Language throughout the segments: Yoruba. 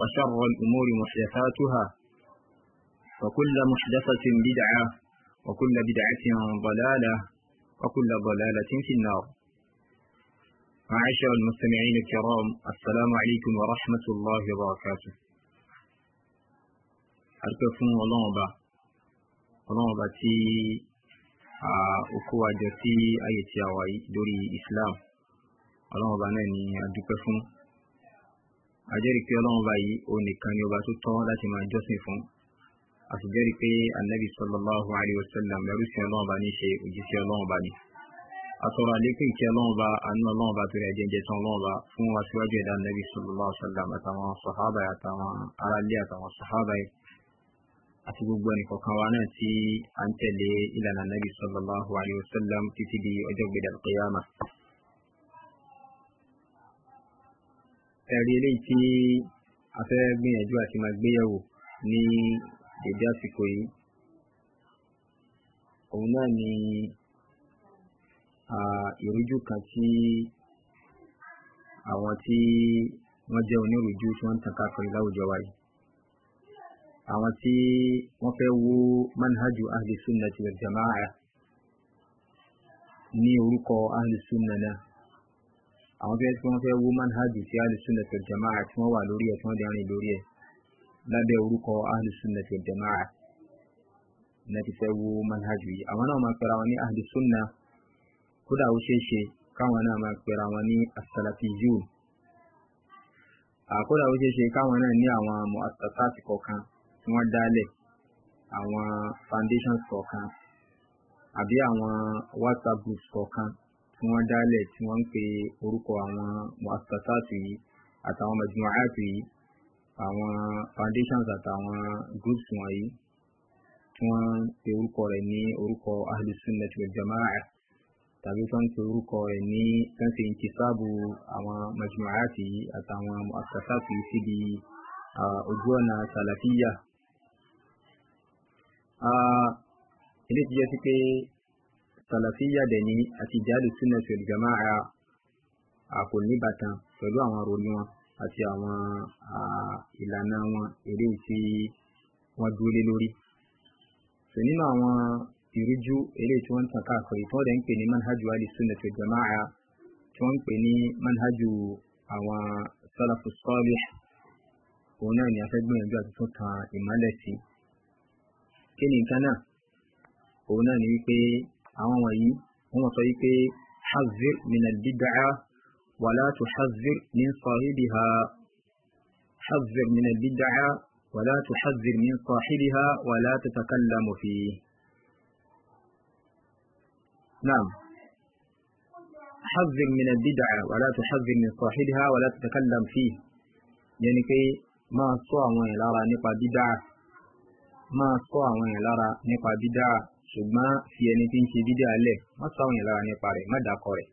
وشر الأمور محدثاتها وكل محدثة بدعة وكل بدعة ضلالة وكل ضلالة في النار معاشر المستمعين الكرام السلام عليكم ورحمة الله وبركاته أركفون ولنبا ولنبا تي أكوى جتي أيتي أواي دوري إسلام ولنبا ناني أدوكفون àjẹ́rìí pé ọlọ́run ọba yìí òun nìkan ni ọba tó tọ́ láti máa jọ́sìn fún àtijọ́rí pé anabi sallallahu alayhi wa sallam ẹrú sí ọlọ́run ọba ní ṣe òjíṣẹ́ ọlọ́run ọba ni àtọ̀rọ̀ àlékún ìkẹ́ ọlọ́run ọba àánú ọlọ́run ọba torí ẹ̀jẹ̀jẹ̀ tán ọlọ́run ọba fún aṣíwájú ẹ̀dá anabi sallallahu alayhi wa sallam àtàwọn sàhábà àtàwọn aráalé àtàwọn sàhábà àti gbogbo ẹnìkọ̀ọ̀kan ẹ̀rí eléyìí tí a fẹ́ gbìyànjú àti máa gbéyẹ̀wò ní èdè àsìkò yìí òun náà ni ìrújú kan tí àwọn tí wọ́n jẹ́ onírújú tí wọ́n ń tàn káàkiri láwùjọ wa yìí àwọn tí wọ́n fẹ́ wo manhajú ahli sunnati wal jama'a ní orúkọ ahli náà àwọn fẹ́ tí wọ́n fẹ́ wo manhaji ti alùsùnà tó jama'a tí wọ́n wà lórí ẹ̀ tí wọ́n dẹ́rìn lórí ẹ̀ lábẹ́ orúkọ alùsùnà tó jama'a náà ti fẹ́ wo manhaji yìí àwọn náà máa pẹ̀ra wọn ní alùsùnà kódà ó ṣeé ṣe káwọn náà máa pẹ̀ra wọn ní asalafiyun àkódà ó ṣeé ṣe káwọn náà ní àwọn mu'assasati kọ̀ọ̀kan tí wọ́n dálẹ̀ àwọn foundations kọ̀ọ̀kan àbí àwọn whatsapp groups kọ̀ọ̀kan wọ́n dálẹ̀ tí wọ́n ń pe orúkọ àwọn muassasat àtàwọn majmu'at àwọn foundations àtàwọn groups wọ̀nyí tí wọ́n ń pe orúkọ rẹ̀ ní orúkọ ahlus sunnati wal jamaa'ah tàbí tó ń pe orúkọ rẹ̀ ní tẹ́ǹsì ìtìsáàbù àwọn majmu'at yìí àtàwọn muassasat síbi ojú ọ̀nà salafiyya. ilé ti jẹ́ sí pé sàlàfíyà dẹ̀ ní àti ìjálù súnà sí ìjàmáà àpò níbàtàn pẹ̀lú àwọn ròní wọn àti àwọn ìlànà wọn eré tí wọ́n dúró lé lórí. sọ nínú àwọn ìrújú eré tí wọ́n ń tàn káàkiri tí wọ́n dẹ̀ ń pè ní manhajú àlì súnà sí ìjàmáà tí wọ́n ń pè ní manhajú àwọn sálàfù sọ́ọ̀lì òun náà ni a fẹ́ gbìyànjú àti tún tan ìmọ́lẹ̀ sí. kí ni nǹkan náà? òun náà ni wípé àwọn wọ̀nyí wọ́n sọ wípé hazir minal bid'a wala tuhazir min sahibiha hazir minal bid'a wala tuhazir min sahibiha wala tatakallamu fihi. نعم حذر من البدعة ولا تحذر من صاحبها ولا تتكلم فيه يعني كي ما صوى وين لارا نقا بدعة ما صوى وين لارا نقا بدعة ṣùgbọ́n fi ẹni tí ń ṣe dídá alẹ̀ wọ́n sọ àwọn ìlara nípa rẹ̀ má dákọ̀ rẹ̀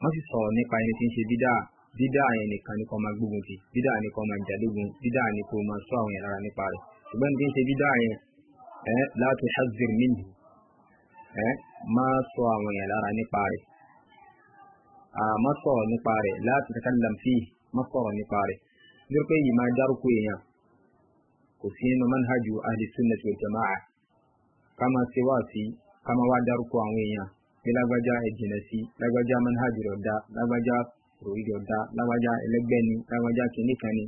wọ́n sì sọ̀rọ̀ nípa ẹni tí ń ṣe dídá dídá yẹn nìkan ní kó máa gbógun ti dídá ní kó máa jàdógun dídá ní kó máa sọ àwọn ìlara nípa rẹ̀ ṣùgbọ́n ẹni tí ń ṣe dídá yẹn ẹ láti hazir minhu ẹ máa sọ àwọn ìlara nípa rẹ̀ má sọ̀rọ̀ nípa rẹ̀ láti takallam fi má sọ̀rọ̀ nípa rẹ̀ nítorí pé máa dárúkọ èèyàn kò sí nínú manhajú ahli sunnati ká máa ṣe wá sí ká máa wá dárúkọ àwọn èèyàn pé lágbájá ẹ̀jìnà sí lágbájá manhajì rẹ̀ ọ̀dá lágbájá ròyìn rẹ̀ ọ̀dá lágbájá ẹlẹ́gbẹ́ni lágbájá kìnnìkanni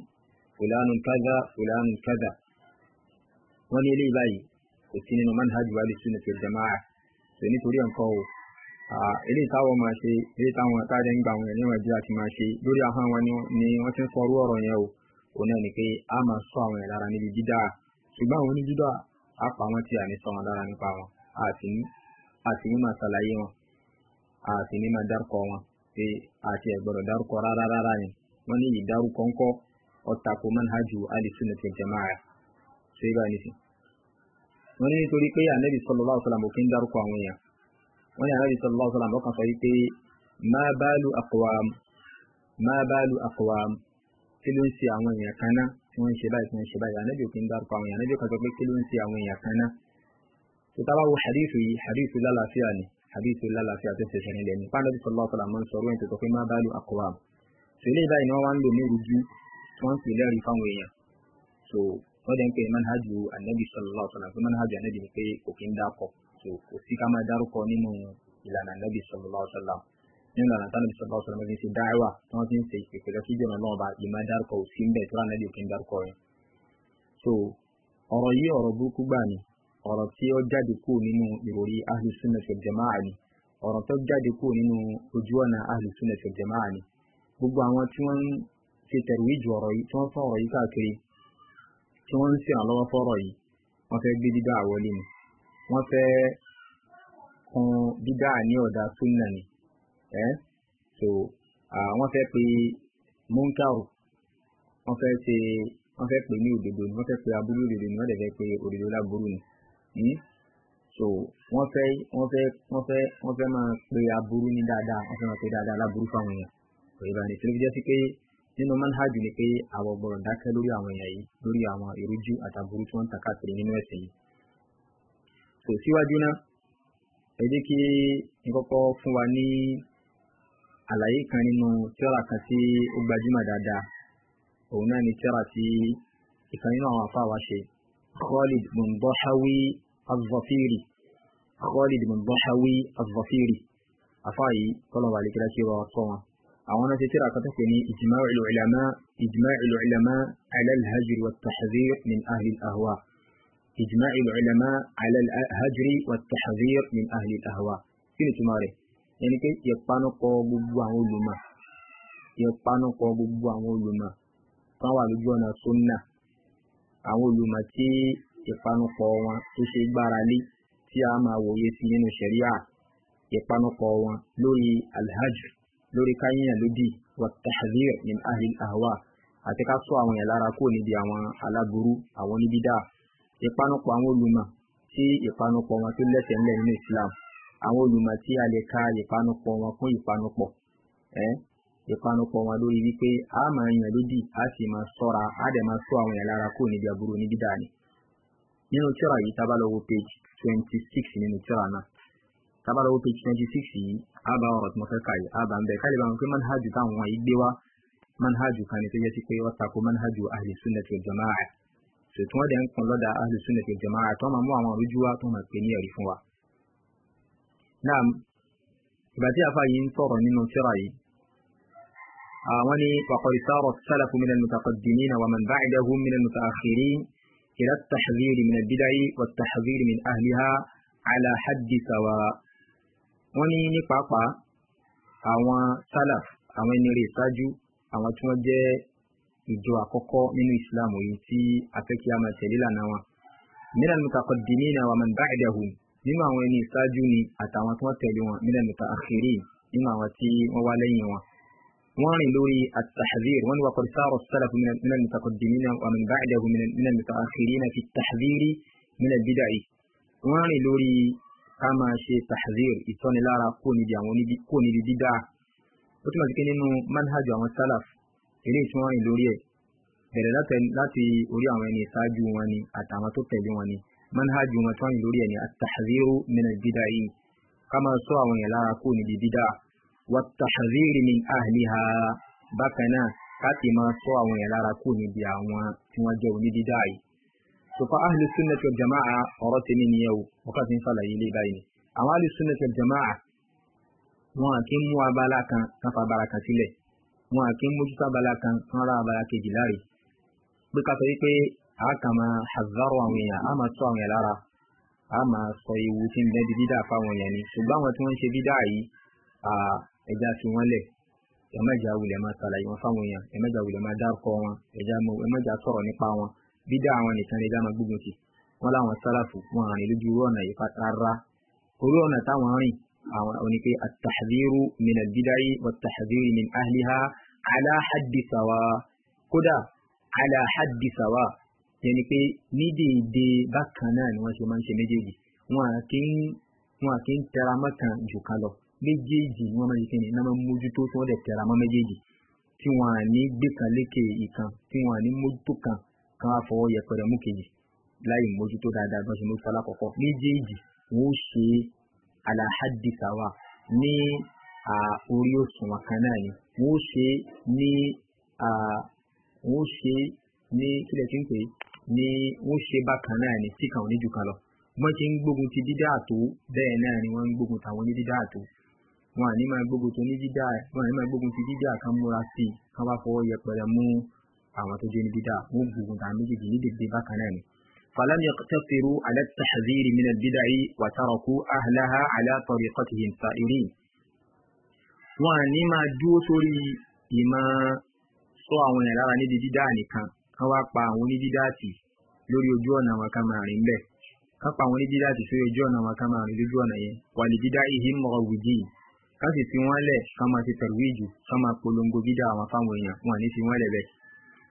fòlánù kádà fòlánù kádà. wọ́n ní eléyìí báyìí kò sí nínú manhajì wa lùsùn ètò ìjàmáà tó nítorí ọ̀nkọ́ o eléyìí táwọn máa ṣe eléyìí táwọn táàdé ń gbà àwọn èèyàn níwájú àti máa ṣe lórí ahọ́n wọn ni wọ́n ti ń sọ ọ̀rọ̀ yẹn o òun náà ni pé a máa sọ àwọn ẹ̀ lára níbi dídá ṣùgbọ́n àwọn onídídá á pa wọ́n tí a ní sọ wọn lára nípa wọn àti ní àti ní máa ṣàlàyé wọn àti ní máa dárúkọ wọn pé àti ẹ̀gbọ́dọ̀ dárúkọ rárá rárá ni wọ́n ní ìdárúkọ ńkọ́ ọ̀tàkù manhajú alisunnati jama'a ṣé bá ní sí. ní nítorí pé anabi sallallahu alaihi wasallam kì í dárúkọ àwọn èèyàn wọ́n ní anabi sallallahu alaihi wasallam ọkàn sọ wípé ma balu aqwam ma balu aqwam kí ló ń ṣe àwọn èèyàn kan náà tí wọ́n ń ṣe báyìí tí wọ́n ń ṣe báyìí ànábì òkè ń dárúkọ àwọn èèyàn ànábì kan sọ pé kí ló ń ṣe àwọn èèyàn kan náà. tó tábà wo hadith yìí hadith lálàáfíà ni hadith lálàáfíà tó ṣe ṣẹlẹ̀ lẹ́nu pàdánù sọlá ọ̀sọ̀lá máa ń sọ ròyìn tó sọ bá lu àkọ́wà. sọ báyìí ni wọ́n wá ń lò ní rújú tí wọ́n ń pè lẹ́rìí fáwọn èèyàn. so wọ́n dẹ̀ ń pè manhajú ànábì sọlá ọ̀sọ̀lá pé manhajú ànábì ni pé kò ń dákọ̀ so kò sí ká máa dárúkọ nínú ìlànà ànábì sọlá ọ̀sọ̀lá nínú àwọn àtàwọn ìṣọ̀lá ọ̀sán ọmọdé ṣe dáwà tí wọ́n ti ń ṣe ìpìlẹ̀ sí ìjọba náà bá ìmọ̀ dárúkọ òsì ń bẹ̀ tí wọ́n ànábì ń dárúkọ yẹn. so ọ̀rọ̀ yìí ọ̀rọ̀ burúkú gbà ni ọ̀rọ̀ tí ó jáde kúrò nínú ìròrí ahlu sunnah wal jamaa ni ọ̀rọ̀ tó jáde kúrò nínú ojú ọ̀nà ahlu sunnah wal jamaa ni gbogbo àwọn tí wọ́n ń ṣe tẹ̀rùwíjì ọ̀rọ̀ ọ̀rọ̀ yìí tí ẹ́ eh? so àwọn fẹ́ pe munkaru wọ́n fẹ́ ṣe wọ́n fẹ́ pe ní òdodo ni wọ́n fẹ́ pe aburú òdodo ni wọ́n dẹ̀ fẹ́ pe òdodo láburú ni hmm? so wọ́n fẹ́ wọ́n fẹ́ wọ́n fẹ́ wọ́n fẹ́ máa pe aburú ní dáadáa wọ́n fẹ́ máa pe dáadáa láburú fáwọn èèyàn òye bá tí ló fi jẹ́ sí pé nínú manhaj ni pé àwọn gbọ́dọ̀ dákẹ́ lórí àwọn èèyàn yìí lórí àwọn ìrújú àtàburú tí wọ́n ń ta káàkiri nínú ẹ̀sìn yìí so síwájú náà ẹ jẹ́ kí n kọ́kọ́ fún wa ní. àlàyé kan nínú tíọ́rà kan tí ó gbajúmọ̀ dáadáa òun náà ni tíọ́rà tí ìkan nínú àwọn afá wa ṣe Khalid mundahawi az-Zafiri Khalid mundahawi az-Zafiri afá yìí kọ́lọ̀ wà lékelá kí wọ́n kọ́ wọn. àwọn náà ti tíra kan tó pè ní ijma'ul ulama ijma'ul ulama ala al-hajri wat-tahdhir min ahli al-ahwa ijma'ul ulama ala al-hajri wat-tahdhir min ahli al-ahwa kí ni túmọ̀ ẹni pé ìpanupọ̀ gbogbo àwọn olùmọ̀ ìpanupọ̀ gbogbo àwọn olùmọ̀ kan wà lójú ọ̀nà sunna àwọn olùmọ̀ tí ìpanupọ̀ wọn tó ṣe gbára lé tí a máa wòye sí nínú ṣẹ̀ríà ìpanupọ̀ wọn lórí alhajj lórí káyíyàn lódì wàtàhàzír min ahli ahwa àti ká sọ àwọn yẹn lára kó níbi àwọn aláburú àwọn oníbídà ìpanupọ̀ àwọn olùmọ̀ tí ìpanupọ̀ wọn tó lẹ́sẹ̀ ńlẹ̀ nínú Islam àwọn olùmọ̀ tí a lè ka ìpanupọ̀ wọn fún ìpanupọ̀ ẹ́ ìpanupọ̀ wọn lórí wípé a máa yàn lódì a sì máa sọ́ra a dẹ̀ máa sọ àwọn yẹn lára kó níbi àbúrò níbi dání. nínú yìí page twenty six nínú na. náà tá page twenty six yìí a bá ọ̀rọ̀ tí mo fẹ́ kà yìí a bá ń bẹ̀ pé táwọn gbé wá kan ní tó yẹ pé naam ìgbà tí afa yìí ń sọ̀rọ̀ nínú tírà yìí àwọn ni waqad sara salafu min al-mutaqaddimina wa man ba'dahum min al-muta'akhirin ila at-tahdhir min al-bid'i wa at-tahdhir min ahliha ala haddi sawa wọ́n ní ní pàápàá àwọn salaf àwọn ẹni rè ṣáájú àwọn tí wọ́n jẹ́ ìjọ àkọ́kọ́ nínú islam yìí tí afẹ́kíyàmọ̀ tẹ̀lé lànà wọn min al-mutaqaddimina wa man nínú àwọn ẹni ìṣáájú ni àtàwọn tí wọ́n tẹ̀lé wọn nílẹ̀ mẹ́ta àkèrè nínú àwọn tí wọ́n wá lẹ́yìn wọn. wọ́n rìn lórí at-tahdhir wọ́n ní waqad sara as-salafu min al-mutaqaddimina wa man ba'dahum min al-muta'akhirina fi at-tahdhiri min al-bid'i. wọ́n rìn lórí ká máa ṣe tahdhir ìtọ́nilára kó níbi dídá. ó túmọ̀ sí pé nínú manhaj àwọn salaf eléyìí tí wọ́n rìn lórí ẹ̀ bẹ̀rẹ̀ láti orí àwọn ẹni ìṣáájú wọn ni àtàwọn tó tẹ̀lé wọn ni manhaji wọn tó ń lórí ẹ̀ ní at-tahziru min al-bida'i ká máa sọ àwọn yẹn lára kó níbi bídà wat-tahziri min ahliha bákan náà ká sì máa sọ àwọn yẹn lára kó níbi àwọn tí wọ́n jẹ́ òní bídà yìí. sọfọ ahlu sunnati wal jama'a ọ̀rọ̀ ti ní nìyẹn o ọkọ̀ ti ń sàlàyé ilé sunnati wal jama'a wọn àti mú abala kan fa abala kan sílẹ̀ wọn àti mójútó abala kan kan ra abala kejì láre pé a kàn máa hazaru àwọn èèyàn a máa sọ àwọn èèyàn lára a máa sọ ewu tí ń bẹ di bídà fáwọn èèyàn ni ṣùgbọ́n àwọn tí wọ́n ń ṣe bídà yìí ẹja fi wọ́n lẹ̀ ẹ̀mẹ́jà wulẹ̀ máa ṣàlàyé wọn fáwọn èèyàn ẹ̀mẹ́jà wulẹ̀ máa dárúkọ wọn ẹ̀mẹ́jà sọ̀rọ̀ nípa wọn bídà àwọn nìkan lè dá máa gbógun ti wọn láwọn sálàfù wọn rìn lójú irú ọ̀nà yìí rárá orí ọ̀nà yẹn ni pé ní déédé bákan náà ni wọ́n ṣe máa ń ṣe méjèèjì wọn à kí ń wọn à kí ń tẹra mọ́ kan jù kan lọ méjèèjì ni wọ́n máa ń ṣe kí ni náà máa ń mójútó tí wọ́n dẹ̀ tẹra mọ́ méjèèjì tí wọn à ní gbé kan lékè ìkan tí wọn à ní mójútó kan kan á fọwọ́ yẹpẹrẹ mú kejì láì mójútó dáadáa bá ṣe mójútó alákọ̀ọ́kọ́ méjèèjì wọn ó ṣe alahadi sawa ní orí òṣùwọ̀n kan náà ni wọn ó ṣe ní wọn ó ṣe ní kílẹ̀ tí ń pè é ni wọ́n ṣe bákan náà ni tí kan ò ní jù kan lọ wọ́n ti ń gbógun ti dídá àtó bẹ́ẹ̀ náà ni wọ́n ń gbógun tàwọn ní dídá àtó wọn àní máa gbógun tó ní dídá wọn àní máa gbógun ti dídá kan múra sí i kan bá fọwọ́ yẹpẹrẹ mú àwọn tó jẹ́ ní dídá wọn gbógun tàwọn méjèèjì ní dèdè bákan náà ni. فلم يقتصروا على التحذير من البدع وتركوا أهلها على طريقتهم سائرين wọn àní máa dúró sórí ìmọ̀ sọ àwọn kán wá pa àwọn oníbídàtì lórí ojú ọ̀nà wọn ká máa rìn bẹ́ẹ̀ kán pa àwọn oníbídàtì sórí ojú ọ̀nà wọn ká máa rìn lójú ọ̀nà yẹn wà lè bídá ihe mọ̀ wùdí ká sì fi wọ́n lẹ̀ ká máa ti tẹ̀rù ìjù ká máa polongo bídà àwọn fáwọn èèyàn wọn ní fi wọ́n lẹ̀ bẹ́ẹ̀.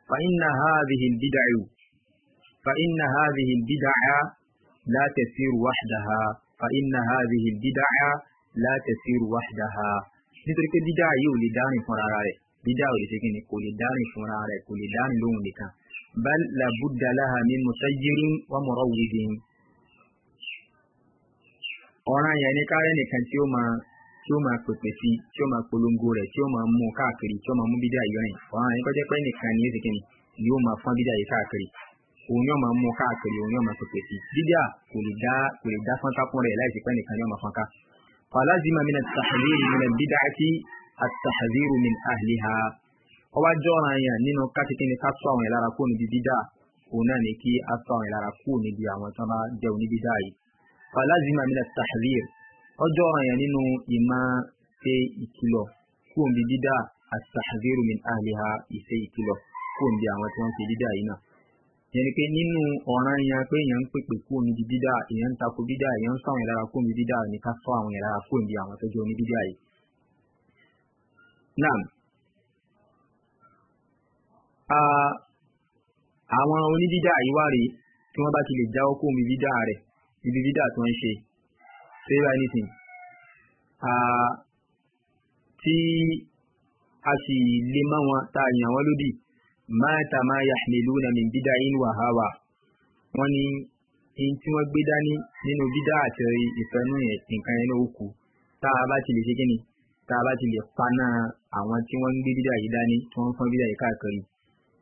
fa inna hadhihi al-bid'a fa inna hadhihi al-bid'a la tasiru wahdaha fa inna hadhihi al-bid'a la tasiru wahdaha nítorí pé bídà yìí ò lè dárìn fúnra rẹ̀ bídà ò lè ṣe kí kò lè dárìn fúnra rẹ̀ kò lè dárìn lóhun nìkan بل labudda laha min musayyirin wa murawwidin ọ̀ràn yẹn ní kárẹ́ nìkan tí ó máa tí ó máa pèpè sí tí ó máa polongo rẹ̀ tí ó máa mú káàkiri tí ó máa mú bídíà yìí rìn ọ̀ràn yẹn kọjá pé nìkan ni ezekeni ni ó máa fọ́n bídíà yìí káàkiri òun yóò máa mú káàkiri òun yóò máa pèpè sí bídíà kò lè dá kò lè dá fọ́nká fún rẹ̀ láì sí nìkan ni máa fọ́nká. falazima min at-tahdhir min al-bid'ati at-tahdhir min ọwá jọ́ra yàn nínú kákíkíni ká sọ àwọn ìlara kúrò níbi dídá òun náà ni kí a sọ àwọn ìlara kúrò níbi àwọn tó bá jẹ́ òní dídá yìí. falazima mina tahrir ọjọ́ ọ̀ràn yàn nínú ìmọ̀ ṣe ìkìlọ̀ kúrò níbi dídá àtàhírù min ahliha ìṣe ìkìlọ̀ kúrò níbi àwọn tí wọ́n ṣe dídá yìí náà. yẹn ni pé nínú ọ̀ràn yàn pé èèyàn ń pèpè kúrò níbi dídá èèyàn ń takò dídá èèyàn ń sọ àwọn ìlara kúrò níbi dídá ní ká sọ àwọn ìlara kúrò níbi àwọn tó jẹ́ òní dídá yìí àwọn onídídá àyíwárí tí wọ́n bá ti lè jáwọ́ kó omi dídá rẹ̀ ibi dídá tó ń ṣe ṣe é bá nìsín tí a sì lè mọ́ wọn tá yàn wọ́n lódì máta máa yà nílùú na mi dídá inú àháwà wọ́n ní in tí wọ́n gbé dání nínú dídá àti ìfẹ́nú nǹkan ẹni òkú tá a bá ti lè ṣe kíni tá a bá ti lè paná àwọn tí wọ́n ń gbé dídá yìí dání tí wọ́n ń fọ́n dídá yìí káàkiri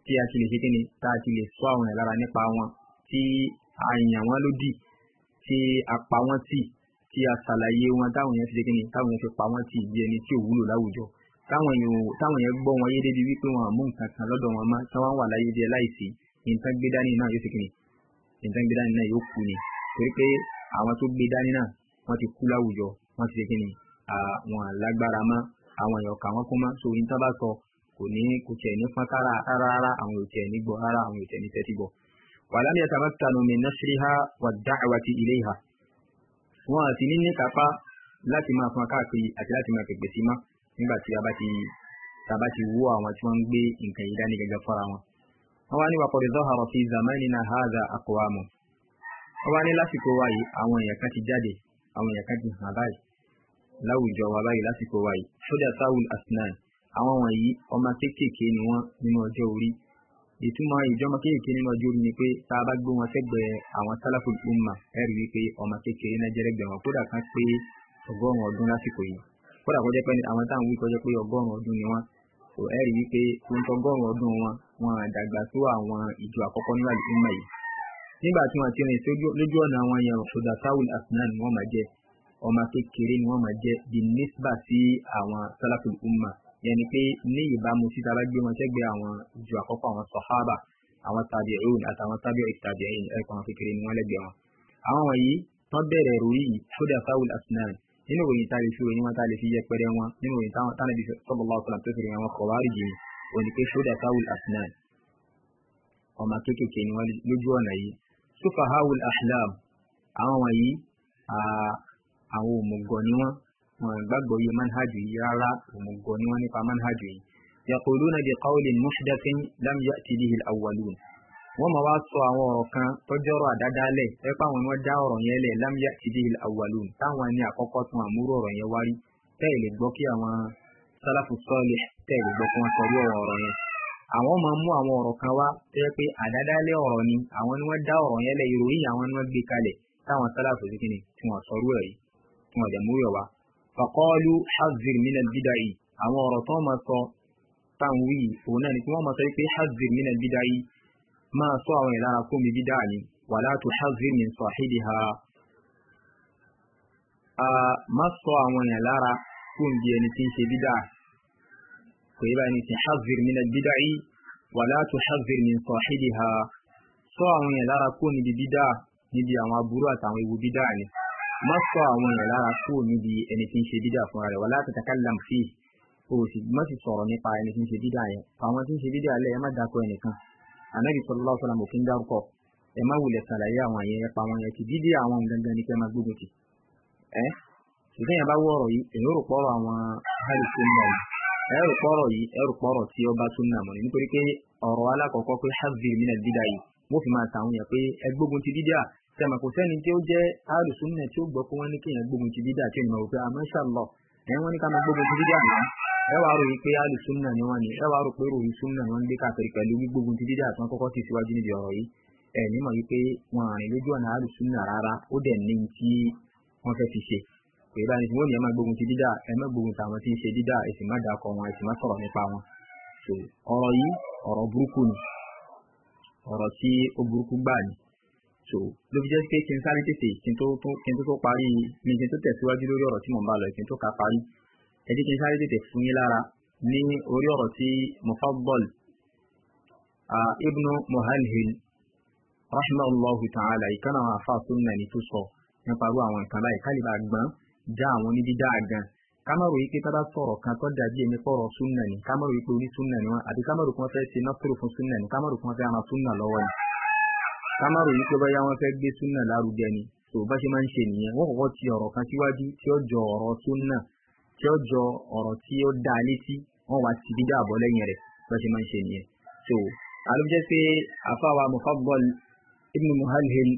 tí a ti lè ṣe kí ni tá a ti lè sọ àwọn ìlara nípa wọn tí a yàn wọn lódì tí a pa wọn tì tí a ṣàlàyé wọn táwọn yẹn ti ṣe kí ni táwọn yẹn fi pa wọn tì bí ẹni tí ò wúlò láwùjọ táwọn yẹn táwọn yẹn gbọ́ wọn yé débi wípé wọn àmú nǹkan kan lọ́dọ̀ wọn mọ́ tí wọ́n wà láyé díẹ̀ láìsí nǹkan gbé dání náà yóò ṣe kí ni nǹkan gbé dání náà yóò kú ni torí pé àwọn tó gbé dání náà wọ́n ti kú láwùjọ wọ́n ti ṣe kí ni àwọn lágbára mọ́ àwọn èèyàn kà wọ́n kú mọ́ kò ní kò tiẹ̀ ní fọ́n kára rárá àwọn ò tiẹ̀ ní gbọ́ rárá àwọn ò tiẹ̀ ní tẹ́tí gbọ́. wàlá ni ẹ̀sàmá tanu mi nashriha wà dáhàwá ti ilé ìhà. wọn àti ní kápá láti máa fọ́n káàkiri àti láti máa pèpè sí má nígbà tí a bá ti tá bá ti wú àwọn tí wọ́n ń gbé nǹkan yìí dání gẹ́gẹ́ fọ́ra wọn. wọ́n wá ní wàkọ̀ rẹ̀ zọ́hàrọ̀ fi zamanina haza aqwamu. wọ́n wá ní lásìkò wa yìí àwọn èèyàn kan ti jáde àwọn èèyàn kan ti hàn báyìí láwùjọ wa báyìí lásìkò wa yìí. sódà sáwùl asnan àwọn wọ̀nyí ọmọ kéékèèké ni wọ́n nínú ọjọ́ orí ìtumọ̀ ìjọmọ kéékèèké nínú ọjọ́ orí ni pé tá a bá gbé wọn sẹ́gbẹ̀ẹ́ àwọn sálàfù umma ẹ rí wípé ọmọ kéékèèké náà jẹ́rẹ́gbẹ̀ wọn kódà kan pé ọgọ́rùn-ún ọdún lásìkò yìí kódà kọjá pé àwọn táwọn wí kọjá pé ọgọ́rùn-ún ọdún ni wọ́n kò ẹ rí wípé tuntun ọgọ́rùn-ún ọdún wọn wọn àdàgbà tó àwọn ìjọ àkọ́kọ́ nínú àlùfáà yìí nígbà umma yẹni pé ní ìbámu títa bá gbé wọn sẹ́gbẹ̀ẹ́ àwọn ju àkọ́kọ́ àwọn sọ̀hábà àwọn tabi'un àtàwọn tabi'u tabi'in ẹ̀kọ́ àwọn kékeré ni wọ́n lẹ́gbẹ̀ẹ́ wọn. àwọn wọ̀nyí wọ́n bẹ̀rẹ̀ ròyìn yìí sódà sáwùl asnan nínú òyìn tá a lè fi òyìn wọn tá a lè fi yẹpẹrẹ wọn nínú òyìn táwọn tánà bí sallallahu alaihi wasallam tó fi rìn àwọn kọ̀wárì pé sódà sáwùl asnan ọmọ kéékèèké ni wọ́n lójú ọ̀nà yìí sufahawul ahlam àwọn wọ̀nyí àwọn òmùgọ̀ ni wọ́n wọn gbàgbọ́ yẹ manhaj yìí rárá òmùgọ̀ ni wọ́n nípa manhaj yìí yaquluna bi qawlin muhdathin lam ya'ti bihi al-awwalun wọ́n máa wá sọ àwọn ọ̀rọ̀ kan tọ́jọ́rọ̀ àdádálẹ̀ ẹ pé àwọn wọn dá ọ̀rọ̀ yẹn lẹ̀ lam ya'ti bihi al-awwalun táwọn ẹni àkọ́kọ́ tún àmúrò ọ̀rọ̀ yẹn wárí tẹ́ẹ̀ lè gbọ́ kí àwọn sálàfù sọ́ọ̀lẹ̀ tẹ́ẹ̀ lè gbọ́ kí wọ́n sọ orí ọ̀rọ̀ ọ̀rọ̀ yẹn àwọn máa mú àwọn ọ̀rọ̀ kan wá tó pé àdádálẹ̀ ọ̀rọ̀ ni àwọn ni wọ́n dá ọ̀rọ̀ yẹn lẹ̀ ìròyìn àwọn ni wọ́n gbé kalẹ̀ táwọn sálàfù sí kíni tí wọ́n sọ orí ẹ̀ yìí tí wọ́n dẹ̀ múrò wá fàkọ́ọ́lù hazir minal bida'i àwọn ọ̀rọ̀ tó máa sọ táwọn wí òun náà ni tí wọ́n máa sọ pé hazir minal bida'i máa sọ àwọn ìlara kó mi bídà ni wala tu hazir min sahibiha má sọ àwọn ìlara kó mi bí ẹni tí ń ṣe bídà kò yẹ báyìí ni ti hazir minal bida'i wala tu hazir min sahibiha sọ àwọn ìlara kó mi bí bídà níbi àwọn aburú àtàwọn ewu bídà ni má sọ àwọn èèyàn lára kúrò níbi ẹni tí ń ṣe dídà fúnra rẹ̀ wala tatakallam fi o sì má sì sọ̀rọ̀ nípa ẹni tí ń ṣe dídà yẹn àwọn tí ń ṣe dídà lẹ̀ ẹ má dákọ ẹnìkan anabi sallallahu alaihi wasallam òfin dárúkọ ẹ má wulẹ̀ sàlàyé àwọn yẹn ẹpa àwọn yẹn ti dídí àwọn gangan ní kẹ́ máa gbógun ti ẹ ṣùgbọ́n yẹn bá wọ̀rọ̀ yìí èyí rò pọ̀rọ̀ àwọn hali sunna yìí rò pọ̀rọ̀ mina dídà yìí wọ́n fi máa ta àwọn yẹn pé sẹ́mà kò sẹ́ni tí ó jẹ́ alùsùnmùnà tí ó gbọ́ pé wọ́n ní kéèyàn gbógun ti dídà tí ó ma wò pé àmọ́ṣàlọ́ ah, ẹ̀ wọ́n ní ká máa gbógun ti dídà ní ẹ wàá rò wípé alùsùnmùnà ni wọ́n ní ẹ wàá rò pé ròyìn súnmùnà ni wọ́n ń gbé káàkiri pẹ̀lú gbígbógun ti dídà tí wọ́n kọ́kọ́ ti síwájú níbi ọ̀rọ̀ yìí ẹ̀ nímọ̀ wípé wọn àrìn lójú ọ̀nà alùsùnmùnà rárá ó dẹ̀ ní tí wọ́n fẹ́ fi ṣe tí ó so ló fi jẹ́ pé kí n sáré tètè kí n tó kí n tó parí mi kí n tó tẹ̀síwájú lórí ọ̀rọ̀ tí mò ń bá lọ kí n tó ka parí ẹ jẹ́ kí n sáré tètè fún yín lára ní orí ọ̀rọ̀ tí Mufaddal ibnu Muhalhil rahimahullahu ta'ala ìkànnì àwọn afa sunna ni tó sọ nípa irú àwọn nǹkan báyìí ká lè bá gbọ́n já àwọn oníbi dá kámẹ́rù yìí pé tọ́lá sọ̀rọ̀ kan tó dàbí ẹni pọ̀rọ̀ sunna ni kámẹ́rù yìí pé oní sunna ni wọn àti kámẹ́rù kan fẹ́ ṣe náà tó fún sunna ni kámẹ́rù kan fẹ́ ara sunna lọ́wọ́ ni kámárò yìí pé báyà wọn fẹ́ gbé súnà lárugẹ ni tó bá ṣe máa ń ṣe nìyẹn wọ́n kọ́kọ́ ti ọ̀rọ̀ kan síwájú tí ó jọ ọ̀rọ̀ súnà tí ó jọ ọ̀rọ̀ tí ó dá létí wọ́n wá ti dídá àbọ̀ lẹ́yìn rẹ̀ bá ṣe máa ń ṣe nìyẹn so alójẹ́ pé àfáwa Mufaddal ibn Muhalhil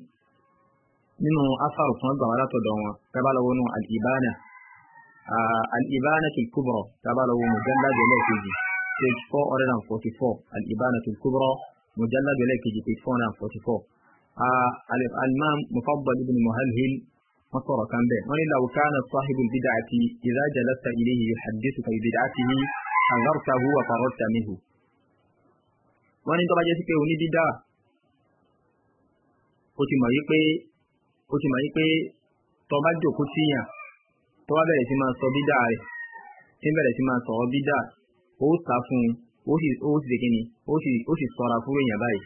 nínú afaru kan gbà wá látọ̀dọ̀ wọn tábàlọ́wọ́ nù al-Ibana al-Ibana al-Kubra tábàlọ́wọ́ mujallad lẹ́ẹ̀kejì page four hundred and forty four al-Ibana al mujallad ẹlẹ́kejì page four hundred and forty four alimam mufaddal ibn muhalhil wọ́n sọ̀rọ̀ kan bẹ́ẹ̀ wọ́n ní law kana sahibul bid'ati idha jalasta ilayhi yuhaddithuka bi bid'atihi hadartahu wa fararta minhu. wọ́n ní tó bá jẹ́ sí pé oní dídá ó ti mọ̀ yí pé ó ti mọ̀ yí pé tó bá jòkó síyàn tó bá bẹ̀rẹ̀ sí máa sọ bídà rẹ̀ tí bẹ̀rẹ̀ sí máa sọ̀rọ̀ bídà ó sá fún un ó sì ó sì kí ni ó sì ó sì sọra fún èèyàn báyìí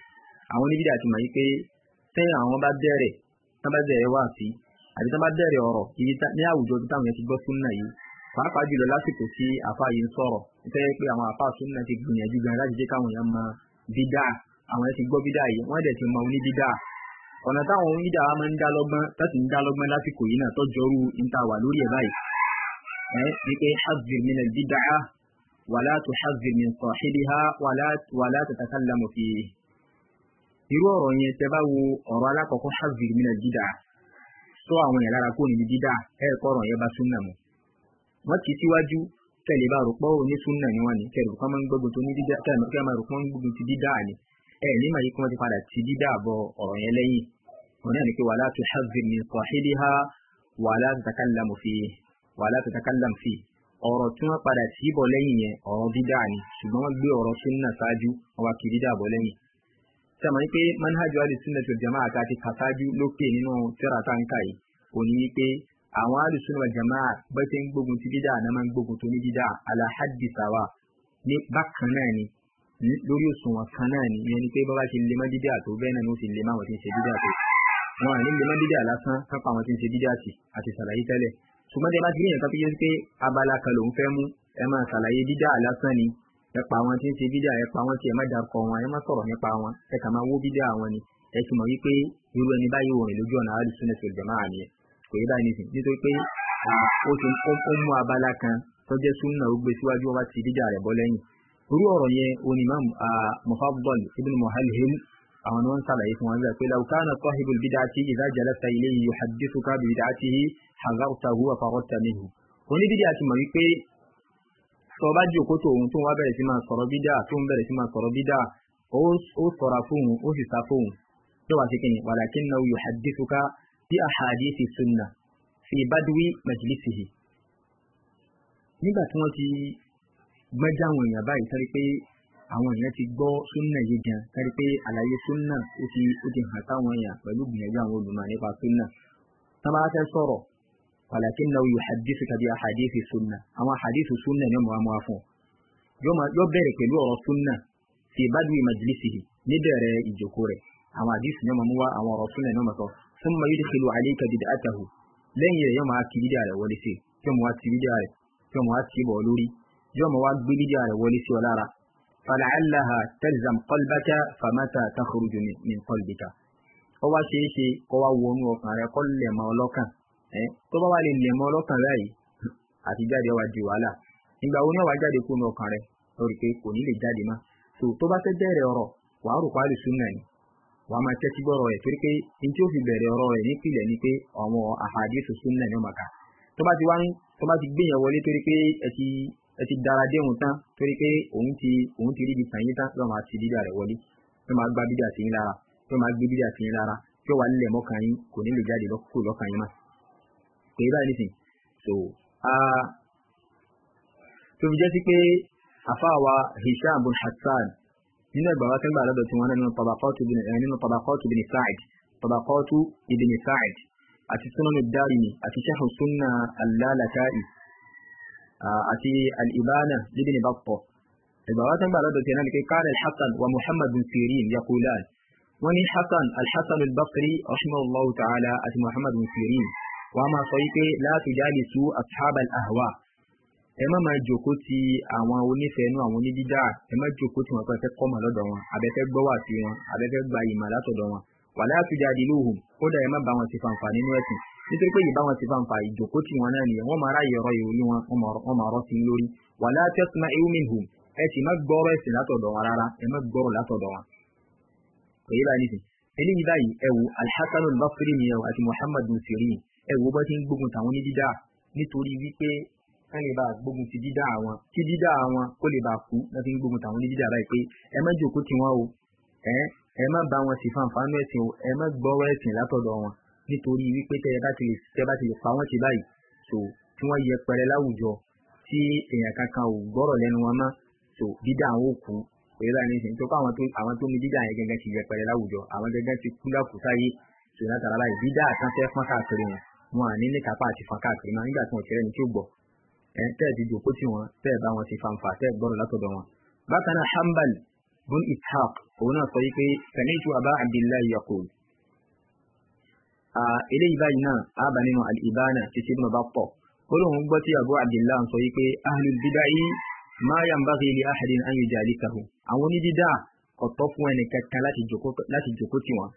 àwọn oníbìdà ti mọ̀ yí pé tẹ́yìn àwọn bá bẹ̀rẹ̀ tán bá bẹ̀rẹ̀ wá sí àbí tán bá bẹ̀rẹ̀ ọ̀rọ̀ ibi ní àwùjọ tó táwọn yẹn ti gbọ́ súnà yìí pàápàá jùlọ lásìkò tí àfa yìí ń sọ̀rọ̀ nítorí pé àwọn àfa súnà ti gbìyànjú gan láti jẹ́ káwọn yẹn mọ bídà àwọn yẹn ti gbọ́ bídà yìí wọ́n dẹ̀ ti mọ oníbìdà ọ̀nà táwọn oníbìdà wa máa ń dá lọ́gbọ́n láti ń dá lọ́gbọ́n lásìkò yìí náà tọ́jọ́rú ń ta wà lórí ẹ̀ báyìí ẹ̀ ní pé hazir minal bid'ah wàlá tuhazzir min sahibiha wàlá tatakallamu fihi. irú ọ̀rọ̀ yẹn tẹ́ bá wo ọ̀rọ̀ alákọ̀ọ́kọ́ hazzir min al-bid'a sọ àwọn yẹn lára kó níbi dídá ẹ̀ẹ́kọ́ ọ̀rọ̀ yẹn bá súnà mu. wọ́n ti síwájú tẹ̀lé bá rògbọ́ ní súnà ni wọ́n ní kẹrù kọ́ máa ń gbógun tó ní dídá kẹrù máa rògbọ́ ń gbógun ti dídá ni ẹ̀ ní màá kí wọ́n ti padà ti dídá bọ̀ ọ̀rọ̀ yẹn lẹ́yìn. wọ́n náà ní pé wàlá tuhazzir min sahibiha wàlá tatakallamu fihi wàlá tatakallamu fihi ọ̀rọ̀ tí wọ́n padà tì í bọ̀ lẹ́yìn yẹn ọ̀rọ̀ dídá ni ṣùgbọ́n wọ́n gbé ọ̀rọ̀ súnà ṣáájú wọ́n wá kì í dídá bọ̀ lẹ́yìn. sàmà yìí pé manhajú alùsùnà tó jama àti àti kàṣáájú lókè nínú tíra tá n kà yìí kò ní í pé àwọn alùsùnà jama bẹ́ ti ń gbógun ti dídá àná máa ń gbógun tó ní dídá alahadi sawa ní bákan náà ni lórí òṣùwọ̀n kan náà ni ìyẹn ni pé bọ́lá ṣùgbọ́n tí ẹ bá ti rí nǹkan tó yẹ pé abala kan lòún fẹ́ mú ẹ máa ṣàlàyé dídá lásán ni ẹ pa àwọn tí ń ṣe dídá ẹ pa àwọn tí ẹ má dárúkọ wọn ẹ má sọ̀rọ̀ nípa wọn ẹ kà máa wó dídá wọn ni ẹ sì mọ̀ wípé irú ẹni báyìí òrìn lójú ọ̀nà àdìsí ní ṣe ìjọba àmì ẹ kò yẹ báyìí nísìn nítorí pé ó ti ń mú abala kan tó súnmọ́ ó gbé síwájú wọn ti dídá rẹ̀ bọ́ lẹ́yìn irú ọ̀rọ̀ yẹn onímọ̀ àwọn ni wọ́n ń sàlàyé fún wọn nígbà pé laukana sahibul bid'ati idha jalasa ilayhi yuhaddithuka bi bid'atihi hazartahu wa faragta minhu. oníbídà ti mọ̀ wípé sọ bá jòkó tó òun tó wá bẹ̀rẹ̀ sí máa sọ̀rọ̀ bídà tó ń bẹ̀rẹ̀ sí máa sọ̀rọ̀ bídà ó sọ̀ra fóun ó sì sá fóun yóò wá sí kí ni walakinnahu yuhaddithuka bi ahadithi sunnah fi badwi majlisihi. nígbà tí wọ́n ti gbẹ́jà àwọn èèyàn báyìí sọ́rí àwọn èèyàn ti gbọ́ súnà yìí gan kárí pé àlàyé súnà ó ti ó ti hàn sáwọn èèyàn pẹ̀lú gbìyànjú àwọn olùmọ̀ nípa súnà tábà fẹ́ sọ̀rọ̀ wàlàkín náà yóò hadith kàbí àhadith súnà àwọn àhadith súnà ni màá máa fún yóò bẹ̀rẹ̀ pẹ̀lú ọ̀rọ̀ súnà fi bádùn ìmàjìlísìhì níbẹ̀rẹ̀ ìjòkó rẹ̀ àwọn àdìsí ni màá mú wá àwọn ọ̀rọ̀ súnà ni màá sọ fún ma yóò dìkìlù àlékà àtàhù lẹ́yìn rẹ̀ yóò máa kí bídà rẹ̀ wọlé sí yóò máa ti bídà rẹ̀ yóò máa ti bọ̀ lórí yóò máa wá gbé bídà rẹ̀ wọlé sí ọ lára فلعلها تلزم قلبك فمتى تخرج من قلبك ó wá ṣeé ṣe kó wá wọnú ọkàn rẹ kó lè mọ ọlọ́kàn ẹ tó bá wà lè lè mọ ọlọ́kàn báyìí àti jáde wá di wàhálà ìgbà wo ni wàá jáde kó nu ọkàn rẹ lórí pé kò ní lè jáde mọ́ tó tó bá fẹ́ bẹ̀rẹ̀ ọ̀rọ̀ wàá rò pálí súnà ni wàá máa tẹ́tí gbọ́rọ̀ rẹ̀ torí pé n tí ó fi bẹ̀rẹ̀ ọ̀rọ̀ rẹ̀ nípìnlẹ̀ ni pé àwọn àhàdísù súnà ni ó kà tó bá ti ẹ ti dára déhùn tán torí pé òun ti òun ti rí ibi tàn yín tán lọ́ọ́ máa ti dídà rẹ̀ wọlé lọ́ọ́ máa gba dídà sí yín lára lọ́ọ́ máa gbé dídà sí yín lára tí ó wà nílẹ̀ mọ́kàn yín kò ní lè jáde lọ́kùkù lọ́kàn yín mọ́ pé báyìí nìsín so tó fi jẹ́ sí pé àfáàwà Hisham bin Hassan nínú ẹgbàá wa kẹgbàá lọ́dọ̀ tí wọ́n náà nínú tabakọ́tù ibn eh, Sa'id tabakọ́tù ibn Sa'id àti sunan ad àti sẹ́hùn sunna al àti al-ibana libni battah ìgbàwá tó ń gbà lọ́dọ̀ tẹ̀lé nìkan káàdì al-hasan wa muhammad bin sirin yaqulan wọ́n ní hasan al-hasan al-basri rahimahullahu ta'ala àti muhammad bin sirin wọ́n máa sọ wípé la tujalisu ashab al-ahwa ẹ má máa jòkó ti àwọn onífẹ̀ẹ́nu àwọn onídídá ẹ má jòkó ti wọn pé ẹfẹ́ kọ́ mà lọ́dọ̀ wọn abẹ́fẹ́ gbọ́ wà sí wọn abẹ́fẹ́ gba ìmọ̀ látọ̀dọ̀ wọn wala tujadiluhum kódà ẹ má bá wọn ti fàǹfà nínú ẹ̀sìn nítorí pé ìbá wọn ti bá ń fa ìjòkó tí wọn náà nìyẹn wọn máa ráyè ọ̀rọ̀ ìròyìn wọn wọn máa rọ sí lórí wàlá tẹsánà ewu minhum ẹ sì má gbọ́rọ̀ ẹsìn látọ̀dọ̀ wọn rárá ẹ má gbọ́rọ̀ látọ̀dọ̀ wọn. kò yí báyìí nìsín eléyìí báyìí ẹ wo alhassan al-basri ni ẹ wo àti muhammad nasirin ẹ wo bá ti ń gbógun tàwọn ní dídá nítorí wípé ká lè bá gbógun ti dídá àwọn kí dídá àwọn kó lè bá kú láti ń gbógun tàwọn nítorí wípé tẹ́ bá ti lè tẹ́ bá ti lè pa wọ́n ti báyìí so tí wọ́n yẹpẹrẹ láwùjọ tí èèyàn kankan ò gbọ́rọ̀ lẹ́nu wọn mọ́ so dídá àwọn òkú pẹ̀lú báyìí ní ìsìn tó kọ́ àwọn tó àwọn tó ní dídá yẹn gẹ́gẹ́ ti yẹpẹrẹ láwùjọ àwọn gẹ́gẹ́ ti kú lákùú sáyé so látara báyìí dídá àtàntẹ́ fọ́n káàkiri wọn wọn à ní ní kápá àti fọ́n káàkiri wọn nígbà tí wọn kẹrẹ́ ní tí ó gbọ́ ẹ̀ tẹ́ ti jòkó tì wọ́n tẹ́ bá wọn eléyìí báyìí náà á bà nínú al-ibana títí ní ọba pọ̀ ó lóun gbọ́ tí abu abdullah sọ yìí pé ahlul bid'ah ma yanbaghi li ahadin an yujalikahu àwọn onídídá ọ̀tọ́ fún ẹnì kankan láti jòkó tí wọn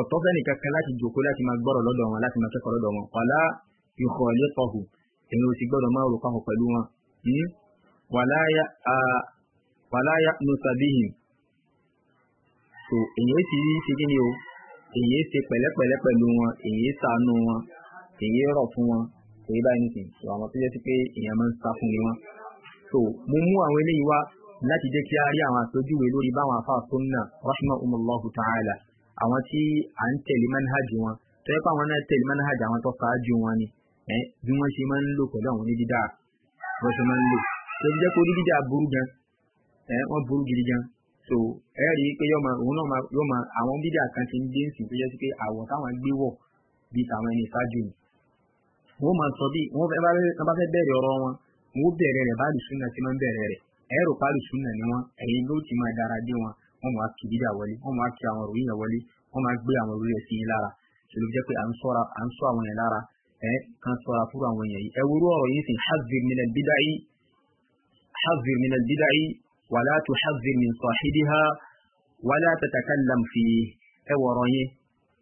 ọ̀tọ́ fún ẹnì kankan láti jòkó láti máa gbọ́rọ̀ lọ́dọ̀ wọn láti máa kẹ́kọ̀ọ́ lọ́dọ̀ wọn wala yukhaliquhu èmi ò sì gbọ́dọ̀ máa rò papọ̀ pẹ̀lú wọn hmm? wala ya'nusa bihim so èyí ṣe pẹ̀lẹ́pẹ̀lẹ́ pẹ̀lú wọn èyí ṣàánú wọn èyí rọ̀ fún wọn èyí báyìí nìsín so àwọn tó jẹ́ sí pé èèyàn máa ń sá fún wọn. so mo mú àwọn eléyìí wá láti jẹ́ kí a rí àwọn àpèjúwe lórí báwọn afa sunna rahimahumullahu ta'ala àwọn tí à ń tẹ̀lé manhaj wọn tó yẹ kó náà tẹ̀lé manhaj àwọn tó ṣáájú wọn ni bí wọ́n ṣe máa ń lò pẹ̀lú àwọn onídídá ṣe máa ń lò jẹ́ onídídá burú gan wọ́n burú so ẹ rí i pé yọmọ òun náà yọmọ àwọn bídà kan ti ń dé nsìn tó yẹ sí pé àwọ̀ táwọn gbé wọ̀ bíi tàwọn ẹni ṣáájú ni wọ́n máa sọ bí wọ́n bá fẹ́ bẹ̀rẹ̀ ọ̀rọ̀ wọn wọ́n bẹ̀rẹ̀ rẹ̀ báàlù súnà tí wọ́n bẹ̀rẹ̀ rẹ̀ ẹ̀rọ báàlù súnà ni wọ́n ẹ̀yin ló ti máa dára dé wọn wọ́n máa kì bídà wọlé wọ́n máa kì àwọn òròyìn wọlé wọ́n máa gbé àwọn òròyìn sí yín lára ṣèlú jẹ́ pé à ń sọ àwọn yẹn lára ẹ̀ kan sọra fúru àwọn yẹn yìí ẹ wúrú ọ̀rọ̀ yìí sì hazir minal bida'i hazir minal bida'i wàlá tuhazzir min sahibiha wàlá tatakallam fi ẹwọ̀rọ̀ yẹn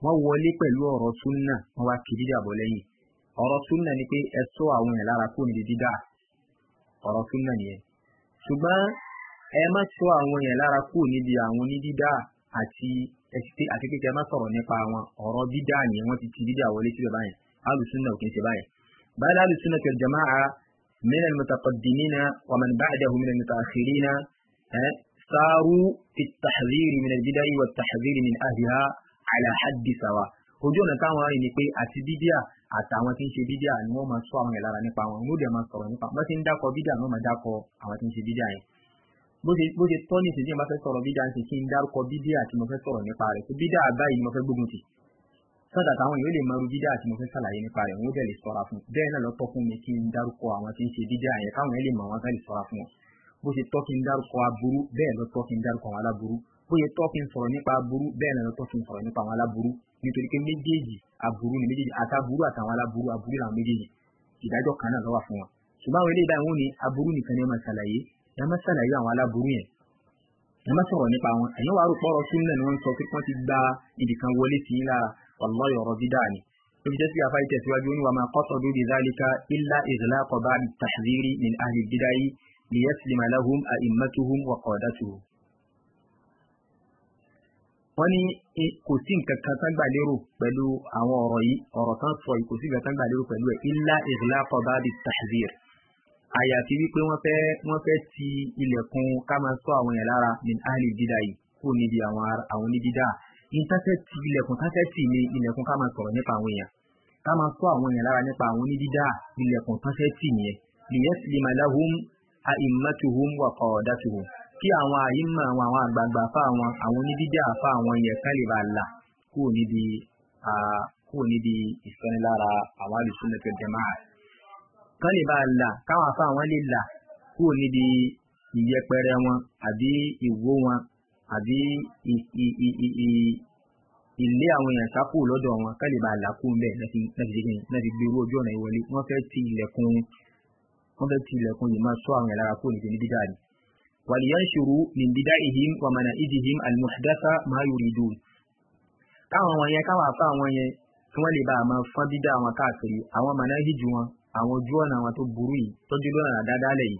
wọ́n wọlé pẹ̀lú ọ̀rọ̀ súnà wọ́n wá kí dídà bọ̀ lẹ́yìn ọ̀rọ̀ súnà ni pé ẹ sọ àwọn yẹn lára kó níbi dídà ọ̀rọ̀ súnà nìyẹn ṣùgbọ́n ẹ má sọ àwọn yẹn lára kó níbi àwọn ní dídà àti ẹsẹ̀ àti kékeré má sọ̀rọ̀ nípa àwọn ọ̀rọ̀ dídà yẹn wọ́n ti ti dídà wọlé síbẹ̀ báyẹn alùsúnà ò ṣe báyẹn báyẹn alùsúnà kẹl jamaa min al-mutaqaddimina wa man ba'dahum min al-muta'akhirina ساروا في التحذير من البدع والتحذير من أهلها على حد سواء ojú ọ̀nà táwọn arìn ni pé àti bídíà àtàwọn tí ń ṣe bídíà ni wọ́n máa sọ àwọn yẹn lára nípa wọn múdìá máa sọ̀rọ̀ nípa wọ́n ti ń dákọ̀ bídíà ni wọ́n máa dákọ̀ àwọn tí ń ṣe bídíà yẹn bó ṣe tọ́ ní ìṣèjì máa fẹ́ sọ̀rọ̀ bídíà ń ṣe kí n dárúkọ bídíà tí mo fẹ́ sọ̀rọ̀ nípa rẹ̀ bídíà báyìí ni mo fẹ́ gbógun tì sọ́dà táwọn yóò lè máa ru bídíà tí mo fẹ́ ṣàlàyé nípa rẹ̀ wọ́n dẹ̀ lè sọ́ra fún bẹ́ẹ̀ náà lọ́tọ́ fún mi kí n dárúkọ àwọn tí ń ṣe bídíà yẹn káwọn yẹn lè mọ̀ wọ́n fẹ́ lè sọ́ra fún wọn bó ṣe tọ́ kí n dárúkọ aburú bẹ́ẹ̀ lọ tọ́ kí n dárúkọ àwọn aláburú bó ṣe tọ́ kí n sọ̀rọ̀ nípa aburú bẹ́ẹ̀ lọ tọ́ kí n sọ̀rọ̀ nípa àwọn aláburú nítorí pé méjèèjì aburú ni méjèèjì àtàburú àtàwọn aláburú aburú làwọn méjèèjì ìdájọ́ kan náà ló wà fún wọn ṣùgbọ́n àwọn eléyìí báyìí wọ́n ní aburú nìkan ni wọ́n máa ṣàlàyé ẹ má ṣàlàyé àwọn aláburú yẹn ẹ má sọ̀rọ̀ nípa wọn sí i ní wàá máa lórí zálíkà ilá ìzìlá kọba tàhírí ní àhìbídáyì ليسلم لهم أئمتهم وقادتهم wọ́n ní kò sí nǹkan kan tán gbà lérò pẹ̀lú àwọn ọ̀rọ̀ yìí ọ̀rọ̀ tán sọ yìí kò sí nǹkan tán gbà lérò pẹ̀lú ẹ̀ illa ighlaq bab at-tahzir àyàfi wípé wọ́n fẹ́ wọ́n fẹ́ ti ilẹ̀kùn ká máa sọ àwọn yẹn lára min ahli dídá yìí kó níbi àwọn àwọn onídídá ìtàtẹ́ ti ilẹ̀kùn tàtẹ́ tì ní ilẹ̀kùn ká sọ̀rọ̀ nípa àwọn èèyàn ká sọ àwọn yẹn lára nípa àwọn onídídá ilẹ̀kùn tàtẹ́ tì nìyẹn a'immatuhum wa qadatuhum kí àwọn àyímọ̀ àwọn àwọn àgbààgbà fa àwọn àwọn onídíjà fa àwọn yẹn kan lè bá là kúrò níbi kúrò níbi ìsọnilára àwọn alùsùnà tó jẹ máa kan lè bá là káwọn afa àwọn lè là kúrò níbi ìyẹpẹrẹ wọn àbí ìwó wọn àbí ilé àwọn èèyàn sápò lọ́dọ̀ wọn kan lè bá là kúrò bẹ́ẹ̀ náà fi gbé irú ojú ọ̀nà ìwọlé wọ́n fẹ́ ti ilẹ̀kùn wọ́n fẹ́ tilẹ̀kùn yìí máa sọ àwọn yàrá kó níbi níbi dáa ni. wàlíyànṣuru min bida'ihim wa mana'ijihim almuhdatha ma yuridun. káwọn wọn yẹn káwọn afá wọn yẹn tí wọ́n lè bá a máa fọ́n bídá àwọn káàkiri àwọn manahiju wọn àwọn ojú ọ̀nà àwọn tó burú yìí tọ́jú lọ́nà dáadáa lẹ̀ yìí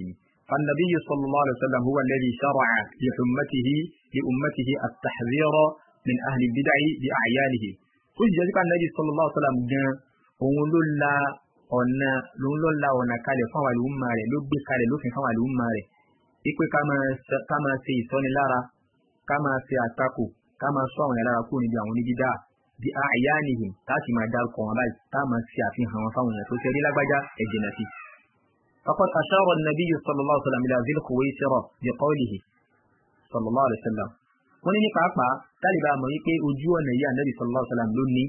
ẹ́ فالنبي صلى الله عليه وسلم هو الذي شرع لأمته لأمته التحذير من أهل البدع بأعيانهم ó sì jẹ́ sípà nàbì sallallahu alaihi wasallam gan òun ló la ọ̀nà lòun ló la ọ̀nà kalẹ̀ fún àwọn àlùmọ́ rẹ̀ ló gbé kalẹ̀ lófin fún àwọn àlùmọ́ rẹ̀ ipe ká máa ṣe ìsọnilára ká máa ṣe àtakò ká máa sọ àwọn ìlara kúrò níbi àwọn onídídá bí àyà nìyí láti máa dárúkọ wọn báyìí tá máa ṣe àfihàn wọn fáwọn èèyàn tó ṣe rí ẹ̀jẹ̀ náà sí. فقد أشار النبي صلى الله عليه وسلم إلى ذي القويسرة بقوله صلى الله عليه وسلم wọ́n ní ní pàápàá tálíbà mọ̀ wípé ojú ọ̀nà yìí ànábì sallallahu alaihi wasallam ló ní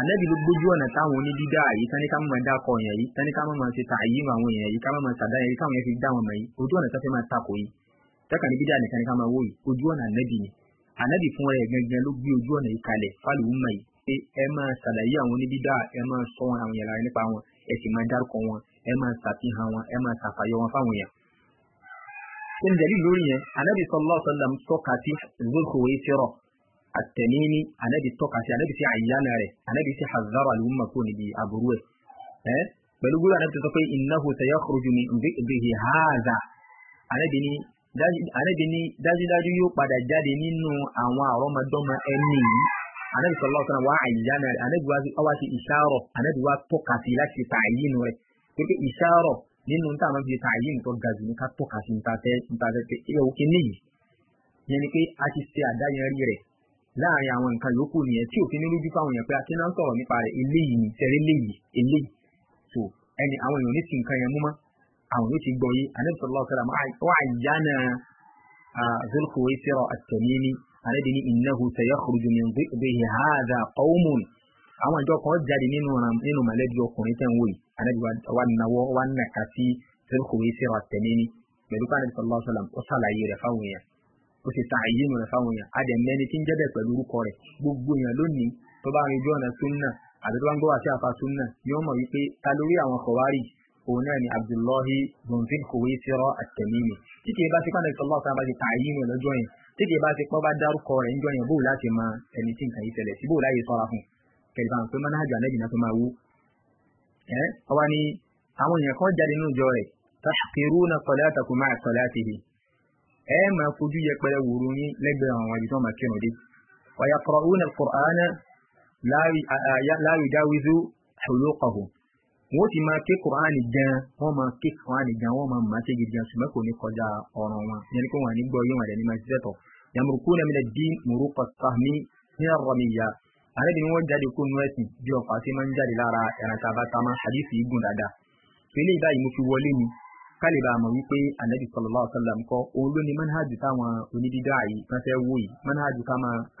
ànábì ló gbójú ọ̀nà táwọn onídídá yìí tán ní ká máa dákọ̀ yẹn yìí tán ní ká máa ṣe tààyíwò àwọn èèyàn yìí ká máa ṣàdá yẹn yìí káwọn yẹn fi dá wọn mọ̀ yìí ojú ọ̀nà tó fẹ́ máa takò yìí tẹ́kà ní bídà nìkan ní ká máa wò yìí ojú ọ̀nà ànábì ni ànábì fún ẹ gangan ló gbé ojú ọ̀nà yìí kalẹ̀ fáliwú mọ̀ yìí pé ẹ máa ṣàlàyé àwọn onídídá ẹ máa sọ àwọn yàrá nípa wọn ẹ sì máa dárúkọ wọn ẹ máa ṣàfihàn wọn ẹ máa ṣàfàyọ wọn fáwọn èèyàn kí ni dẹ̀lí lórí yẹn anabi sallallahu alaihi wa sallam tọ́ka sí zulkuwe sírọ̀ àtẹ̀míní anabi tọ́ka sí anabi sí àyànà rẹ̀ anabi sí hazara alumma kò níbi àbúrú ẹ̀ pẹ̀lú gbogbo anabi sọ pé innahu sayakhruju min bihi haza anabi ní anabi ní dájúdájú yóò padà jáde nínú àwọn àrọ́mọdọ́mọ ẹni yìí anabi sallallahu alaihi wa sallam rẹ̀ anabi wá sí ìṣàrọ̀ anabi wá tọ́ka sí láti tààyè nínú tá a máa fi ta àyè nǹkan ga jù ní ká tọ́ka sí níta fẹ́ níta fẹ́ pé ẹ òkè níyì yẹn ni pé a ti ṣe àdáyanrí rẹ̀ láàrin àwọn nǹkan yòókù nìyẹn tí òfin nílùú fáwọn èèyàn pé a ti náà ń sọ̀rọ̀ nípa rẹ̀ eléyìí ni tẹ̀rẹ̀ eléyìí eléyìí tó ẹni àwọn èèyàn ní ti nǹkan yẹn mú mọ́ àwọn yóò ti gbọ́ yé anabi sallallahu alaihi wasallam àwọn ìjọ kan jáde nínú nínú mọ̀lẹ́bí ọkùnrin tẹ̀ ń wò yìí anabi wa nawọ́ wa nàka sí sẹ́kùnrin sẹ́wà tẹ̀lé ní pẹ̀lú pé anabi sallallahu alayhi wa sallam ó ṣàlàyé rẹ̀ fáwọn èèyàn ó ti ta àyè rẹ̀ fáwọn èèyàn á dẹ̀ mẹ́ni tí ń jẹ́bẹ̀ pẹ̀lú orúkọ rẹ̀ gbogbo èèyàn lónìí tó bá rin ojú ọ̀nà súnà àti tó bá ń gbọ́ àti àfa súnà ni ó mọ̀ wípé ta lórí àwọn kọ̀wárì òun náà ni abdullahi bonfin kòwé sírọ àtẹ̀mímì tí kìí bá ti pàdé sallallahu alayhi wa ta àyè rẹ̀ lọ́jọ́ yẹn tí kìí bá ti pọ́ bá dárúkọ rẹ̀ ń yẹn bóò láti mọ ẹni tí nǹkan yìí ṣẹlẹ̀ sí bóò láyé sọ́ra fún un kẹlẹ́bà pé mọ́nájú ànábì náà tó máa wú. ẹ ọwọ́ ni àwọn èèyàn kan jáde nínú ìjọ rẹ̀ tàṣkìrú na salatakum ma'a salatihi ẹ máa fojú yẹpẹrẹ wòrú yín lẹ́gbẹ̀ẹ́ àwọn àjùtọ́ máa kírun dé. wa yaqra'una al-Qur'ana la yujawizu huluqahum wọ́n ti máa ké kùránì gan wọ́n máa ké kùránì gan wọ́n máa máa tẹ́gi gan ṣùgbọ́n kò ní kọjá ọ̀ràn wọn yẹn kó wọn ní gbọ́ yín wọn dẹ̀ ní máa ṣiṣẹ́ tọ̀ yàmùrùkú náà mìíràn dín mùrùkọ sáhmi ní ànábì ni wọ́n jáde kó nu ẹ̀sìn bí ọ̀pá tí máa ń jáde lára ẹran tá a bá ta mọ́ hadisi igun dáadáa tó eléyìí báyìí mo fi wọlé ni kálí bá a mọ̀ wípé ànábì sallallahu alaihi wasallam kọ́ òun ló ní manhajù táwọn onídídá yìí kan fẹ́ wò yìí manhajù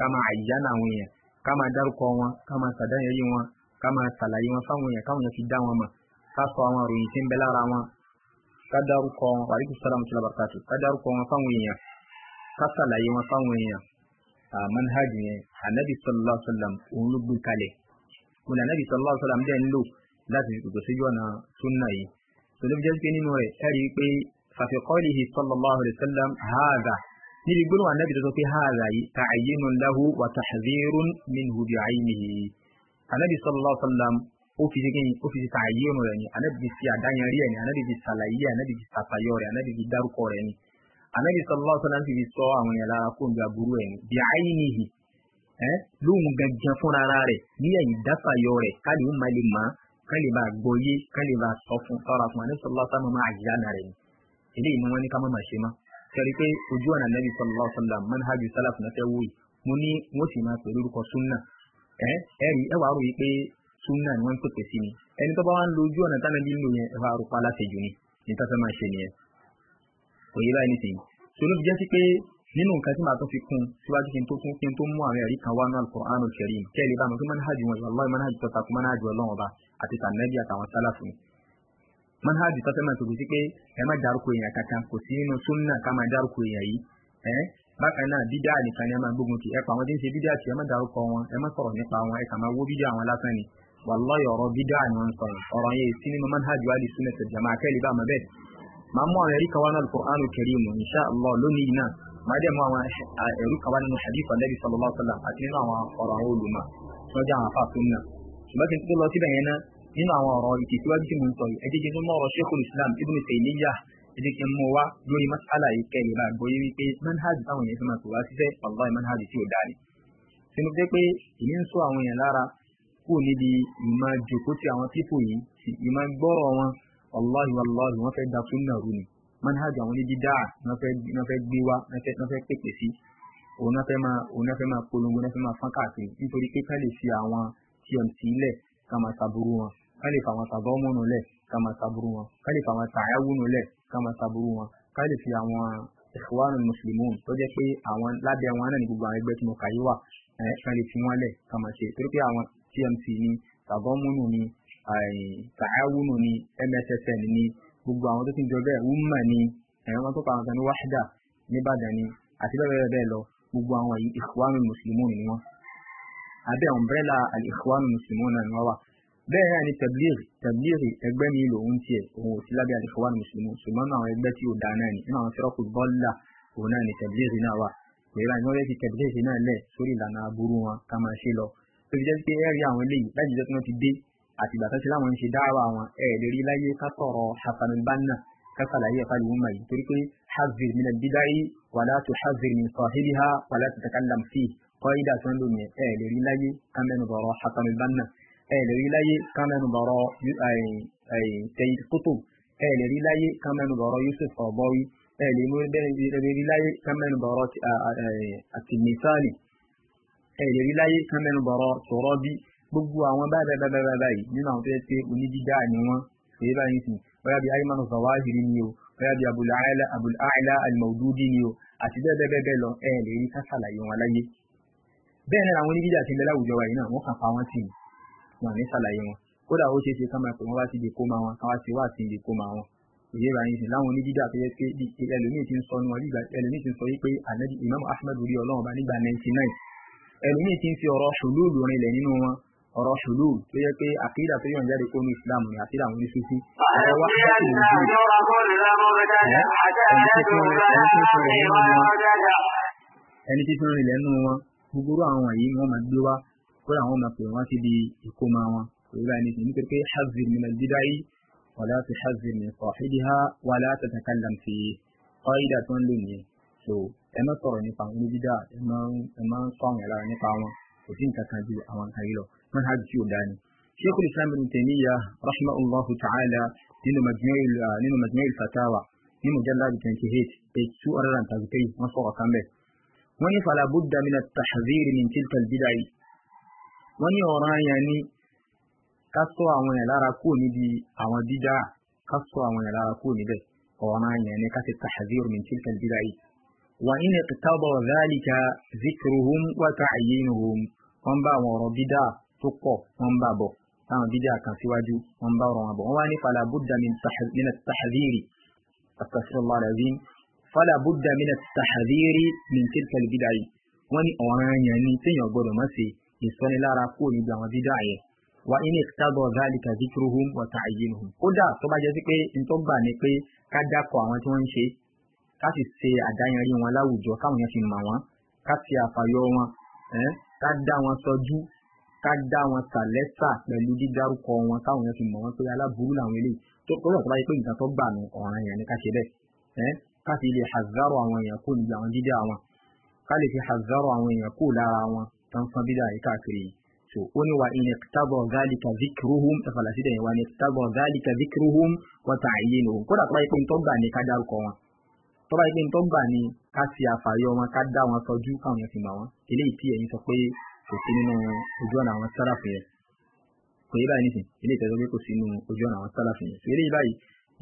ká máa àyíyá náà àwọn èèyàn ká máa dárúkọ wọn ká máa sàdáyẹrí wọn ká máa sàlàyé wọn fáwọn èèyàn káwọn èèyàn fi dá wọn mọ̀ ká sọ àwọn àròyìn tí ń bẹ lára wọn ká dárúkọ wọn wàlíkù sálàmù tó lọ ká dárúkọ wọn fáwọn èèyàn ká sàlàyé wọn fáwọn èèyàn manhaji yẹn anabi sallallahu alayhi wa sallam òun ló gbé kalẹ̀ mo ní anabi sallallahu alayhi wa sallam dẹ́n lò láti fi kòtò síjú ọ̀nà sunna yìí tó ló fi jẹ́ pé nínú rẹ̀ ẹ̀rí pé fàfi qawlihi sallallahu alayhi wa sallam haza níbi gbólóhùn anabi tó sọ pé haza yìí ta'ayyinun lahu wa tahdhirun minhu bi'aynihi anabi sallallahu alayhi wa sallam ó fi ṣẹ́gi ó fi ta'ayyinun rẹ̀ ni anabi fi àdáyanrí ẹ̀ ni anabi fi ṣàlàyé anabi fi ṣàfàyọ rẹ̀ anabi fi dárúkọ rẹ̀ ni anabi sallallahu alaihi wa sallam ti fi sọ àwọn yẹn lára kó n gba burú ẹ̀ ní bí ayé nìyí ẹ lóhun gangan fúnra rẹ̀ níyà ìdásayọ rẹ̀ káàdì ń ma lè mọ káàdì bá gbọ́ yé káàdì bá sọ fún sọra fún anabi sallallahu alaihi wa sallam máa yíyá náà rẹ̀ ni eléyìí ni wọ́n ní ká má má ṣe má sẹ́rí pé ojú ọ̀nà anabi sallallahu alaihi wa sallam manhajú salaf náà fẹ́ wò yìí mo ní wọ́n sì máa pè lórúkọ sunna ẹ ẹ rí ẹ wàá rò yìí pé sunna ni wọ́n ń pèpè ni ẹni tó bá wà ń lo ojú ọ̀nà tánàbí ń lò yẹn ẹ òye báyìí nìsín tó ló fi jẹ́ sí pé nínú nǹkan tí màá tó fi kún síwájú kí n tó kún kí n tó mú àwọn ẹ̀rí kan wá náà Al-Qur'an al-Karim kẹ́lí bá mi kí manhaj wọn wallahi manhaj tó takú manhaj ọlọ́run ọba àti tànẹ́bí àtàwọn sálàfù manhaj tó fẹ́ máa tòkù sí pé ẹ má dárúkọ èèyàn kankan kò sí nínú súnnà ká máa dárúkọ èèyàn yìí ẹ bákan náà bídà nìkan ni ẹ máa gbógun ti ẹ pa àwọn tí ń ṣe bídà tí ẹ má dárúkọ wọn ẹ má sọ̀rọ̀ nípa wọn ẹ kà máa wó bídà wọn lásán ni wallahi ọ̀rọ̀ bídà ni wọ́n sọ̀rọ̀ ọ̀rọ̀ yẹn sí nínú manhaj wàlí súnnà tẹ̀jàmá kẹ́lí bá mọ́ bẹ́ẹ̀ máa mú àwọn ẹ̀rí kan wá náà Al-Qur'an Al-Karim insha Allah lónìí náà máa dẹ̀ mú àwọn ẹ̀rí kan wá nínú hadith Ànábì sallallahu alaihi wasallam àti nínú àwọn ọ̀rọ̀ àwọn olùmọ̀ tí wọ́n jẹ́ àwọn afa tó nà ṣùgbọ́n kí n tó lọ síbẹ̀ yẹn náà nínú àwọn ọ̀rọ̀ ìtẹ̀síwájú tí mo ń sọ yìí ẹ jẹ́ kí n mú ọ̀rọ̀ Sheikhul Islam Ibn Taymiyyah ẹ jẹ́ kí n mú wa lórí mas'ala yìí kẹ́ bá gbóyè wípé manhaj táwọn yẹn fi máa tò wá síṣẹ́ wallahi manhaj tí ò dáa ni. sínú pé pé ìní ń sọ àwọn yẹn lára kúrò níbi ìmọ̀ jòkó ti àwọn pípò yìí ìmọ̀ gbọ́rọ̀ wọn wàláhi wàláhi wọ́n fẹ́ da sunna rú ni manhaj àwọn oníbi dáa wọ́n fẹ́ gbé wá wọ́n fẹ́ pèpè sí òun náà fẹ́ máa òun náà fẹ́ máa polongo náà fẹ́ máa fọ́n káàkiri nítorí pé ká lè fi àwọn tmc lẹ̀ ká máa ṣàbùrú wọn ká lè fa àwọn tàbọ́mọ̀nù lẹ̀ ká máa ṣàbùrú wọn ká lè fa àwọn tàyáwónù lẹ̀ ká máa ṣàbùrú wọn ká lè fi àwọn ikhwanul muslimun tó jẹ́ pé àwọn lábẹ́ wọn náà ní gbogbo àwọn ẹgbẹ́ tí mo kà yí wà ká lè fi wọn lẹ̀ ká máa ṣe torí pé àwọn tmc ni tàbọ́mọ̀nù ni tàáwùnù ni mssn ni gbogbo àwọn tó ti ń jọ bẹ́ẹ̀ wúmà ni ẹ̀rọ wọn tó pa àwọn kan ní wáṣídà nìbàdàn ni àti bẹ́ẹ̀ bẹ́ẹ̀ lọ gbogbo àwọn yìí ìfúwánù mùsùlùmí ni wọn abẹ́ ọ̀mbrẹ́là àlìfúwánù mùsùlùmí náà ni wọ́n wà bẹ́ẹ̀ náà ni tẹ̀blíìrì tẹ̀blíìrì ẹgbẹ́ mi lòun tiẹ̀ òun ò sí lábẹ́ àlìfúwánù mùsùlùmí ṣùgbọ́n àwọn ẹgbẹ́ tí ò dáa náà ni nínú àwọn fẹ́rọ́kù bọ́ọ̀lá òun náà ni tẹ̀blíìrì náà wà ìrora ni wọ́n fẹ́ fi náà lẹ̀ sórí ìlànà aburú wọn ká máa ṣe lọ tó jẹ́ pé ẹ̀rí àwọn eléyìí láti jẹ́ pé wọ́n ti dé àti ìgbà tó ti láwọn ń ṣe dáwà wọn ẹ lè rí láyé ká sọ̀rọ̀ Hasan al-Banna ká sàlàyé ẹ̀ka ìwọ̀n mà yìí torí pé hazir min al-bidai wala tu hazir min sahibiha wala tatakallam fihi kọ́ ìdá tó ń lò yẹn láyé ká mẹ́nu bọ̀rọ̀ Hasan al láyé ká mẹ́nu bọ̀rọ̀ Sayyid Qutb ẹ láyé ká mẹ́nu bọ̀rọ̀ Yusuf Qaradawi ẹ láyé ká mẹ́nu bọ̀rọ̀ At-Tinnistani láyé ká mẹ́nu bọ̀rọ̀ Turabi gbogbo àwọn báyìí báyìí báyìí báyìí nínú àwọn tó yẹ pé onídídá ni wọ́n ṣe é báyìí sìn bóyá bíi ayémánu zawahiri ni o bóyá bíi abul a'la al-mawdudi ni o àti bẹ́ẹ̀ bẹ́ẹ̀ bẹ́ẹ̀ lọ ẹ lè rí ká wọn láyé bẹ́ẹ̀ náà àwọn onídídá ti ń láwùjọ wa náà wọ́n kàn fa wọn sí i wọn ní ṣàlàyé wọn kódà ó ṣeé ṣe ká máa pè wọ́n wá sí ibi kó máa wọn káwá sí wá sí ibi kó máa wọn òye ra yín sìn láwọn onídídá tó yẹ pé ẹlòmíì ti ń sọ ní wọn ẹlòmíì ti ń sọ yìí pé ànábì Imam Ahmad rí Ọlọ́run bá nígbà 99 ẹlòmíì ti ń fi ọ̀rọ̀ ṣòlóòlù rinlẹ̀ nínú wọn ọ̀rọ̀ ṣùlù tó yẹ pé àkídà tó yàn jáde kó ní islam ní àkídà àwọn oníṣúfí. ọ̀rọ̀ wá sí ìlú ìlú ẹni tí fún ilẹ̀ nù wọn gbogbo àwọn yìí ni wọ́n máa gbé wá kódà wọ́n máa pè wọ́n sí di ìkómọ wọn kò yẹ báyìí nítorí nítorí pé hazir min al-bidai wala tu hazir min sahibiha wala tatakallam fi qaida tó ń lò nìyẹn so ẹ má sọ̀rọ̀ nípa àwọn oníbídà ẹ má ń sọ àwọn ẹ̀lára nípa wọn kò sí nǹkan kan ju àwọn nǹkan yìí lọ. منهج يوداني شيخ الاسلام ابن تيميه رحمه الله تعالى لنا مجموع لنا مجموع الفتاوى من مجلد تنتهيت سوء رلان تذكري مصورة كامبه واني فلا بد من التحذير من تلك البدع واني ورا يعني كسوى من لا ركوني دي او ديدا كسوى من لا ركوني دي ورا يعني كسوى التحذير من تلك البدع وإن اقتضى ذلك ذكرهم وتعيينهم وانبا ورا tó pọ̀ wọ́n ń bà bọ̀ táwọn bídà kan síwájú wọ́n ń bá ọ̀rọ̀ wọn bọ̀ wọ́n wá ní fala budda min at-tahdhiri astaghfirullah alazim fala budda min at-tahdhiri min tilka al-bid'a yìí wọ́n ní ọ̀ràn yẹn ni téèyàn gbọ́dọ̀ má ṣe ìsọ́nilára kúrò níbi àwọn bídà yẹn wa in iqtada dhalika dhikruhum wa ta'yinuhum kódà tó bá jẹ́ sí pé ntọ́ ni pé ká dákọ̀ àwọn tí wọ́n ń ṣe ká sì ṣe àdáyanrí wọn láwùjọ káwọn yẹn fi mọ̀ wọ́n ká ṣe àfàyọ wọn ká dá wọn sọjú ká dá wọn sàlẹ́sà pẹ̀lú dídárúkọ wọn táwọn yẹn fi mọ̀ wọ́n pé aláburú làwọn eléyìí tó lọ́wọ́ tó bá yẹ pé nǹkan tó gbà nù ọ̀ràn yẹn ni ká ṣe bẹ́ẹ̀ ká fi lè hazaro àwọn èèyàn kó níbi àwọn dídá wọn ká lè fi hazaro àwọn èèyàn kó lára wọn tán san dídá yìí káàkiri yìí so ó ní wa in iqtada dhalika dhikruhum ẹ̀fàlà sídẹ̀ yẹn wa in iqtada dhalika dhikruhum wa ta'yinuhum kò sí nínú ojú ọ̀nà àwọn sálàfù yẹn kò yé báyìí nìsín ilé ìtẹ́sọ́ pé kò sí nínú ojú ọ̀nà àwọn sálàfù yẹn sọ eléyìí báyìí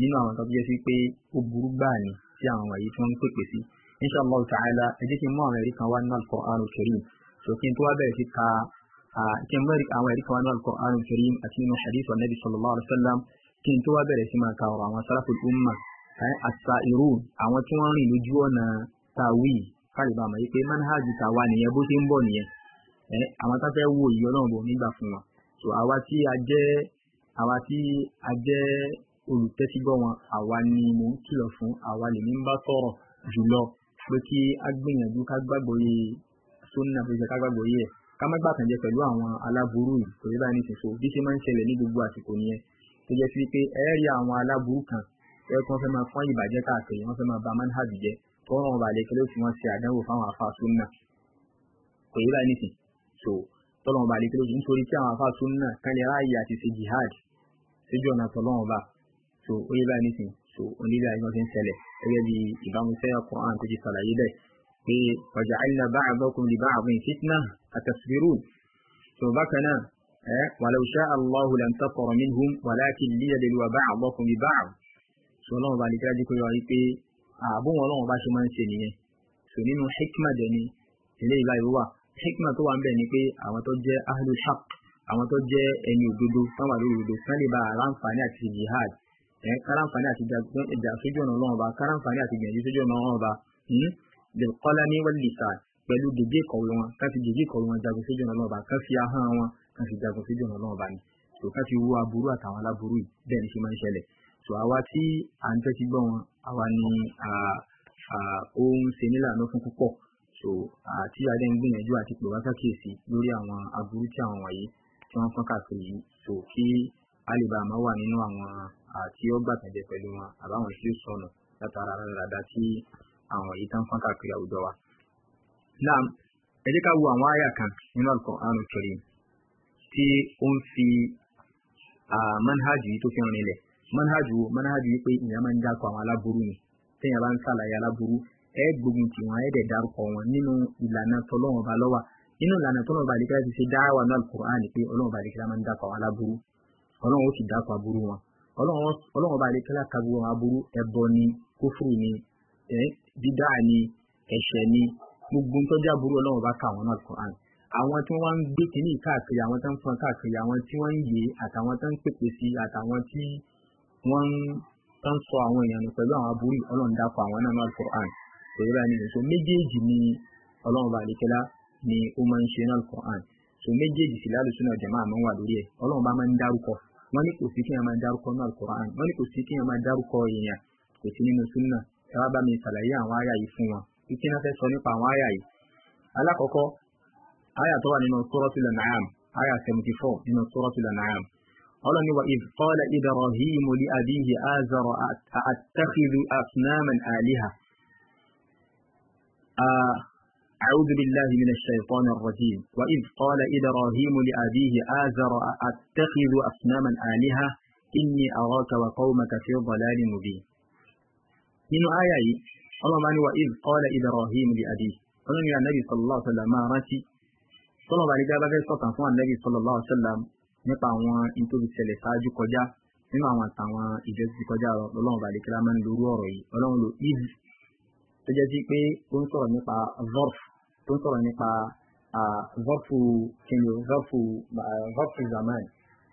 nínú àwọn tọ́jú jẹ́ sí pé ó burú gbáà ni tí àwọn wàyí tí wọ́n ń pèpè sí insha Allah ta'ala ẹ jẹ́ kí n mú àwọn ẹ̀rí kan wá nínú Al-Qur'an Al-Karim sọ kí n tó wá bẹ̀rẹ̀ sí ka kí n mẹ́rin àwọn ẹ̀rí kan wá nínú Al-Qur'an al àti nínú hadith wa nabi sallallahu alaihi wa sallam kí n tó wá bẹ̀rẹ̀ sí máa ka ọ̀rọ̀ àwọn sálàfù umma àṣà irú àwọn tí wọ́n rìn lójú ọ̀nà tàwí kálíbà mọ̀ yí pé manhaj tàwa nìyẹn bó ṣe ń bọ̀ nìyẹn àwọn tá fẹ́ wo yìí ọlọ́run bò nígbà fún wọn so àwa tí a jẹ́ àwa tí a jẹ́ olùtẹ́sígbọ́ wọn àwa ni mò ń kìlọ̀ fún àwa lèmi ń bá tọ̀rọ̀ jùlọ pé kí a gbìyànjú ká gbàgbọ́ yé sunna tó ṣe ká gbàgbọ́ yé ẹ̀ ká má gbàtàn jẹ pẹ̀lú àwọn aláburú yìí kò yẹ báyìí nìṣẹ́ so bí ṣe máa ń ṣẹlẹ̀ ní gbogbo àsìkò nìyẹn tó jẹ́ sí pé ẹ rí àwọn aláburú kan ẹ kí fẹ́ máa fọ́n ìbàjẹ́ káàkiri wọ́n fẹ́ máa ba manhaj jẹ́ tọ́rọ̀ wọn balẹ̀ kí ló fi ṣe àdánwò fáwọn afa sunna kò yẹ báyìí nìṣẹ́ so tọ́lọ́wọ́n bá lékelé ojú nítorí tí àwọn afa sunna kan lè àti ṣe jihad síjú ọ̀nà tọ́lọ́wọ́n bá so ó báyìí nísìnyí so oníbẹ̀ àyè wọn ti ń ṣẹlẹ̀ gẹ́gẹ́ bí ìbámusẹ́ Qur'an tó ti ṣàlàyé bẹ́ẹ̀ pé waja'alna ba'dakum li ba'din fitna atasbirun so bákan náà ẹ walau sha'a Allahu lantasara minhum walakin liyabluwa ba'dakum bi ba'd so ọlọ́wọ́n bá lékelé ojú kó yọ wípé ààbò wọn bá ṣe máa ń ṣe nìyẹn so nínú hikma dẹni eléyìí báyìí hikma tó wà ń bẹ̀ ni pé àwọn tó jẹ́ ahlul haq àwọn tó jẹ́ ẹni òdodo táwọn àlọ́ òdodo kán lè ba aláǹfààní àti jihad ẹ̀ káràǹfààní àti ìjà sójú ọ̀nà ọlọ́run ọba káràǹfààní àti ìgbìyànjú sójú ọ̀nà ọlọ́run ọba hmm? bilqalami wal lisan pẹ̀lú gègé ìkọ̀wé wọn kán fi gègé ìkọ̀wé wọn jagun sójú ọ̀nà ọlọ́run ọba kán fi ahọ́n wọn kán fi jagun sójú ọ̀nà ọlọ́run ọba ni so ká fi wo aburú àtàwọn aláburú yìí bẹ́ẹ̀ ni ṣe máa ń ṣẹlẹ̀ so àwa tí à ń tẹ́tí gbọ́ wọn àwa ni ó ṣe nílànà fún púpọ̀ so àti adé ń gbìyànjú àti pè wá sákèsì lórí àwọn aburú tí àwọn wọ̀nyí tí wọ́n fọ́n káàkiri yìí so kí alibama wà nínú àwọn àti ọgbà tẹ̀jẹ pẹ̀lú wọn àbáwọn tí sọnù látara rárá tí àwọn wọ̀nyí tán fọ́n káàkiri àwùjọ wa. náà ẹ jẹ́ ká wo àwọn àyà kan nínú Al-Qur'an Karim tí ó ń fi manhajú yìí tó fi hàn nílẹ̀ manhajú manhajú yìí pé ìyá máa ń dákọ̀ àwọn ni téèyàn ẹ gbógun tì wọn ẹ dẹ̀ dárúkọ wọn nínú ìlànà tọ́lọ́wọ́n ọba lọ́wà nínú ìlànà tọ́lọ́wọ́n ọba àdìkẹ́lá ti ṣe dá wà náà Al-Qur'an pé ọlọ́wọ́n ọba àdìkẹ́lá máa ń dákọ̀ wọn aláburú ọlọ́wọ́n ó sì dákọ̀ aburú wọn ọlọ́wọ́n ọba àdìkẹ́lá ka gbogbo wọn aburú ẹbọ ni kófùrù ni dídá ni ẹ̀ṣẹ̀ ni gbogbo ń tọ́jú aburú ọlọ́wọ́n ọba ka wọn náà Al-Qur'an àwọn tí wọ́n ń gbé kínní káàkiri àwọn tó ń fọn káàkiri àwọn tí wọ́n ń yé àtàwọn tó ń pèpè sí àtàwọn tí wọ́n ń sọ àwọn èèyàn pẹ̀lú àwọn aburú ọlọ́run dákọ̀ àwọn náà náà Al-Qur'an kò yẹ báyìí nìyẹn so méjèèjì ni ọlọ́run bá àdékẹ́lá ni ó máa ń ṣe náà Al-Qur'an so méjèèjì sì láàlú sínú ọ̀jẹ̀ máa máa ń wà lórí ẹ̀ ọlọ́run bá máa ń dárúkọ wọ́n ní kò sí kí wọ́n máa dárúkọ náà Al-Qur'an wọ́n ní kò sí kí wọ́n máa dárúkọ èèyàn kò sí nínú súnà ẹ wá bá mi ṣàlàyé àwọn àyà yìí fún wọn kí wọ́n fẹ́ sọ nípa àwọn àyà yìí alákọ̀ọ́kọ́ àyà tó wà nínú Suratul An'am àyà seventy four nínú Suratul An'am ọlọ́ni wa idh qala Ibrahim li abihi azara a'attakhidhu asnaman aliha أعوذ بالله من الشيطان الرجيم وإذ قال إبراهيم لأبيه آزر أتخذ أصناما آلهة إني أراك وقومك في ضلال مبين من آية الله وإذ قال إبراهيم لأبيه ọlọ́run ya nabi sallallahu alaihi wa sallam máa rántí tọ́lọ̀ bá dídá bá fẹ́ sọ̀tàn fún anabi sallallahu alaihi wa sallam nípa àwọn nítorí ṣẹlẹ̀ ṣáájú kọjá nínú àwọn àtàwọn ìjọsìn kọjá lọ́lọ́run bá dídá máa ń lórú ọ̀rọ̀ yìí ọlọ́run lo if tó jẹ́ sí pé ó ń sọ̀rọ̀ nípa zorf tó ń sọ̀rọ̀ nípa zorfu kinu zorfu zorfu zaman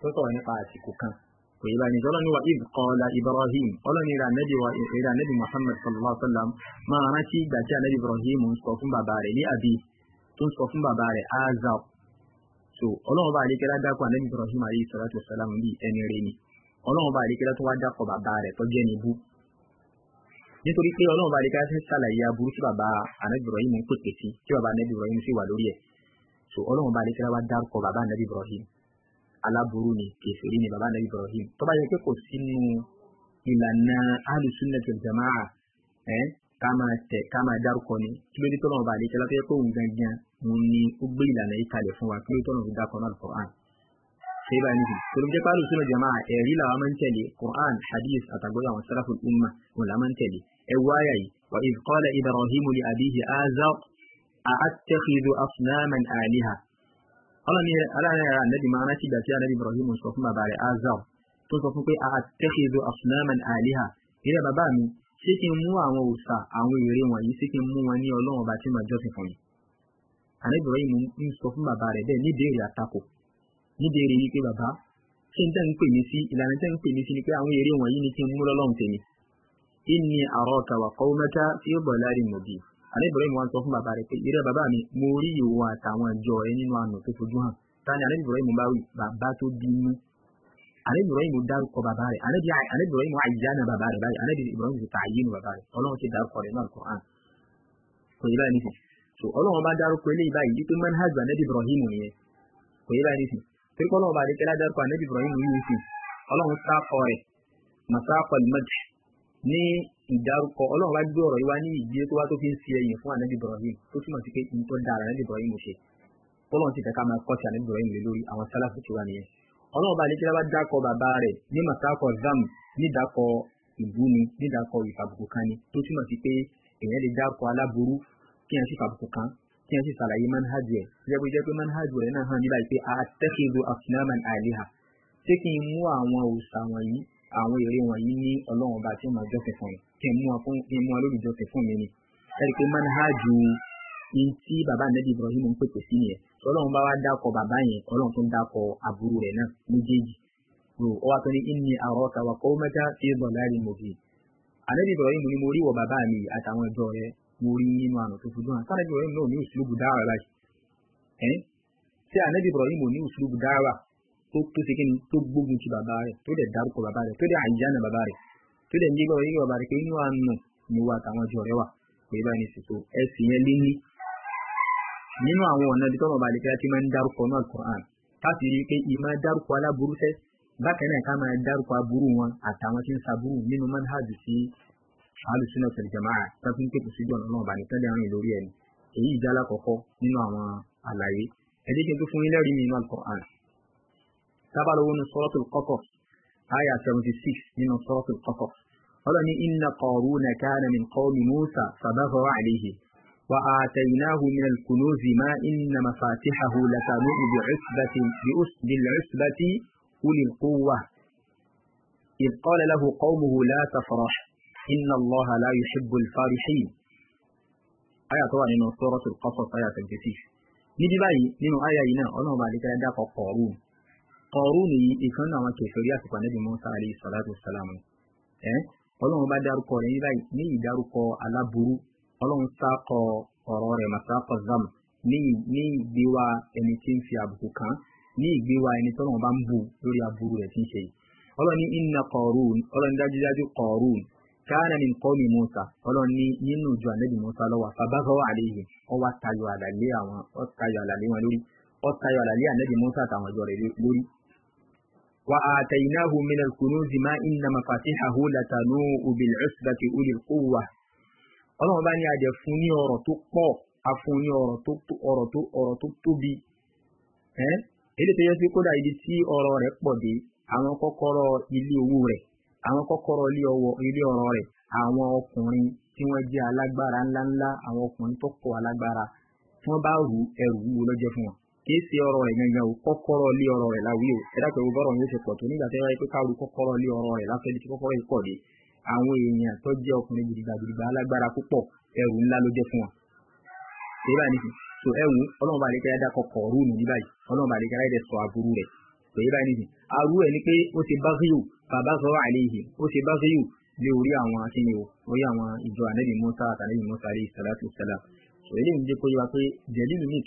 tó ń sọ̀rọ̀ nípa àsìkò kan kò yí báyìí ọlọ́ni wa id qala ibrahim ọlọ́ni ìrà nẹ́bí wa ìrà nẹ́bí muhammad sallallahu alayhi wa sallam máa rántí ìgbà tí anabi ibrahim ń sọ fún bàbá rẹ̀ ní àbí tó ń sọ fún bàbá rẹ̀ azab so ọlọ́run bá àdékẹ́lá dákọ̀ anabi ibrahim alayhi salatu wa salam bíi ẹni rẹ̀ ni ọlọ́run bá àdékẹ́lá tó wá dákọ̀ bàbá rẹ̀ tó jẹ́ níbú nítorí pé ọlọ́run bá lè ká ṣe ṣàlàyé aburú tí bàbá anabi ibrahim ń pèpè sí tí bàbá anabi ibrahim sì wà lórí ẹ̀ so ọlọ́run bá lè ká wá dárúkọ bàbá anabi ibrahim aláburú ni kèfèrí ni bàbá anabi ibrahim tó bá yẹ pé kò sínú ìlànà alùsùnàtì jamaa ẹ ká máa tẹ ká máa dárúkọ ni kí ló dé tọ́lọ́run bá lè ká lọ́tọ́ yẹ pé òun gangan òun ni ó gbé ìlànà yìí kalẹ̀ fún wa kí ló dé tọ́lọ́run fi dákọ̀ náà Al-Qur'an sai ba nufi to man tali qur'an hadith atagwa wa salaful umma wa man tali ẹwọ àyà yìí wà idh qala ibrahim li abihi azar a'attakhidhu asnaman aliha aláàrẹ anabi máa rántí ìgbà tí anabi ibrahim sọ fún bàbá rẹ̀ azar tó sọ fún pé a'attakhidhu asnaman aliha ìrẹ́ bàbá mi ṣé kí n mú àwọn òòṣà àwọn ère wọ̀nyí ṣé kí n mú wọn ní ọlọ́run ọba tí màá jọ́sìn fún mi anabi ibrahim ń sọ fún bàbá rẹ̀ bẹ́ẹ̀ níbèrè àtakò níbèrè yìí pé bàbá ṣé n tẹ́ ń pè mí sí ìlànà tẹ́ ń pè mí sí ni pé àwọn ère wọ̀nyí ni kí n mú lọ́lọ́run tèmi inni araka wa qaumaka fi dalalin mubin alẹ́ Ibrahim wa ń sọ fún bàbá rẹ̀ mi mo tani Ibrahim bá wí bàbá tó bínú alẹ́ Ibrahim dárúkọ bàbá rẹ̀ alẹ́ Ibrahim àyíjáná bàbá rẹ̀ báyìí alẹ́ Ibrahim ti tààyínú bàbá rẹ̀ ti so ọlọ́run bá dárúkọ eléyìí báyìí wípé manhaj Ibrahim Ibrahim ní ìdárúkọ ọlọ́run bá gbé ọ̀rọ̀ yìí wá ní ìdílé tó wá tó fi ń fi ẹ̀yìn fún ànábì Ibrahim tó túmọ̀ sí pé nǹkan dára ànábì Ibrahim ṣe ọlọ́run ti fẹ́ ká máa kọ́ sí ànábì Ibrahim lé lórí àwọn sálàfù tó wà nìyẹn ọlọ́run bá lẹ́jọ́ bá dákọ̀ bàbá rẹ̀ ní màsákọ̀ zam nídàkọ̀ ìbú ni nídàkọ̀ ìfàbùkù kan ni tó túmọ̀ sí pé èèyàn lè dákọ̀ aláburú kí ṣé kí n mú àwọn òòṣà wọ̀nyí àwọn èrè wọ̀nyí ní ọlọ́run ọba tí ó máa jọ́sìn fún yín kí n mú wọn fún kí n mú wọn lórí jọ́sìn fún mi ni ẹ̀rí pé manhaju ní tí bàbá nẹ́bí Ibrahim ń pèpè sí nìyẹn ọlọ́run bá wá dákọ̀ bàbá yẹn ọlọ́run tó ń dákọ̀ àbúrò rẹ̀ náà méjèèjì ro ọ wá tó ní inni araka wa qaumaka fi dalalin mubin ànẹ́bí Ibrahim ni mo rí wọ bàbá mi àtàwọn ẹjọ́ rẹ̀ mo rí nínú àrùn tó fojú hàn sáré Ibrahim náà ní uslubu tó tó ṣe kíni tó gbógun ti bàbá rẹ̀ tó dẹ̀ dárúkọ bàbá rẹ̀ tó dẹ̀ àyànà bàbá rẹ̀ tó dẹ̀ nígbà wọ́n yíyọ bàbá rẹ̀ pé inú àánú ni wà táwọn ọjọ́ rẹ̀ wà pé báyìí ní ṣètò ẹ̀sìn yẹn lé ní. nínú àwọn ọ̀nà ibi tọ́mọ̀ balẹ̀ kíá ti máa ń dárúkọ náà Qur'an káàsì rí i pé ìmọ̀ dárúkọ aláburúṣẹ́ bákan náà ká máa dárúkọ aburú wọn àtàwọn tí ń saburú nínú manhajù sí alùsùnà tẹ̀lé jamaa tábí ń nínú àwọn ẹ jẹ́ kí n tó fún yín lẹ́rìí mi inú al تبع له من سورة القصص آية 76 من سورة القصص قال إن قارون كان من قوم موسى فبغى عليه وآتيناه من الكنوز ما إن مفاتحه لتنوء بعصبة بأسد العصبة أولي القوة إذ قال له قومه لا تفرح إن الله لا يحب الفارحين آية طبعا من سورة القصص آية 76 نيجي باي من آية هنا أنا بعد كده قارون kọrúnì yìí ìkan náà àwọn kẹfẹ́ rí àsìkò ànábì Musa alayhi salatu salam ẹ ọlọ́run bá dárúkọ rẹ̀ nígbà ní ìdárúkọ aláburú ọlọ́run sákọ ọ̀rọ̀ rẹ̀ masakọ zam ní ìgbéwà ẹni tí ń fi àbùkù kàn ní ìgbéwà ẹni tọ́lọ́run bá ń bù lórí aburú rẹ̀ tí ń ṣe yìí ọlọ́run ní inna kọrún ọlọ́run dájúdájú kọrún káàna ní nǹkan mi Musa ọlọ́run ní nínú ìjọ ànábì Musa lọ́wọ́ àfàbáfọ́ àlejò وآتيناه من الكنوز ما إن مفاتحه لتنوء بالعصبة أولي القوة ọlọ́run bá ní adẹ fún ní ọ̀rọ̀ tó pọ̀ afún ní ọ̀rọ̀ tó ọ̀rọ̀ tó ọ̀rọ̀ tó tóbi èdè tó yẹ sí kódà ibi tí ọ̀rọ̀ rẹ̀ pọ̀ dé àwọn kọ́kọ́rọ́ ilé owó rẹ̀ àwọn kọ́kọ́rọ́ ilé ọwọ́ ilé ọ̀rọ̀ rẹ̀ àwọn ọkùnrin tí wọ́n jẹ́ alágbára ńláńlá àwọn ọkùnrin tó pọ̀ alágbára tí wọ́n bá rù ẹrù wúwo lọ́jọ́ fún wọn kì í ṣe ọ̀rọ̀ rẹ̀ gangan o kọ́kọ́rọ́ lé ọ̀rọ̀ rẹ̀ láwí o ẹ dákẹ́ gbogbo ọ̀rọ̀ yóò ṣe pọ̀ tó nígbà tẹ́ wáyé pé káàrú kọ́kọ́rọ́ lé ọ̀rọ̀ rẹ̀ láfẹ́ tí kọ́kọ́rọ́ yìí pọ̀ dé àwọn èèyàn tó jẹ́ ọkùnrin gidigba gidigba alágbára púpọ̀ ẹrù ńlá ló jẹ́ fún wọn. ṣé báyìí nìyí so ẹrù ọlọ́run bá àdékẹ́rẹ́ dá kọkọ̀ rúùnù ní báyìí ọlọ́run bá àdékẹ́rẹ́ dẹ̀ sọ àbúrú rẹ̀ pé báyìí nìyí arú ẹ̀ ni pé ó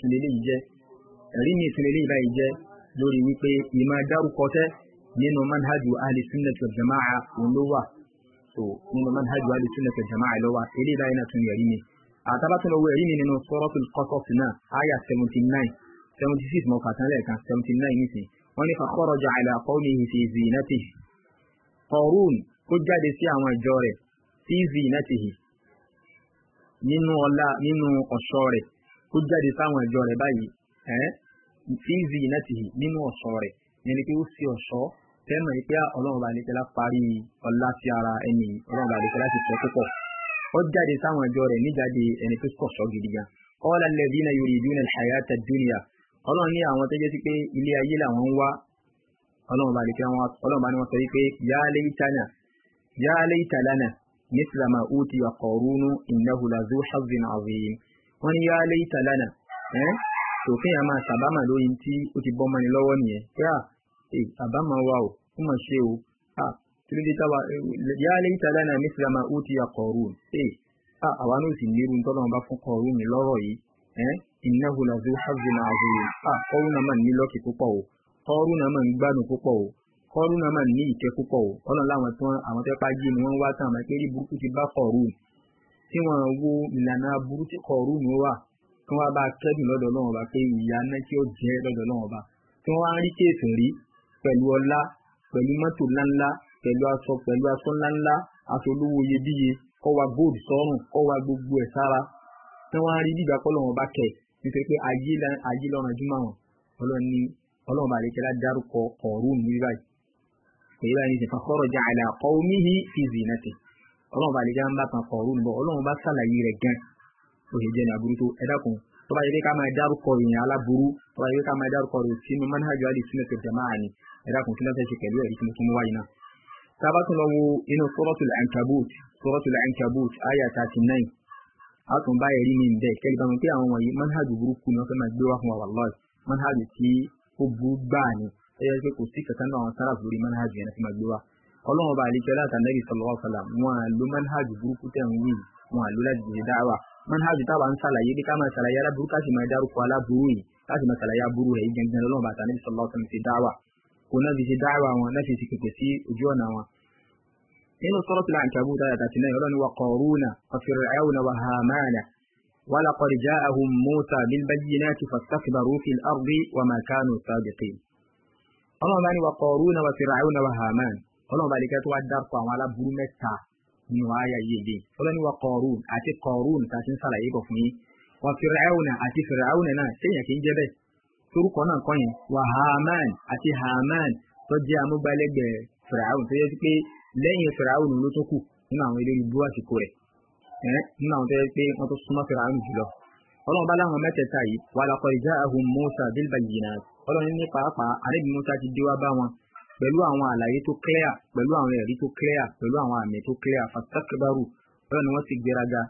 ṣe báṣíyù ẹ̀rí mi ìsinmi lè báyìí jẹ́ lórí wípé ìmọ̀ dárúkọ tẹ́ nínú manhajú ahli sunnah wal jama'a òun ló wà so nínú manhajú ahli sunnah wal jama'a ló wà eré báyìí náà tún ẹ̀rí mi àtàbátún lọ́wọ́ ẹ̀rí mi nínú suratul qasas náà àyà seventy nine seventy six mọ̀ọ́kà tán lẹ́ẹ̀kan seventy nine nìsín wọ́n ní fa kharaja ala qawmihi fi zinatihi fi zinatihi nínú ọ̀ṣọ́ rẹ̀ yẹn ni pé ó sì ọ̀ṣọ́ tẹ́mọ̀ yìí pé ọlọ́run bá nìkẹ́lá parí ọlá sí ara ẹni ọlọ́run bá nìkẹ́lá ti tẹ́ púpọ̀ ó jáde sáwọn ẹjọ́ rẹ̀ níjáde ẹni tó kọ̀ṣọ́ gidi gan qala alladhina yuriduna alhayata ad-dunya ọlọ́run ní àwọn tẹ́jẹ́ sí pé ilé ayé làwọn ń wá ọlọ́run bá nìkẹ́ wọn ọlọ́run bá ní wọn sọ wípé ya laytana ya layta lana mithla ma utiya qarunu innahu lazu hazzin wọn ni ya layta sòfin yà máa ṣàbámà lórí tí ó ti bọ́ mọ́ni lọ́wọ́ nìyẹn pé à ah, àbámà wa ò ó mà ṣe o à ah, tìlú dé táwa yà á lè yíta lẹ́nà mísìlá máa ó ti yà Qarun à ah, àwa náà sì nírú tọ́lọ́run bá fún Qarun mi lọ́rọ̀ yìí innahu lazu hazzin azim à Qarun náà máa ní lọ́kì púpọ̀ o Qarun náà máa ń gbádùn púpọ̀ o Qarun náà máa ní ìkẹ́ púpọ̀ o ọlọ́run láwọn tí wọ́n àwọn tẹ́pá jí ni wọ́n wá tàn àmọ́ pé burúkú ti bá Qarun tí wọ́n wo ìlànà burúkú Qarun wà kí wọ́n bá kẹ́dùn lọ́dọ̀ ọlọ́run ọba pé ìyá náà tí ó jẹ́ lọ́dọ̀ ọlọ́run ọba tí wọ́n á rí kéèsì rí pẹ̀lú ọlá pẹ̀lú mọ́tò ńláńlá pẹ̀lú aṣọ pẹ̀lú aṣọ ńláńlá aṣọ olówó iyebíye kọ́ wa gold sọ́rùn kọ́ wa gbogbo ẹ̀ sára tí wọ́n á rí dìgbà kọ́ lọ́wọ́n ọba kẹ̀ nítorí pé ayé lọ́rùn jùmọ̀ wọn ọlọ́ni ọlọ́run bá ọlọ́run bá lẹ́kẹ́lá òye jẹ́ ní aburú tó ẹ dákun tó bá yẹ kí ká máa dárúkọ ìyẹn aláburú tó bá yẹ kí ká máa dárúkọ rẹ̀ sínú manhaj al-sunnah wal jama'a ni ẹ dákun kí ló fẹ́ ṣe pẹ̀lú ẹ̀rí tí mo tún wáyé náà. tábà tún lọ wo inú suratul ankabut suratul ankabut ayah thirty nine a tún bá ẹ̀rí mi bẹ́ẹ̀ kẹ́lí báwọn pé àwọn wọ̀nyí manhaj burúkú ni wọ́n fẹ́ máa gbé wá fún wa wallahi manhaj tí ó burú gbáà ni ẹ yẹ pé sí kankan náà wọn à manhaj táwa ń ṣàlàyé bí ká máa ṣàlàyé aláburú ká sì máa dárúkọ aláburú yìí ká sì máa ṣàlàyé aburú rẹ̀ gangan lọ́wọ́ bàtà níbi sọlá ọ̀sán ti dáwà kò náà fi ṣe dáwà wọn láti fi pèpè sí ojú ọ̀nà wọn. nínú suratul ankabut dáadáa tàti náà ọlọ́ni wa qaruna wa fir'auna wa hamana wa laqad ja'ahum musa bil bayyinati fastakbaru fil ardi wa ma kanu sadiqin. ọlọ́run bá ní wa qaruna wa fir'auna wa hamana ọlọ́run bá ní kẹ́tọ́ wa dárúkọ àwọn aláburú mẹ́ta ni wàá yà yé de ọlọ́ni wa kọ̀ọ̀rùn àti kọ̀ọ̀rùn tá a ti ń sàlàyé bọ̀ fún yín wa fìrẹ́wùnà àti fìrẹ́wùnà náà séèyàn kì í jẹ́ bẹ́ẹ̀ torúkọ náà kọ́ yẹn wa haman àti haman tó jẹ́ amúgbálẹ́gbẹ̀ẹ́ fìrẹ́wùn tó yẹ pé lẹ́yìn fìrẹ́wùn ló tó kù nínú àwọn eléré ibú àsìkò rẹ̀ nínú àwọn tó yẹ pé wọ́n tó súnmọ́ fìrẹ́wùn pẹ̀lú àwọn àlàyé tó clear pẹ̀lú àwọn ẹ̀rí tó clear pẹ̀lú àwọn àmì tó clear fastakbaru bẹ́ẹ̀ ni wọ́n ti gbéraga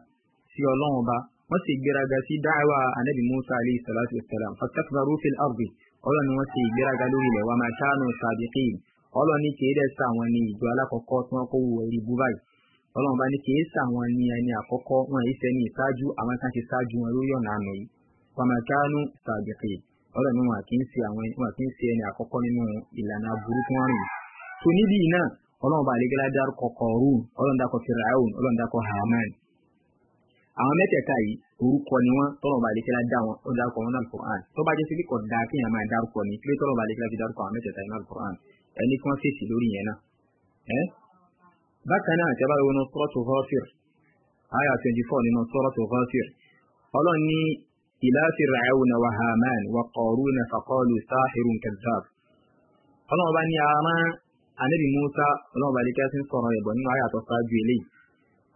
sí ọlọ́run ọba wọ́n ti gbéraga sí dáhàwá anabi musa alayhi salatu wa salam fastakbaru fil ardi ọlọ́run ni wọ́n ti gbéraga lórí ilẹ̀ wa ma kanu sabiqin ọlọ́run ni kìí dẹ̀ sàwọn ní ìjọ alákọ̀ọ́kọ́ tí wọ́n kó wù ẹ̀rí búbáyì ọlọ́run ọba ni kìí sàwọn ní wọn èyí sẹ́ni ọ̀rọ̀ ni wọn kì í ṣe àwọn wọn kì í ṣe ẹni àkọ́kọ́ nínú ìlànà aburú tí tó níbí iná ọlọ́run bá dárúkọ Kọ̀rún ọlọ́run Firaun ọlọ́run Haman. àwọn mẹ́tẹ̀ẹ̀ta yìí orúkọ ni wọ́n tọ́lọ̀ bá àlégálá dá wọn ó dárúkọ wọn náà Kùránì tó bá jẹ́ sí kíkọ̀ dá kí èèyàn máa dárúkọ ni kí tọ́lọ̀ bá àlégálá fi dárúkọ àwọn mẹ́tẹ̀ẹ̀ta yìí náà Kùránì ẹni tí wọ́n fèsì lórí yẹn náà. bákan náà tẹ́ bá wọn Suratu Ghafir àyà twenty four nínú Suratu Ghafir ọlọ́run إلى فرعون وهامان وقارون فقالوا ساحر كذاب ọlọ́run bá ní ara anabi musa ọlọ́run bá lékẹ́ sí sọ̀rọ̀ ẹ̀bọ̀ nínú ayé àtọ́sájú eléyìí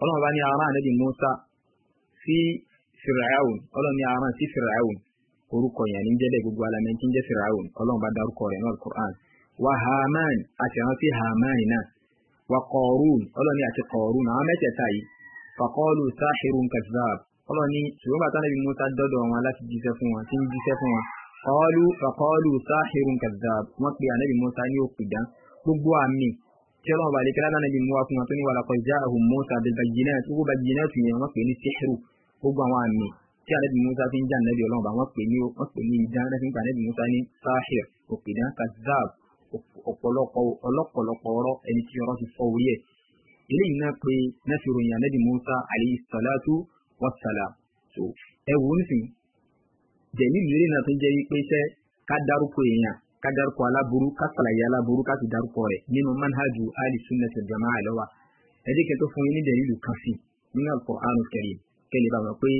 ọlọ́run bá ní ara anabi musa sí firaun ọlọ́run ní ara sí firaun orúkọ yẹn ní jẹ́lẹ̀ gbogbo alamẹ́ tí ń jẹ́ firaun ọlọ́run bá dárúkọ rẹ̀ náà quran wa haman àti àwọn sí haman náà wa kọ̀ọ̀rùn ọlọ́run àti kọ̀ọ̀rùn àwọn mẹ́tẹ̀ẹ̀ta yìí faqalu sahirun kazzab ọlọ́run ní ṣùgbọ́n bàtà nàbí Musa dọ́dọ̀ wọn láti jíṣẹ́ fún wọn tí ń jíṣẹ́ fún wọn qalu faqalu sahirun kadhab wọ́n pe ànábì Musa ní òkùdán gbogbo àmì tí ọlọ́run bàlẹ̀ kí ládàá nàbí mú wa fún wọn tó ní walaqad ja'ahum Musa bil bayyinati gbogbo bayyinati yẹn wọ́n pè ní sihiru gbogbo àwọn àmì tí ànábì Musa fi ń jà nàbí ọlọ́run bá wọ́n pè ní wọ́n pè ní idán wassalam so ẹ wò ó sìn jẹ̀mí mìíràn náà tó jẹ́ wípé iṣẹ́ ká dárúkọ èèyàn ká dárúkọ aláburú ká sàlàyé aláburú ká sì dárúkọ rẹ̀ nínú manhajú ali sunnah jamaa àlọ́wà ẹ jẹ́ kí n tó fún yín ní dẹ̀lílù kan sí nínú Al-Qur'anul Karim kẹlẹ̀ bá wọn pé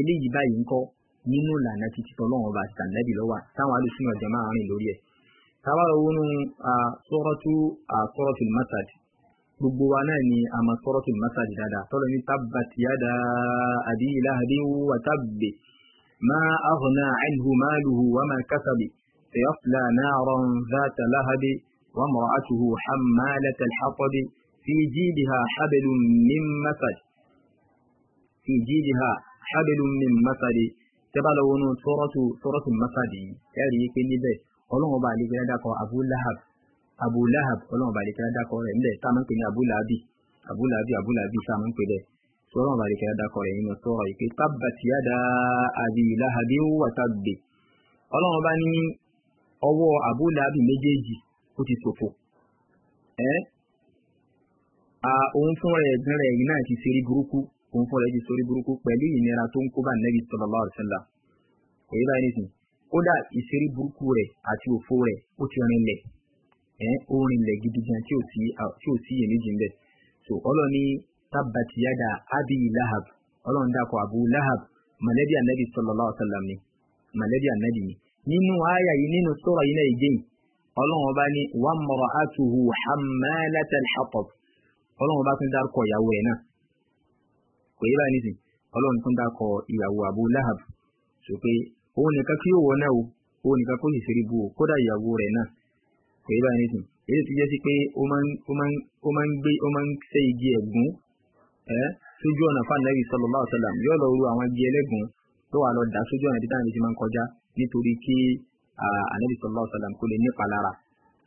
eléyìí báyìí ń kọ́ nínú ìlànà títí tọ́lọ́wọ́n bá sàǹdẹ́bì lọ́wà táwọn ali sunnah jamaa rìn lórí ẹ̀ táwa lọ wọnú sọ́rọ́tù sọ́rọ́tù masad gbogbo wa náà ni a máa sọ̀rọ̀ tó masadi dáadáa tọ́lọ̀ ní tabbat yada abi lahabin wa tabbi ma aghna anhu maluhu wa ma kasabi sayasla naran zata lahabi wa mar'atuhu hammalata alhatab fi jidiha hablum min masad fi jidiha hablum min masad tẹ́bàlọ́wọ́nù sọ̀rọ̀ tó masadi yẹ́rìí pé níbẹ̀ ọlọ́run ọba àlejò dáadáa kọ Abu Lahab abu lahab ọlọ́run bàlẹ̀ kẹ́lá dákọ̀ rẹ̀ tá a máa ń pè ní abu lahabi abu abu tá a máa ń pè bẹ́ẹ̀ tí ọlọ́run bàlẹ̀ kẹ́lá dákọ̀ rẹ̀ nínú sọ̀rọ̀ abi bá abu méjèèjì ó ti A òun fún yìí náà ti ṣeré burúkú òun fún ti ṣeré burúkú ìnira tó ń kó bá kò yí báyìí nìsín kódà ìṣeré burúkú àti òfo ó ó rinlẹ̀ gidi gan tí ò sí iyèméjì ńbẹ̀ so ọlọ́ni tábàtì yàda abi lahab ọlọ́run dàpọ̀ abu lahab mọ̀lẹ́bí anabi sallallahu alaihi wasallam ni mọ̀lẹ́bí anabi ni nínú àyà yìí nínú sura yìí náà ìgéyìn ọlọ́run ọba ní wa imra'atuhu hammalatal hatab ọlọ́run ọba tún dárúkọ ìyàwó ẹ̀ náà kò yé báyìí nìsín ọlọ́run tún dárúkọ ìyàwó abu lahab sọ pé òun nìkan kí yóò wọ náà o òun nìkan kó sì ṣeré bu o kódà ìyàwó rẹ̀ náà kò yẹ báyìí nìsín èyí tó jẹ́ sí pé ó máa ń gbé ó máa ń ṣe igi ẹ̀gún ẹ́ sójú ọ̀nà fànàbí sallallahu alaihi wasallam yóò lọ ru àwọn igi ẹlẹ́gùn tó wà lọ dà sójú ọ̀nà títà ní ti máa ń kọjá nítorí kí ànàbí sallallahu alaihi wasallam kó lè nípa lára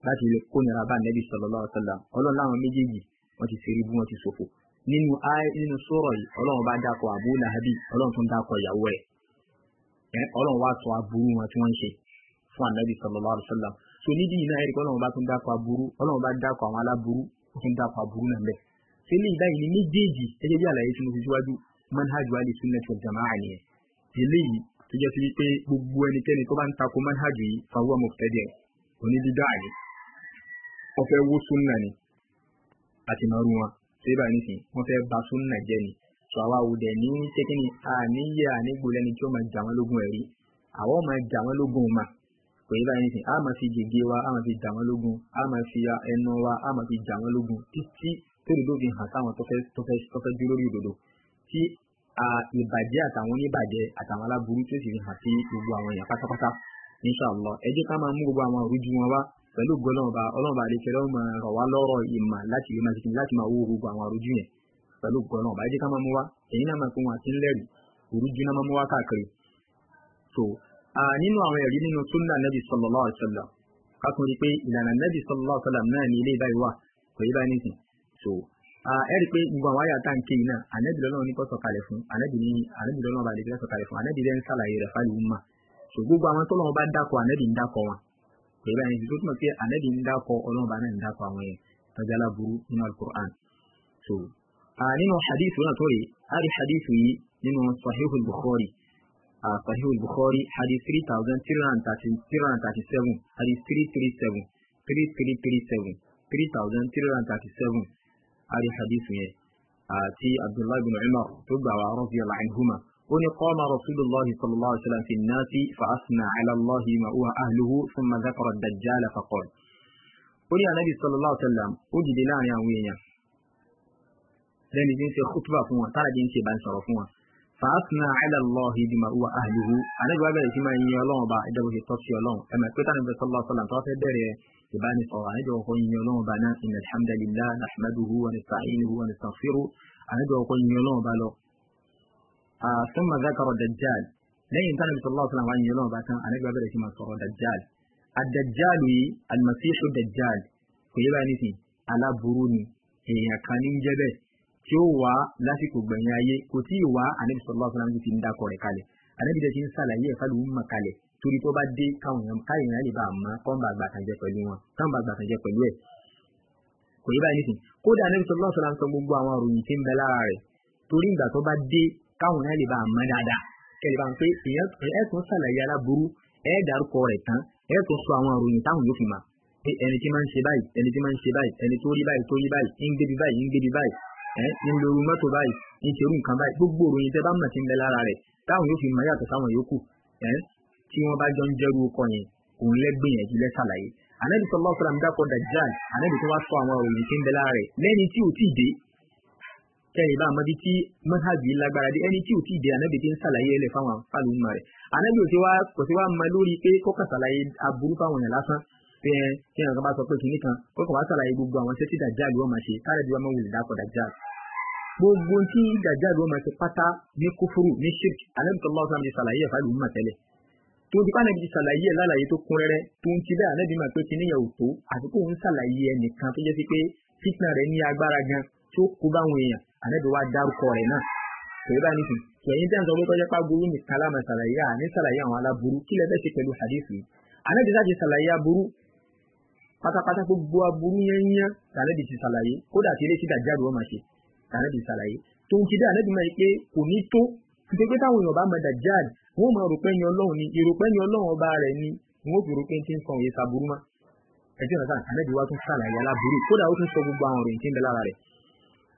láti lè kó bá ànàbí sallallahu alaihi wasallam ọlọ́run láwọn méjèèjì wọ́n ti ṣeré bí wọ́n ti ṣòfò nínú ayé nínú sọ̀rọ̀ yìí ọlọ́run bá dákọ̀ Abu Lahabi ọlọ́run tún dákọ̀ ìyàwó rẹ̀ ọlọ́run wá sallallahu alaihi wasallam so níbi iná ẹ̀rí kọ́ ọlọ́run bá tún dákọ̀ aburú ọlọ́run bá dákọ̀ àwọn aláburú ó tún dákọ̀ aburú náà bẹ́ẹ̀ ṣé ní ìbáyìí ní méjèèjì gẹ́gẹ́ bí àlàyé tí mo fi síwájú manhaj wa lè sunnah wal jama'a nìyẹn eléyìí tó jẹ́ sí pé gbogbo ẹnikẹ́ni tó bá ń takò manhaj yìí fahuwa mubtadi' onídídá àyè wọ́n fẹ́ wó sunna ni àti màrú wọn ṣé bá nísìn wọ́n fẹ́ ba sunna jẹ́ ni sọ àwa ò dẹ̀ ní tẹ́kínì àníyẹ ànígbò lẹ́ni tí ó máa jà wọ́n lógun ẹ̀rí àwọn máa jà wọ́n lógun mà kò yẹ báyìí nísìnyí a máa fi gègé wa a máa fi dà wọ́n lógun a máa fi ẹnu wa a máa fi dà wọ́n lógun títí tódodo fi hàn sáwọn tó fẹ́ tó fẹ́ tó fẹ́ dúró lórí òdodo tí ìbàjẹ́ àtàwọn oníbàjẹ́ àtàwọn aláburú tó sì fi hàn sí gbogbo àwọn èèyàn pátápátá inṣàlọ ẹ jẹ́ ká máa mú gbogbo àwọn òrújú wọn wá pẹ̀lú gbọ́lọ́mọba ọlọ́mọba àdékẹ́lẹ́ ọmọ rọ̀ wá lọ́rọ̀ ìmọ̀ láti lè máa ṣiṣẹ́ láti máa wó gbogbo àwọn òrújú yẹn pẹ̀lú gbọ́lọ́mọba ẹ jẹ́ ká máa mú wá èyí náà máa pín wọn àti ńlẹ́rù òrújú náà máa mú wá káàkiri. so nínú àwọn ẹ̀rí nínú sunna nabi sallallahu alaihi wasallam kákan rí i pé ìlànà nabi sallallahu alaihi wasallam náà ní ilé ìbáyìí wà kò yí báyìí nìsín so ẹ rí i pé gbogbo àwọn àyà táǹkì yìí náà ànábì lọ́nà ní kó sọ̀kalẹ̀ fún ànábì ní ànábì lọ́nà ọba àdìgbẹ́ sọ̀kalẹ̀ fún ànábì lẹ́nu sàlàyé rẹ̀ fáìlì wúmà so gbogbo àwọn tó lọ́wọ́ bá dákọ̀ ànábì ń wọn kò yí báyìí nìsín tó túmọ̀ pé ọlọ́run bá náà ń Sahih al-Bukhari hadith three thousand three hundred and thirty-seven hadith three three seven three three three seven three thousand three hundred and thirty-seven ari hadith yẹn àti Abdullahi bin Umar tó gbà wá radiyallahu anhuma ó ní qama Rasulullah sallallahu alayhi wa sallam fi nnaasi fa asna ala Allahi ma huwa ahluhu thumma dhakara ad-dajjal fa qala ó ní anabi sallallahu alayhi wa sallam ó dìde láàrin àwọn èèyàn lẹ́ni tí ń ṣe khutba fún wọn táàdì ń ṣe bá ń sọ̀rọ̀ fún wọn fàásùnà àìlàlọ́ ìdí màá wà áhìlú àdébíwá bẹ̀rẹ̀ sí máa yin ọlọ́run bá ìjọba ṣe tọ́ sí ọlọ́run ẹ̀mọ̀ pé táwọn ìfẹ́ sọ́lá sọ́lá tó fẹ́ bẹ̀rẹ̀ ìbánisọ̀rọ̀ àdébíwá kọ́ yin ọlọ́run bá náà ìnà alhamdulillah nahmaduhu wa nasta'inuhu wa nastaghfiruhu àdébíwá kọ́ yin ọlọ́run bá lọ. thumma dhakara dajjal lẹ́yìn táwọn ìfẹ́ sọ́lá sọ́lá wà yin ọlọ́run bá tán الدجال المسيح الدجال على بروني هي كان جبه tí ó wá lásìkò gbẹ̀yìn ayé kò tí ì wá anabi sallallahu alaihi wasallam ti ń dákọ̀ rẹ̀ kalẹ̀ anabi dẹ̀ ti ń sàlàyé ẹ̀ka ló ń mọ̀ kalẹ̀ torí tó bá dé káwọn èèyàn káyìn náà lè bá a mọ̀ kọ́ńbà àgbàtànjẹ pẹ̀lú wọn kọ́ńbà àgbàtànjẹ pẹ̀lú ẹ̀ kò yí báyìí nìsín kódà anabi sallallahu alaihi wasallam sọ gbogbo àwọn òròyìn tí ń bẹ lára rẹ̀ torí ìgbà tó bá dé káwọn èèyàn lè bá a mọ̀ dáadáa ẹ ń lo irú mọ́tò báyìí ń ṣe irú nǹkan báyìí gbogbo òròyìn tẹ́ bá mọ̀ sí ń bẹ lára rẹ̀ táwọn yóò fi mọ̀ yàtọ̀ sáwọn yòókù ẹ tí wọ́n bá jọ ń jẹ́rú ọkọ yẹn òun lẹ́gbìyànjú lẹ́sàlàyé anabi sọlá ọsọlá ń dákọ dajjal anabi tó wá sọ àwọn òròyìn tí ń bẹ lára rẹ̀ lẹ́ni tí ò tí ì dé kẹrin bá amadi tí manhaji lágbára dé ẹni tí ò tí ì dé anabi ti ń sàlàyé ẹlẹ fáwọn fáwọn rẹ̀ anabi ò ti wá kò sí wá ma lórí pé kọ́kà sàlàyé aburú fáwọn yẹn lásán pé ẹ kí ẹnìkan bá sọ pé kìnnìkan kọ́kà wá sàlàyé gbogbo àwọn sẹ́tì dajjal yóò máa ṣe káàdì wa máa wulẹ̀ dákọ̀ dajjal gbogbo tí dàjáde wọn máa ṣe pátá ní kófóró ní ṣírkì Ànábì sallallahu alaihi wasallam ti ṣàlàyé ẹ̀fà lòún mà tẹ́lẹ̀ tó ń tipa Ànábì ti ṣàlàyé ẹ̀ lálàyé tó kún rẹ́rẹ́ tó ń ti bẹ́ẹ̀ Ànábì máa pé kíní yẹn ò tó àti kó ń ṣàlàyé ẹnìkan tó jẹ́ sí pé fitna rẹ̀ ní gan tó kó báwọn èèyàn wa dárúkọ rẹ̀ náà tòun bá nìsín tòun tẹ́ ń sọ pé tọ́jọ́ pàgbóró ní kálámà ṣàlàyé àní ṣàlàyé àwọn aláburú kí lẹ́fẹ́ ṣe pẹ̀lú hadisi Ànábì sáti ṣàlàyé aburú pátápátá gbogbo aburú yẹn yẹn Ànábì ti ṣàlàyé kódà tí ilé títà jáde wọ́n máa ànábì ṣàlàyé tó ń ti dá ànábì máa pé kò ní tó nítorí pé táwọn èèyàn bá mọ dàjáàdì wọn ò máa rò pé ẹni ọlọ́run ni èrò pé ẹni ọlọ́run ọba rẹ̀ ni wọn ò fi rò pé ti ń sọ òye sàbúrú mọ́ ẹjọ́ náà ànábì wa tún ṣàlàyé aláburú kódà ó tún sọ gbogbo àwọn òròyìn tí ń bẹ lára rẹ̀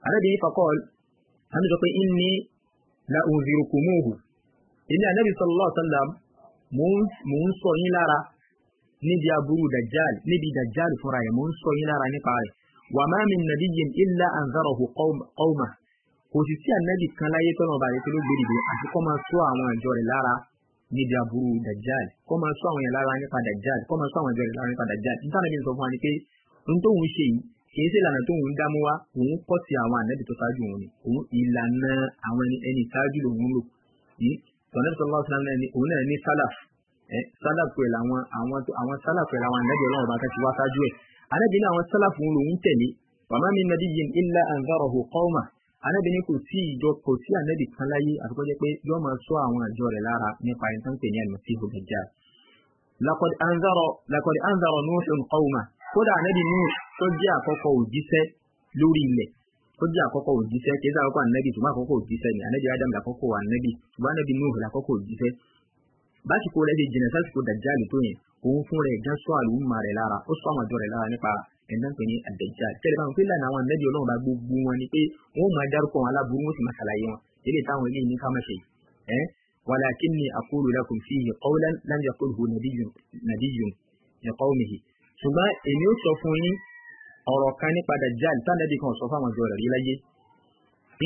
ànábì ní fakọ́ ànábì sọ pé inni la unzirukumuhu èmi ànábì sallallahu alaihi wasallam mò ń sọ yín lára níbi aburú dàjáàlì níbi dàjáàlì fúnra rẹ̀ mò ń sọ yín lára nípa rẹ̀ wà má min nabiyyin illa anzarahu qawma kò sì sí ànábì kan láyé tọ́nà ọba àyẹ̀tọ́ ló gbèrè dé àti kọ́ máa sọ àwọn àjọ rẹ̀ lára níbi aburú dajjal kọ́ máa sọ àwọn yẹn lára nípa dajjal kọ́ máa sọ àwọn àjọ rẹ̀ lára nípa dajjal níta nàbí sọ fún wa ni pé ohun tó ń ṣe yìí kìí ṣe ìlànà tó ń dámú wa òun kọ́ ti àwọn ànábì tó ṣáájú òun ni òun ìlànà àwọn ẹni ṣáájú lòun lò tọ́nẹ́bí sọ́lá ọ̀sán náà ni òun sálàf pẹ̀lú àwọn sálàf pẹ̀lú àwọn ànábì ọlọ́run bá ká ti wá ṣáájú ẹ̀ anábì ní àwọn sálàfù ń lòún tẹ̀lé bàmá mi nàbí yìí ilá anzarahu qawma anábì ní kò sí ìjọ kò sí anábì kan láyé àfikọ́ jẹ́ pé yóò máa sọ àwọn àjọ rẹ̀ lára nípa ẹni tó ń pè ní àlùmọ́síhù dajjal. laqad anzara laqad anzara nuhun qawma kódà anábì nuh tó jẹ́ àkọ́kọ́ òjíṣẹ́ lórí ilẹ̀ tó jẹ́ àkọ́kọ́ òjíṣẹ́ kì í sá àkọ́kọ́ ànábì ṣùgbọ́n àkọ́kọ́ òjíṣẹ́ ni ànábì adam làkọ́kọ́ ànábì ṣùgbọ́n ànábì nuh làkọ́kọ́ òjíṣẹ́ básìkò rẹ̀ ṣe jìnnà sásìkò dàjáàlì tó yẹn òun fún rẹ̀ gan sọ àlùmọ́ rẹ̀ lára ó sọ àwọn àjọ rẹ̀ lára nípa ẹ̀dá pé ní àdẹ̀já tẹ́lẹ̀ báwọn fílà náà àwọn ànábì ọlọ́run bá gbogbo wọn ni pé wọ́n máa dárúkọ wọn aláburú wọ́n sì máa ṣàlàyé wọn eré táwọn eléyìí ní ká má ṣe ẹ́ walakinni aqulu lakum fihi qawlan lam yaqulhu nabiyyun li qawmihi ṣùgbọ́n èmi ó sọ fún yín ọ̀rọ̀ kan nípa dajjal tánàbí kan sọ fáwọn ọjọ́ rẹ̀ rí láyé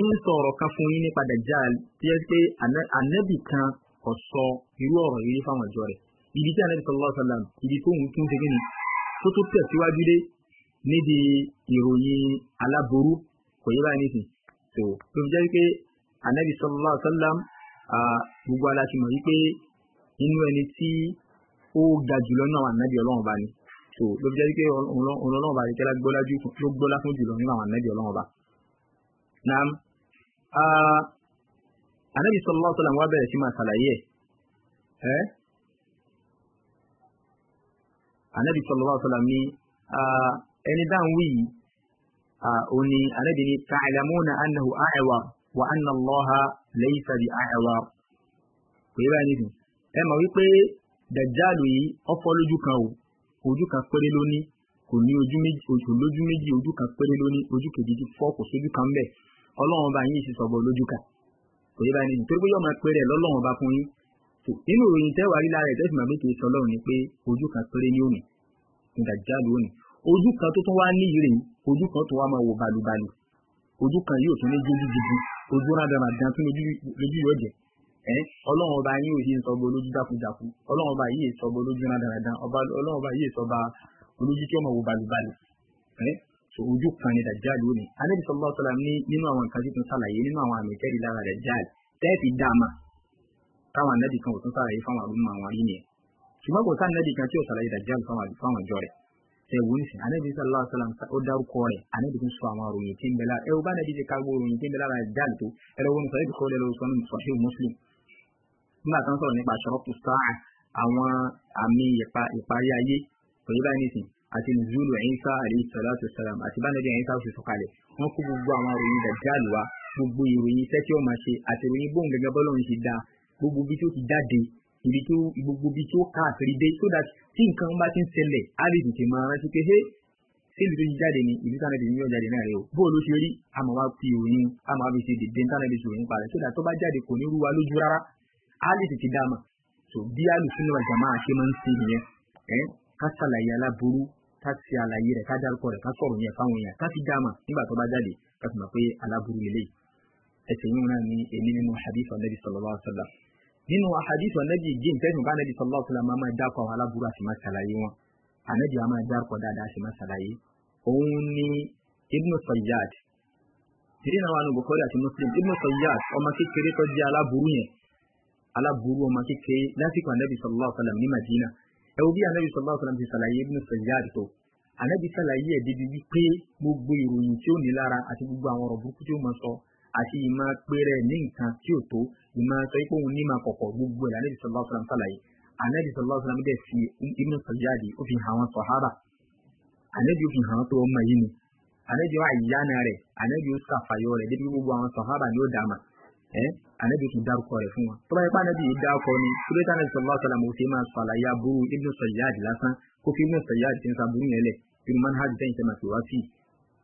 ń sọ ọ̀rọ̀ kan fún yín nípa dajjal tí ẹ pé ànábì kan kò sọ irú ọ̀rọ̀ yìí fáwọn ọjọ́ rẹ̀ ibi tí anabi sallallahu alayhi wa sallam ibi tó ń tún segin ni tó tó tẹ̀síwájú dé níbi ìròyìn aláboró kò yẹ báyìí nìsín tó tó fi jẹ́ wípé anabi sallallahu alayhi wa sallam gbogbo aláṣẹ mọ̀ wípé inú ẹni tí ó ga jùlọ nínú àwọn anabi ọlọ́run ọba ni tó ló fi jẹ́ wípé ọlọ́run ọba àdìkẹ́lá gbọ́lá fún jùlọ nínú àwọn anabi ọlọ́run ọba. Naam anabi sallallahu alayhi wá bẹ̀rẹ̀ sí máa ṣàlàyé ẹ̀ anabi sallallahu alaihi wasallam ní ẹni dáhùn wí yìí òní anabi ní ta'lamuna annahu a'war wa anna Allaha laysa bi a'war kò yẹ báyìí nìkan ẹ mọ̀ wípé dàjálù yìí ọ̀fọ́ lójú kan o ojú kan péré ló ní kò ní ojú méjì ojú lójú méjì ojú kan péré ló ní ojú kejì ti fọ́ kò sójú kan bẹ́ẹ̀ ọlọ́run ọba yìí sì sọ̀bọ̀ lójú kan kò yẹ báyìí torí pé yọ̀ọ́ nínú ìròyìn tẹ́wà rí lára ẹ̀tẹ́sì màmí kìí sọ lọ́rùn ni pé ojú kan péré ní òní ìdàjáde òní ojú kan tó tún wá ní ìrè ojú kan tó wá máa wò balùbalù ojú kan yóò tún ní jójú gidi ojú rádarà gan tún lójú yóò jẹ ẹ ọlọ́run ọba yín ò yé sọgbọ olójú jákujáku ọlọ́run ọba yìí sọgbọ olójú rádarà gan ọlọ́run ọba yìí sọba olójú tí ó máa wò balùbalù ẹ so ojú kan ni dàjáde òní alẹ́ bí sọ́lá ọ̀tọ́lá ní nínú àwọn nǹkan tuntun sàlàyé nínú àwọn àmì tẹ́rì lára dàjáde tẹ́ẹ̀tì dáa máa táwọn anábì kan ò tún sàlàyé fáwọn àlùmọ̀ àwọn ayé nìyẹn ṣùgbọ́n kò sáà anábì kan tí ò sàlàyé dàjáàlù fáwọn àjọ rẹ̀ ẹ̀wù ń sìn anábì sallallahu alaihi wasallam ó dárúkọ rẹ̀ anábì tún sọ àwọn ròyìn tí ń bẹ lára ẹ̀wù bá anábì ti kágbó ròyìn tí ń bẹ lára dàjáàlù tó ẹ̀rọ wọn sọ ẹ̀dùkọ́ lẹ́lọ́ sọ ní sọ̀hìn muslim nígbà tán sọ̀rọ̀ nípa aṣọ́rọ́pù sáà àwọn àmì ìparí ayé òye báyìí nìsín àti nùzúlù ẹ̀yìnsá alayhi salatu wassalam àti bánabi ẹ̀yìnsá oṣù sọ̀kalẹ̀ wọ́n kó gbogbo àwọn ròyìn dàjáàlù wa gbogbo ìròyìn iṣẹ́ gbogbo bí tí ó ti jáde ibi tó gbogbo bí tí ó káàkiri dé so that tí nǹkan bá ti ń ṣẹlẹ̀ á lè tètè máa rántí pé ṣé ìlú tó ti jáde ni ìlú tánàbí ni yóò jáde náà rẹ o bóòlù ṣe rí àmọ́ wá fi òyìn àmọ́ wá fi ṣe dèdè tánàbí ṣe òyìn parẹ́ so that tó bá jáde kò ní rú wa lójú rárá á lè tètè dá a mọ̀ so bí alùsùnà wal jamaa ṣe máa ń ṣe nìyẹn ẹ ká ṣàlàyé aláboró ká ṣe àlàyé rẹ ká dárúkọ rẹ ká sọ̀rọ̀ yẹn fáwọn èèyàn ká fi dá a mọ̀ nígbà tó bá jáde ká fi mọ̀ pé aláboró lélẹ̀ ẹsẹ̀ yìí náà ni èmi nínú hadith anabi sallallahu alaihi wa sallam nínú ahadith anabi jí ntẹ́sùn bá anabi sallallahu alaihi wasallam máa dákọ̀ àwọn aláburú àti máa ṣàlàyé wọn anabi a máa dákọ̀ dáadáa àti máa ṣàlàyé òun ni ibnu sayyad tìrí náà wà nù bukhari àti muslim ibnu sayyad ọmọ kékeré tó jẹ́ aláburú yẹn aláburú ọmọ kékeré lásìkò anabi sallallahu alaihi wasallam ní madina ẹ wo bí anabi sallallahu alaihi wasallam ti ṣàlàyé ibnu sayyad tó anabi ṣàlàyé ẹ̀ débi wípé gbogbo ìròyìn tí ó ní lára àti gbogbo àwọn ọ̀rọ̀ burúkú tí ó máa sọ àti ìmọ̀ péré ní nǹkan tí ò tó ìmọ̀ sọ pé òun ní máa kọ̀kọ̀ gbogbo ẹ̀ lànàbì sallallahu alaihi wasallam sàlàyé ànàbì sallallahu alaihi wasallam dẹ̀ fi ibnu sọ̀jáde ó fi hàn wọn sọ̀hábà ànàbì ó fi hàn tó ọmọ yìí ni ànàbì ó àyíyáná rẹ̀ ànàbì ó sàfàyọ rẹ̀ débi gbogbo àwọn sọ̀hábà ni ó dà mà ẹ́ ànàbì ó tún dárúkọ rẹ̀ fún wọn tó bá yẹ pé ànàbì yìí dárúkọ ni síbẹ̀ tí ànàbì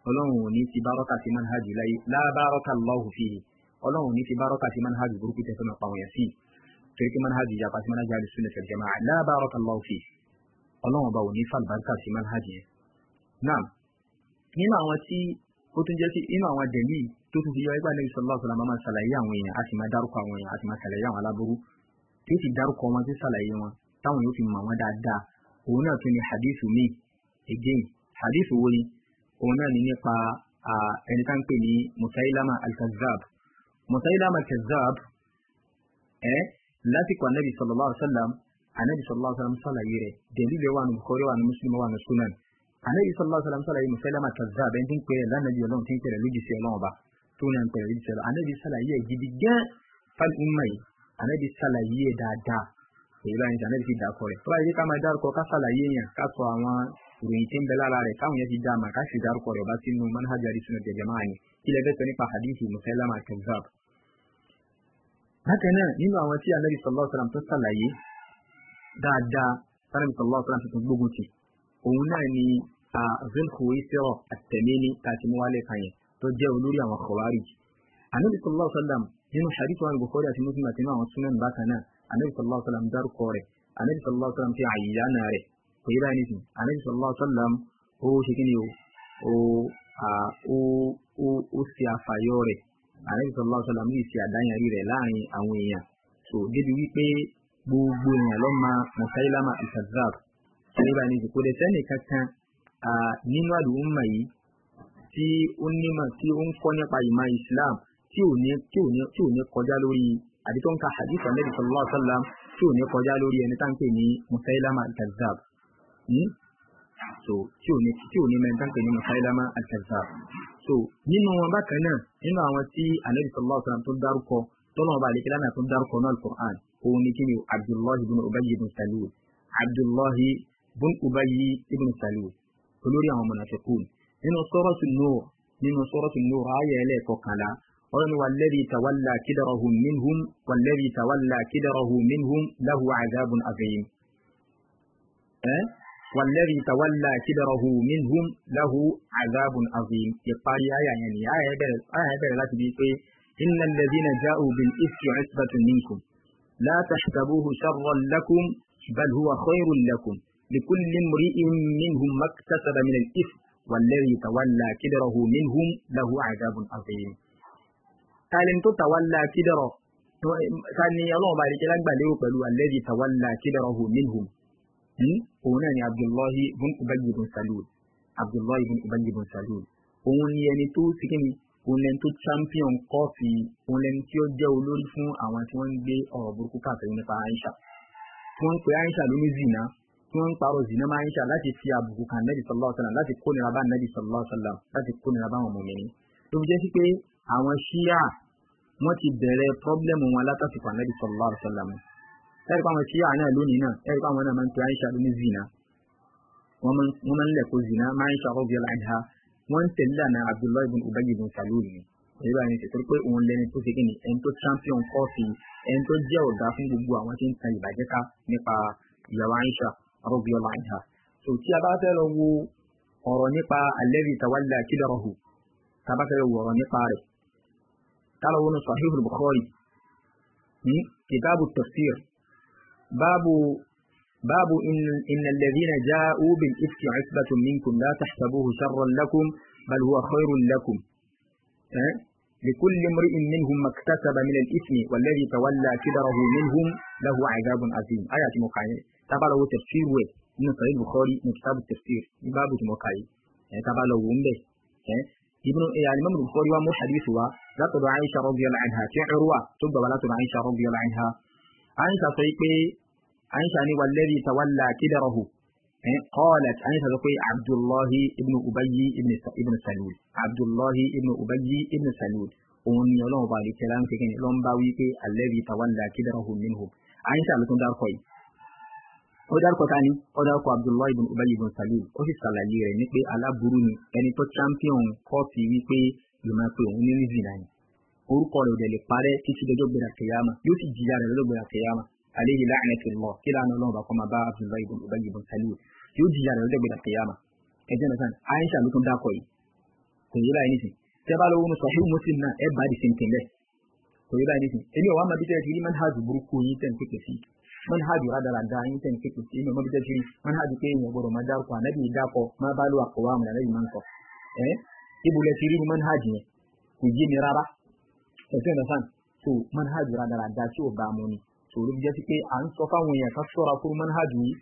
ọlọ́run ò ní ti bárọ́kà sí manhajù láyé lábárọ́kà lọ́hùn fi ọlọ́run ò ní ti bárọ́kà sí manhajù burúkú tẹ́fẹ́ máa pa wọ̀nyẹn sí torí pé manhajù yàtọ̀ sí manhajù alùsùnà fil jamaa lábárọ́kà lọ́hùn fi ọlọ́run ọba ò ní fàlùbáríkà sí manhajù yẹn. náà nínú àwọn tí ó tún jẹ́ sí inú àwọn dẹ̀mí tó tún fi yọ ẹgbẹ́ anabi sallallahu alaihi wasallam máa máa again hadithu wo òun náà ní nípa ẹni tá ń pè ní musailama al-kazzab musailama al-kazzab ẹ lásìkò anabi sallallahu alayhi wa sallam anabi sallallahu alayhi wa sallam sàlàyé rẹ̀ dẹ̀lí lè wà ní bukhari wà ní muslim wà ní sunan anabi sallallahu alayhi wa sallam sàlàyé musailama al-kazzab ẹni tí ń pèrè lánàbí ọlọ́run tí ń pèrè lójúṣe ọlọ́run ọba tó náà ń pèrè lójúṣe ọlọ́run anabi sàlàyé ẹ̀ gidi gán fal umay anabi sàlàyé dáadáa èyí báyìí anabi ti dà kọ rẹ̀ tó ká máa dárúkọ ká sàlàyé yẹn ká sọ àwọn ìròyìn tí ń bẹ lára rẹ̀ táwọn yẹn ti dá àmà káṣí dárúkọ rẹ̀ bá sínú manhaja àdìsúnà jẹjẹrẹ máa ní kí lẹ́fẹ́ sọ nípa hadithi musalama kezab. bákan náà nínú àwọn tí anabi sallallahu alayhi wa sallam tó sàlàyé dáadáa sanabi sallallahu alayhi wa sallam tó gbógun ti òun náà ni zulkhuwaisiro at-tamimi tàti muwale kanyẹ tó jẹ́ olórí àwọn khawarij. anabi sallallahu alayhi wa sallam nínú hadith wa bukhari àti muslim àti náà àwọn sunan bákan náà anabi sallallahu alayhi wa sallam dárúkọ rẹ̀ anabi sallallahu alayhi wa sallam fi àyíyá náà rẹ̀ kò yí báyìí nìsín anabi sallallahu alaihi wasallam ó ṣe kí ni o ó ó ó ó ṣe àfàyọ rẹ̀ anabi sallallahu ní so débi wípé gbogbo èèyàn ló ma musailama al-kazzab kò yí báyìí nìsín kò lè sẹ́ni kankan nínú àdúgbò yìí tí ó nímọ̀ tí ó ń kọ́ nípa ìmọ̀ islam tí ò ní tí ò ní tí ò ní kọjá lórí àdìtọ́nka hadith anabi sallallahu alaihi wasallam tí ò ní kọjá lórí ẹni tá ń pè ní musailama al-kazzab so tí ò ní tí ò ní mẹ́ńtàǹkì ní musailama alkazab so nínú wọn bákan náà nínú àwọn tí anabi sallallahu alaihi wasallam tó dárúkọ tọ́nà ọba àlekílá náà tó dárúkọ náà alukur'an òun ni kíni abdullahi ibn ubayi ibn salul abdullahi ibn ubayi ibn salul olórí àwọn munafiqun nínú suratul nur nínú suratul nur ayé ẹlẹ́ẹ̀kọkànlá ọlọ́ni wàlẹ́rì tawàlà kídàrọ̀hùn minhum wàlẹ́rì tawàlà kídàrọ̀hùn minhum lahu azabun azim. والذي تولى كبره منهم له عذاب عظيم يقاري آية يعني آية بل آية بل لا إيه؟ إن الذين جاءوا بالإفك عصبة منكم لا تحسبوه شرا لكم بل هو خير لكم لكل امرئ منهم ما اكتسب من الإفك والذي تولى كبره منهم له عذاب عظيم قال تولى كبره ثاني الله بارك لك بل هو الذي تولى كبره منهم Hmm? òun náà ni abdullahi bin ubayi bin salul abdullahi bin ubayi bin salul òun ni ẹni tó ti kí ni òun lẹni tó champion kọ́ọ̀fì òun lẹni tí ó jẹ́ olórí fún àwọn tí wọ́n ń gbé ọ̀rọ̀ burúkú káàkiri nípa aisha tí wọ́n ń pe aisha lóní zina tí wọ́n ń parọ́ zina máa aisha láti fi àbùkù kan nẹ́bí sallallahu alaihi wasallam láti kó nira bá nẹ́bí sallallahu alaihi wasallam láti kó nira bá àwọn mọ̀mìnrin tó fi jẹ́ sí pé àwọn ṣíà wọ́n ti bẹ̀rẹ̀ pọ́blẹ́mù wọn látàkùn nẹ́bí sallallahu alaihi ẹ̀rí pa àwọn ṣíà náà lónìí náà ẹ̀rí pa àwọn náà máa ń pe Aisha lóní zina wọ́n máa ń lẹ̀kọ́ zina máa ń ṣàkóso ọ̀gá ẹ̀dá wọ́n ń tẹ̀lé àná Abdullahi ibn Ubayy ibn Salul ni èyí bá yẹn tẹ̀tọ́ pé òun lẹni tó ṣe kí ni ẹni tó champion kọ́ọ̀fì ẹni tó jẹ́ ọ̀gá fún gbogbo àwọn tí ń tan ìbàjẹ́ ká nípa ìyàwó Aisha ọ̀gá ọ̀gá ẹ̀dá tó tí a bá fẹ́ lọ wo ọ̀rọ̀ nípa alẹ́bí tawalla kílọ̀rọ̀hù tá a bá fẹ́ lọ wo ọ̀rọ̀ nípa rẹ̀ tá a lọ wọnú Sahihul Bukhari ní hmm, kitabu tafsir باب باب إن, إن الذين جاءوا بالإفك عصبة منكم لا تحسبوه شرا لكم بل هو خير لكم أه؟ لكل امرئ منهم ما اكتسب من الإثم والذي تولى كبره منهم له عذاب عظيم آية مقاية تبع له تفسير وي من صحيح البخاري من كتاب التفسير باب مقاية تبع له ومبه ابن يعني الإمام البخاري ومو حديثه لا تدعى عائشة رضي الله عنها شعرها تبقى ولا تدعى عائشة رضي الله عنها àyíṣà sọ pé àyíṣà ni wàlẹ́rì tawàlà kídàrọ̀hù qalat àyíṣà sọ pé abdullahi ibn ubayi ibn salul abdullahi ibn ubayi ibn salul òun ni ọlọ́run bá àdìsẹ́ láńpé kí ni lọ́n bá wí pé alẹ́rì tawàlà kídàrọ̀hù minhu àyíṣà ló tún dárúkọ yìí ó dárúkọ ta ni ó dárúkọ abdullahi ibn ubayi ibn salul ó sì ṣàlàyé rẹ̀ ní pé aláburú ni ẹni tó champion kọ́ọ̀tì wípé ìmọ̀ pé òun ní ní zina orúkọ rẹ̀ ò dẹ̀ lè parẹ́ títí dọjọ́ gbéra kẹyàmà yóò sì jìyà rẹ̀ lọ́jọ́ gbéra kẹyàmà aleyhi la'natullah kí lánà ọlọ́run bá kọ́ máa bá abdullahi ibn ubay ibn salul yóò jìyà rẹ̀ lọ́jọ́ gbéra kẹyàmà ẹjẹ́ nàkan aisha ló tún dákọ̀ yìí kò yé báyìí nísìn tẹ́ bá lọ́wọ́ sọ fún muslim náà ẹ bá di sin tẹ̀lẹ̀ kò yé báyìí nísìn èmi ọ̀wá máa bí tẹ́lẹ̀ kiri manhaj burúkú yín tẹ̀ ń pèpè sí manhaj rádaràda yín tẹ̀ ń pèpè sí èmi ọ̀wá bí tẹ́lẹ̀ kiri manhaj pé èèyàn gbọ́dọ̀ máa dárúkọ ànábì dákọ̀ máa bá lọ ẹ̀sìn ẹ̀dọ̀fàn so manhaj rádaràda tí ò bá mu ni so ló fi jẹ́ sí pé à ń sọ fáwọn èèyàn ká ṣọ́ra fún manhaj yìí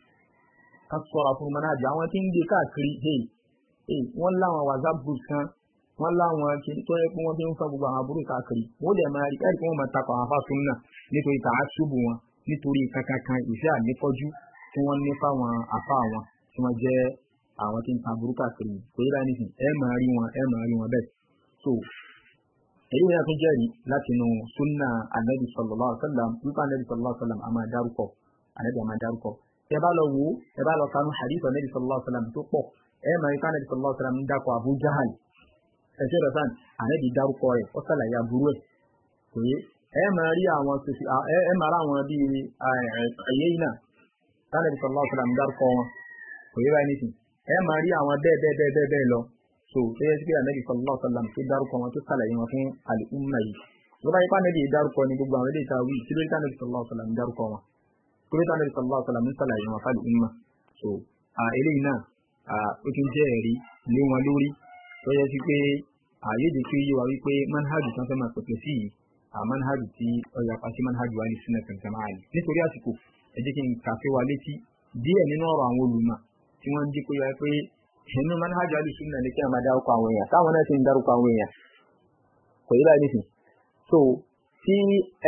ká ṣọ́ra fún manhaj àwọn tí ń gbé káàkiri hey hey wọ́n láwọn whatsapp group kan wọ́n láwọn kí n tọ́ yẹ pé wọ́n fi ń fa gbogbo àwọn aburú káàkiri wọ́n dẹ̀ máa rí káàkiri pé wọ́n máa takọ̀ àwọn afáfin náà nítorí tàá ṣubú wọn nítorí kankankan ìfẹ́ àníkọ́jú tí wọ́n ní fáwọn afá wọn tí wọ́n jẹ́ àwọn tí ń ta burú káàkiri kò yíra nísìn ẹ máa rí wọn ẹ máa rí wọn bẹ́ẹ̀ so èyí náà tún jẹ́rìí láti inú súnà anabi sallallahu alayhi wa sallam wípé anabi sallallahu alayhi wa sallam a máa dárúkọ anabi a máa dárúkọ ẹ bá lọ wo ẹ bá lọ kanu hadith anabi sallallahu alayhi wa sallam tó pọ̀ ẹ máa rí anabi sallallahu alayhi wa sallam ń dákọ abu jahal ẹ ṣe rẹ̀sán anabi dárúkọ rẹ̀ ó sàlàyé aburú ẹ̀ kò yé ẹ máa rí àwọn sosi ẹ máa rí àwọn bíi ẹ̀yẹ́yìn náà anabi sallallahu alayhi wa sallam dárúkọ wọn kò báyìí nìsín ẹ máa rí àwọn bẹ́ẹ̀ bẹ́ẹ̀ bẹ́ẹ̀ bẹ́ẹ̀ lọ so lẹ́yìn tí anabi sallallahu alayhi wa sallam ti dárúkọ wọn tó sàlàyé wọn fún àlùmọ̀ yìí lọ́ba yìí pàdé yìí dárúkọ ní gbogbo àwọn eléyìí tá a wí kí ló dé anabi sallallahu alayhi wa sallam dárúkọ wọn kí ló dé anabi sallallahu alayhi wa sallam sàlàyé wọn fún àlùmọ̀ so eléyìí náà ó tún jẹ́ ẹ̀rí lé wọn lórí lọ́yẹ́ sí pé àyèdè tí ó yé wa wípé manhajù kan fẹ́ máa pèpè sí yìí manhajù tí ọ̀yà pàṣẹ manhajù wa ní sínú kankan máa nítorí àsìkò ẹ jẹ́ kí n kà wa létí díẹ̀ nínú ọ̀rọ̀ àwọn olùmọ̀ tí wọ́n ń dín pé nínú manhajú alùsùnà ní kí a máa dárúkọ àwọn èèyàn táwọn náà ti ń dárúkọ àwọn èèyàn kò yí so tí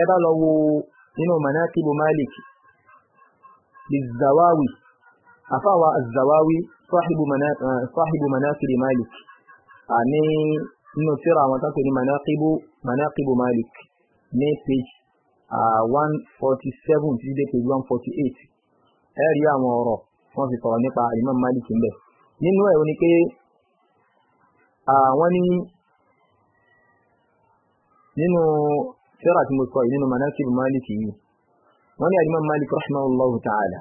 ẹ bá lọ wo manakibu malik bizawawi afáwa zawawi sahibu eh, manakibu malik àní nínú tíra àwọn tó ń pè ní manakibu manakibu malik ní page one forty seven títí page one forty eight ẹ rí àwọn ọ̀rọ̀ wọ́n fi sọ̀rọ̀ nípa imam malik ń nínú ẹ̀ ni pé àwọn ní nínú tírà tí mo sọ yìí nínú manakib Maliki yìí wọ́n ní al-Imam Malik rahimahullahu ta'ala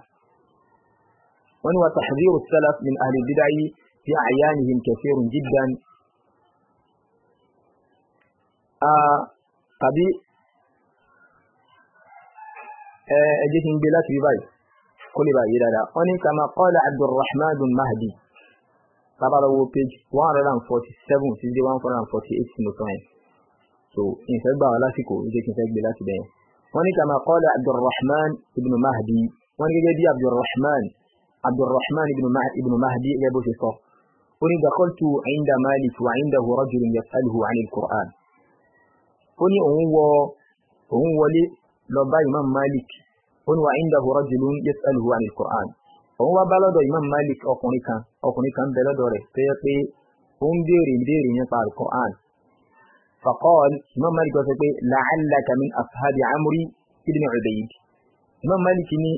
wọ́n ní wa tahdhiru salaf min ahli bid'ah fi a'yanihim kathirun jiddan tàbí ẹ jẹ́ kí gbé láti rí báyìí kó lè báyìí dáadáa wọ́n ní kama qala Abdurrahman Mahdi tábàlọ́wọ́ page one hundred and forty seven sí dé one hundred and forty eight mo sọ yẹn so ìfẹ́ gbà wá lásìkò nígbà tí ìfẹ́ gbé láti bẹ̀yẹn. wọ́n ní kàmá qala abdulrahman ibn mahdi wọ́n ní gẹ́gẹ́ bí abdulrahman abdulrahman ibn mahdi gẹ́gẹ́ bó ṣe sọ. ó ní dakhaltu inda malik wa indahu rajulun yas'aluhu 'an al-qur'an. ó ní òun wọ òun wọlé lọ bá imam malik ó ní wa indahu rajulun yas'aluhu 'an al-qur'an. òun wá bá Imam Malik ọkùnrin kan ọkùnrin kan bẹ lọ́dọ̀ rẹ̀ tó yẹ pé ó ń béèrè ń béèrè nípa Al-Qur'an faqal Imam Malik sọ pé la'allaka min ashabi amri ibn Ubayd Imam Malik ni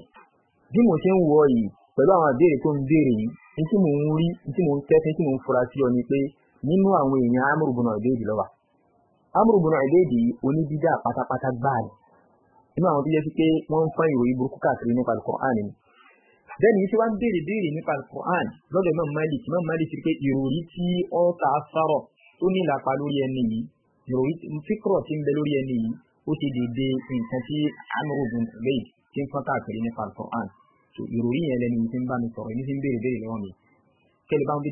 bí mo ṣe ń wọ yìí pẹ̀lú àwọn àbẹ̀rẹ̀ tó ń béèrè yìí ní tí mò ń rí ní tí mò ń kẹ́sí tí mò ń fura sí ọ ni pé nínú àwọn bẹ́ẹ̀ni tí wọ́n béèrè béèrè nípa alukur'an lọ́dọ̀ imam malik imam malik rí pé ìròrí tí ó ta sọ̀rọ̀ tó ní ìlàpá lórí ẹni yìí ìròrí fíkọ̀rọ̀ tí ń bẹ lórí ẹni yìí ó ti dèdè nǹkan tí amúrògùn rèé tí ń fọ́n káàkiri nípa alukur'an tó ìròrí yẹn lẹni tí ń bá mi sọ̀rọ̀ ẹni tí ń béèrè béèrè lọ́wọ́ mi kẹlẹ̀ wọn bí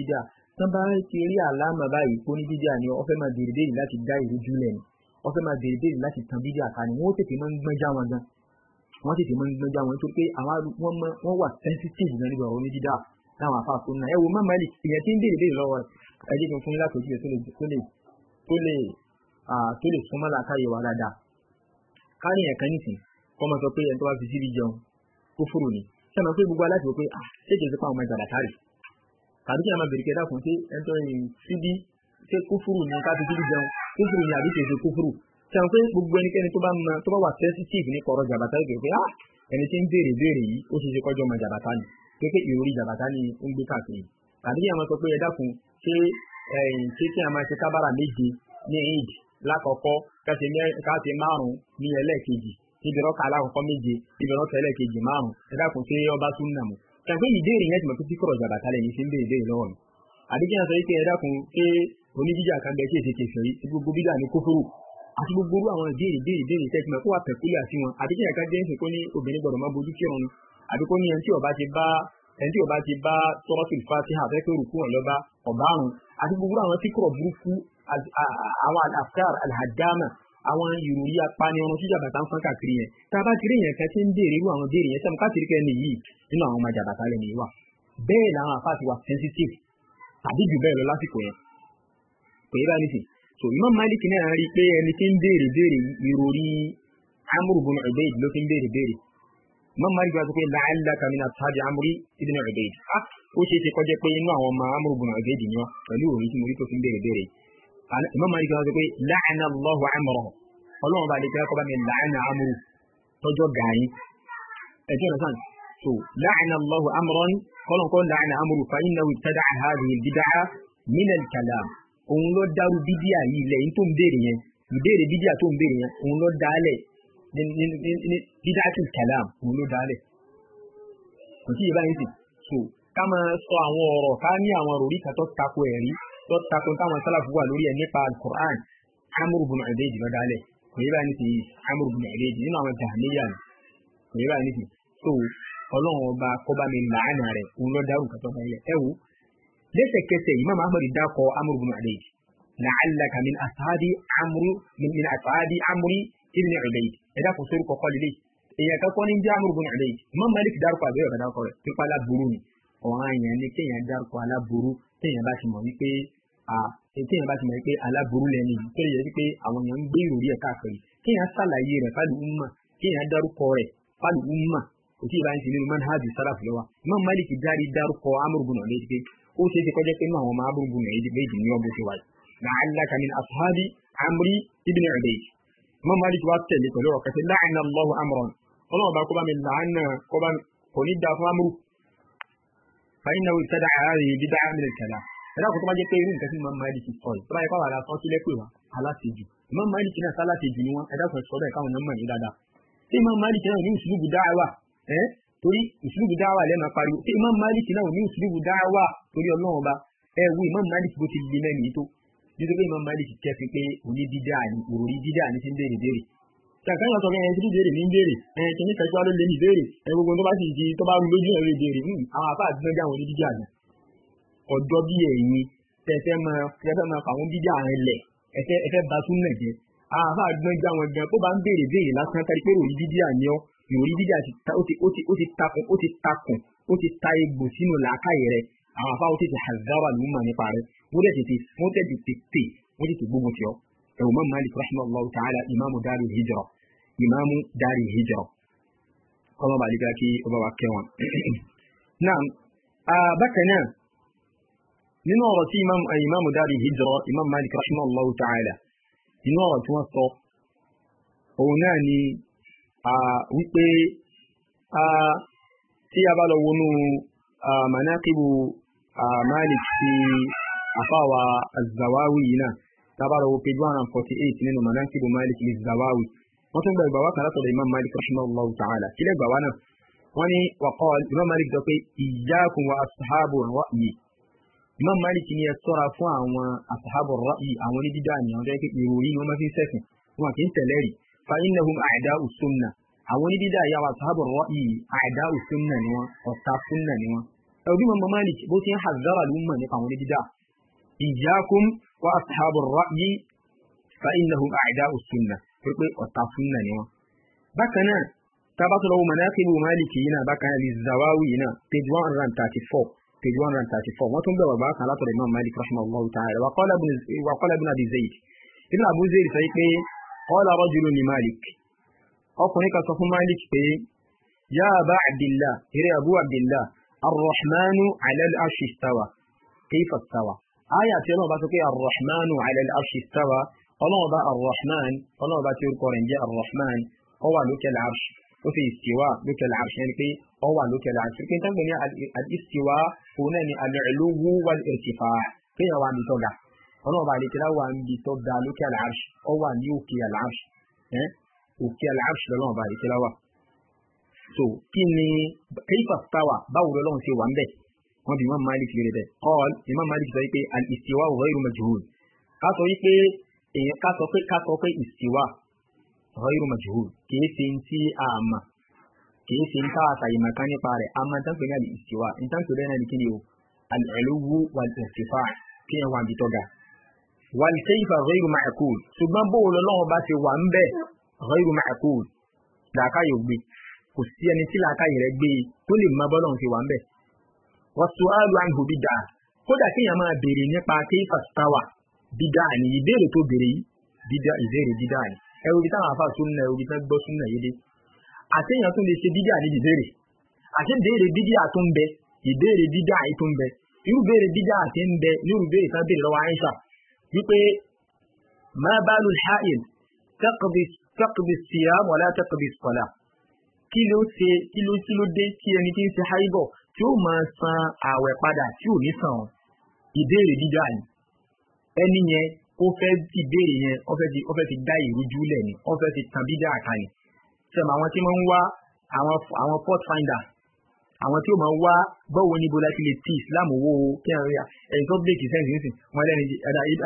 táwọn afa tán bá ti rí àlámà báyìí kó ní bídíà ni wọ́n fẹ́ máa béèrè béèrè láti dá ìlú júlẹ̀ ni wọ́n fẹ́ máa béèrè béèrè láti tan bídíà ká ni wọ́n tètè máa ń gbẹ́já wọn gan wọ́n tètè máa ń gbẹ́já wọn nítorí pé wọ́n wà sensitive gan nígbà orí dídá láwọn afa tó náà ẹ wo mọ́mọ́ ẹ̀lì ìyẹn tí ń béèrè béèrè lọ́wọ́ ẹ jẹ́ kí n fún láti ojú rẹ̀ tó lè súnmọ́ làákàyè wa dáadáa ká ní ẹ̀kan nìsín kọ́ máa sọ pé ẹni tó wá fi síbi jẹun kó fòrò ni sọ́nà pé gbogbo aláṣẹ pé ah ṣé kìí ṣe pé àwọn ọmọ ìgbàdà tàbí kí a máa bèrè kẹta kùn pé ẹ̀ńtọ́ síbí ṣé kúfùrù ni ká fi síbí jẹun kúfùrù ni àbí kèsè kúfùrù ṣàwọn pé gbogbo ẹnikẹ́ni tó bá mọ tó bá wà sensitive ní kọ̀rọ̀ jàbàtà yìí pé ah ẹni tí ń béèrè béèrè yìí ó ṣeé ṣe kọjọ́ ọmọ jàbàtà ni kéèké ìròrí jàbàtà ni ó ń gbé káàkiri tàbí kí a máa sọ pé ẹ dákun ṣé ṣé kí a máa ṣe kábàrà méje ní eid lákọ̀ọ́kọ́ káṣe márùn-ún ní ẹlẹ́ẹ̀kejì ìbẹ̀rọ̀ kà lákọ̀ọ́kọ́ méje ìbẹ̀rọ̀ kà ẹlẹ́ẹ̀kejì márùn-ún ẹ dákun ṣé ọba tún nà ṣàgbé ìbéèrè yẹn ti mọ̀ pé kíkọ̀rọ̀ jàbàtálẹ̀ ní ṣe ń béèrè béèrè lọ́wọ́ mi àdéjẹ́ náà sọ wípé ẹ̀dá kun pé oníbíjà kan bẹ tí èsì kẹsàn yìí tí gbogbo bíjà ní kófóró àti gbogbo orú àwọn ìbéèrè béèrè béèrè tẹ́ ti mọ̀ kó wà pẹ̀kúlẹ̀ àti wọn àdéjẹ́ náà ká jẹ́ ń sìn kó ní obìnrin gbọ́dọ̀ má bojú kírun àbí kó ní ẹni tí ọba ti bá ẹni tí ọba ti pé òrùkú wọn lọ́ba ọ̀bárun àti gbogbo àwọn tíkọ̀rọ̀ burúkú àwọn àlàkàr alhadama àwọn ìròyìn apanirun tí jàbàtà ń fọ́n káàkiri yẹn tá a bá kiri yẹn kan tí ń béèrè irú àwọn béèrè yẹn sẹ́mu káàkiri kẹ́ni yìí nínú àwọn ọmọ jàbàtà lẹ́nu yìí bẹ́ẹ̀ làwọn àfáà ti sensitive tàbí jù bẹ́ẹ̀ lọ lásìkò yẹn kò yẹ bá ní so Imam Malik náà rí i pé ẹni tí ń béèrè béèrè ìròyìn Amr ibn Ubayd ló fi ń béèrè béèrè Imam Malik wá sọ pé la'allaka min ashabi Amr ibn Ubayd ah, ó ṣeé ṣe kó Imam Malik náà sọ pé láàánà lọ́hùn àmọ̀rọ̀ ọlọ́run bá lè kí ọkọ̀ bá mi láàánà àmọ̀rọ̀ tọ́jọ́ gàáyín ẹ̀jọ́ rẹ̀ sàn so láàánà lọ́hùn àmọ̀rọ̀ ni kọ́lọ́n kọ́ láàánà àmọ̀rọ̀ fàyín náà ìtajà àhàrí ìdídá mílẹ̀ kàlà òun ló dárú bídíà yìí lẹ́yìn tó ń béèrè yẹn ìbéèrè bídíà tó ń béèrè yẹn òun ló dálẹ̀ bídáàtì kàlàm òun ní àwọn òrí tó takun táwọn sálàfù wà lórí ẹ̀ nípa alukur'an amúrù bùnú ẹ̀dẹ́jì lọ́dà alẹ̀ kò yẹ báyìí nìsín amúrù bùnú ẹ̀dẹ́jì nínú àwọn jahamiya ni kò yẹ báyìí nìsín tó ọlọ́run ọba kọ́ba mi làánà rẹ̀ òun lọ́ dárú kàtọ́ fún ilẹ̀ ẹ wo lẹ́sẹ̀kẹsẹ̀ imam ahmed dákọ amúrù bùnú ẹ̀dẹ́jì làálàkà min asaadi amúrì ibn ẹ̀dẹ́jì ẹ̀dá kò sórí kọ́kọ́ lílé èèyàn kan téèyàn bá ti mọ̀ wípé à téèyàn bá ti mọ̀ wípé aláburú lẹ́ni tó yẹ wípé àwọn èèyàn ń gbé ìròrí ẹ̀ káàkiri kéèyàn ṣàlàyé rẹ̀ fáàlù umma kéèyàn dárúkọ rẹ̀ fáàlù umma kò tí ì bá ń sinmi manhaj salaf lọ́wọ́ Imam Malik jáde dárúkọ amúrúgbùnà léjì pé ó ṣe é ti kọjá pé máa wọn máa amúrúgbùnà léjì méjì ní ọgbọ́n ṣe wáyé la'allaka min ashabi amri ibn ubayd Imam Malik wá فإنه ابتدع هذه بدعة من الكلام ẹ̀dá kò tó bá jẹ́ pé irú nǹkan tí Imam Malik sọ yìí tó bá yẹ kó àwọn ará sọ́ọ́ sílẹ̀ pé wá aláṣejù Imam Malik náà sáláṣejù ni wọ́n ẹ̀dá kò sọ bẹ́ẹ̀ káwọn náà mọ̀ ní dáadáa tí Imam Malik náà ní ìṣubú dáhàwà ẹ́ torí ìṣubú dáhàwà lẹ́nu apariwo tí Imam Malik náà ní ìṣubú dáhàwà torí Ọlọ́run ọba ẹ wo Imam Malik bó ti di mẹ́rin yìí tó nítorí Imam Malik kẹ́sí pé òní dídá ni òròrí dídá ni ti ń béèrè béèrè kàkà yàn sọ pé ẹni tí béèrè ní béèrè ẹni tí nípa ìpàdé lè ní béèrè ẹni gbogbo tó bá sì di tó bá rú lójú ẹ̀rọ ìbéèrè hmm, àwọn àfáà ti náà jáwọn onídíjà ni ọ̀dọ́ bí ẹ̀yin tẹ̀fẹ́ máa tẹ̀fẹ́ máa fà wọ́n dídá rẹ̀ lẹ̀ ẹ̀fẹ́ bá tún nà jẹ́ àwọn àfáà gbọ́n já wọn gan tó bá ń béèrè béèrè lásán kárí pé ròrí dídá ni ọ́ ròrí dídá ó ti takùn ó ti takùn ó ẹ̀wọ̀n mọ́ Malik rahimahullah ta'ala imamu darul hijra ìmáàmù dárí hijra kọ́mọ́ bàlíkà kí ọba wa kẹ́ wọn. náà bákan náà nínú ọ̀rọ̀ tí ìmáàmù dárí hijra ìmáàmù malik rahimahullahu ta'ala nínú ọ̀rọ̀ tí wọ́n sọ òun náà ni wípé tí a bá lọ wọnú manaqibu malik ti àfáwà az yìí náà tá page one hundred and forty eight nínú manaqibu malik li az wọ́n tún gba ìgbàwá kan látọ̀dọ̀ imam malik rahimahullah ta'ala kílẹ̀ ìgbàwá náà wọ́n ní wàkọ́ imam malik sọ pé iyyakum wa ashabu ra'yi imam malik ni ẹ sọ́ra fún àwọn ashabu ra'yi àwọn onídídá àmì àwọn tẹ́lẹ̀ pé ìròyìn ni wọ́n máa fi ń sẹ́sìn wọn kì í tẹ̀lé rí fa innahum a'da'u sunnah àwọn onídídá àyà wa ashabu ra'yi a'da'u sunnah ni wọ́n ọ̀tá sunnah ni wọ́n ẹ̀rọ̀bí mọ̀ malik bó ti ń hazara lùmọ̀ nípa àwọn onídídá iyyakum wa ashabu ra'yi fa innahum a'da'u sunnah pé ọ̀tá súnà ni wọn. bákan náà tábà tó lọ́wọ́ manaqibu Maliki yìí náà bákan náà lè zawawi yìí náà page one hundred and thirty four page one hundred and thirty four wọ́n tún bẹ̀rẹ̀ bàbá kan látọ̀rọ̀ Imam Malik rahimahullahu ta'ala wa qala ibn Abi Zayd ibn Abu Zayd sọ pé qala rajulun li Malik ọkùnrin kan sọ fún Malik pé ya Abdillah eré Abu Abdillah arrahmanu ala al-arshi istawa kayfa istawa ọlọ́run bá sọ pé arrahmanu ala al ọlọ́run ọba arrahman ọlọ́run ọba tí orúkọ rẹ̀ ń jẹ́ arrahman ó wà lókè làárṣì ó fi ìsìwá lókè làárṣì ẹni pé ó wà lókè làárṣì pé nítorí ní àdìsíwá òun náà ni al-uluwu wal-irtifa kéèyàn wà níbi tó ga ọlọ́run ọba àdìsíwá wà níbi tó ga lókè làárṣì ó wà ní òkè làárṣì òkè làárṣì lọ́lọ́run ọba àdìsíwá wà. so kí ni kayfa stawa báwo lọ́lọ́run ṣe wà ń èèyàn eh, ká sọ pé ká sọ pé ìsìwà ọ̀hìrù majhul kìí ṣe ń tí a mà kìí ṣe ń tá àṣàyè màkà nípa rẹ̀ a máa ń tán pé náà ìsìwà ń tán pé náà ní kí ni o al-'uluwwu wal kí ẹ wà ní tọ́ga. wal kayfa ọ̀hìrù ma'qul ṣùgbọ́n bó lọ́wọ́ bá ṣe wà ń bẹ̀ ọ̀hìrù ma'qul làákàyè ògbé kò sí ẹni tí làákàyè rẹ̀ gbé tó lè má bọ́lọ́run ṣe wà ń bẹ̀. wọ́n sọ bídà ni ìbéèrè tó béèrè yìí bídà ìbéèrè bídà ni ẹ wo ibi táwọn afa súnà ẹ wo ibi tán gbọ́ súnà yé dé àtẹ̀yàn tún lè ṣe bídà níbi ìbéèrè àti béèrè bídà tó ń bẹ ìbéèrè bídà yìí tó ń bẹ irú béèrè bídà ti ń bẹ nírú béèrè tán béèrè lọ́wọ́ Àìṣà wípé má bá lu ṣáìl taqbi siyam wala taqbi salat kí ló ṣe kí ló kí ló dé tí ẹni tí ń ṣe háìbọ̀ tí ó máa san ààwẹ̀ padà tí ò ní san ìbéèrè bídà ni ẹni yẹn ó fẹ́ ti béèrè yẹn ó fẹ́ ti ó fẹ́ ti dá ìrújú lẹ̀ ni ó fẹ́ ti tàn bí dáa kan ni sẹ́mu àwọn tí wọ́n ń wá àwọn àwọn port finder àwọn tí ó máa wá bọ́wọ́ níbo láti lè ti Islam owó kẹrin ẹ̀yìn tó bèèkì sẹ́ǹsì nísìn wọn lẹ́ni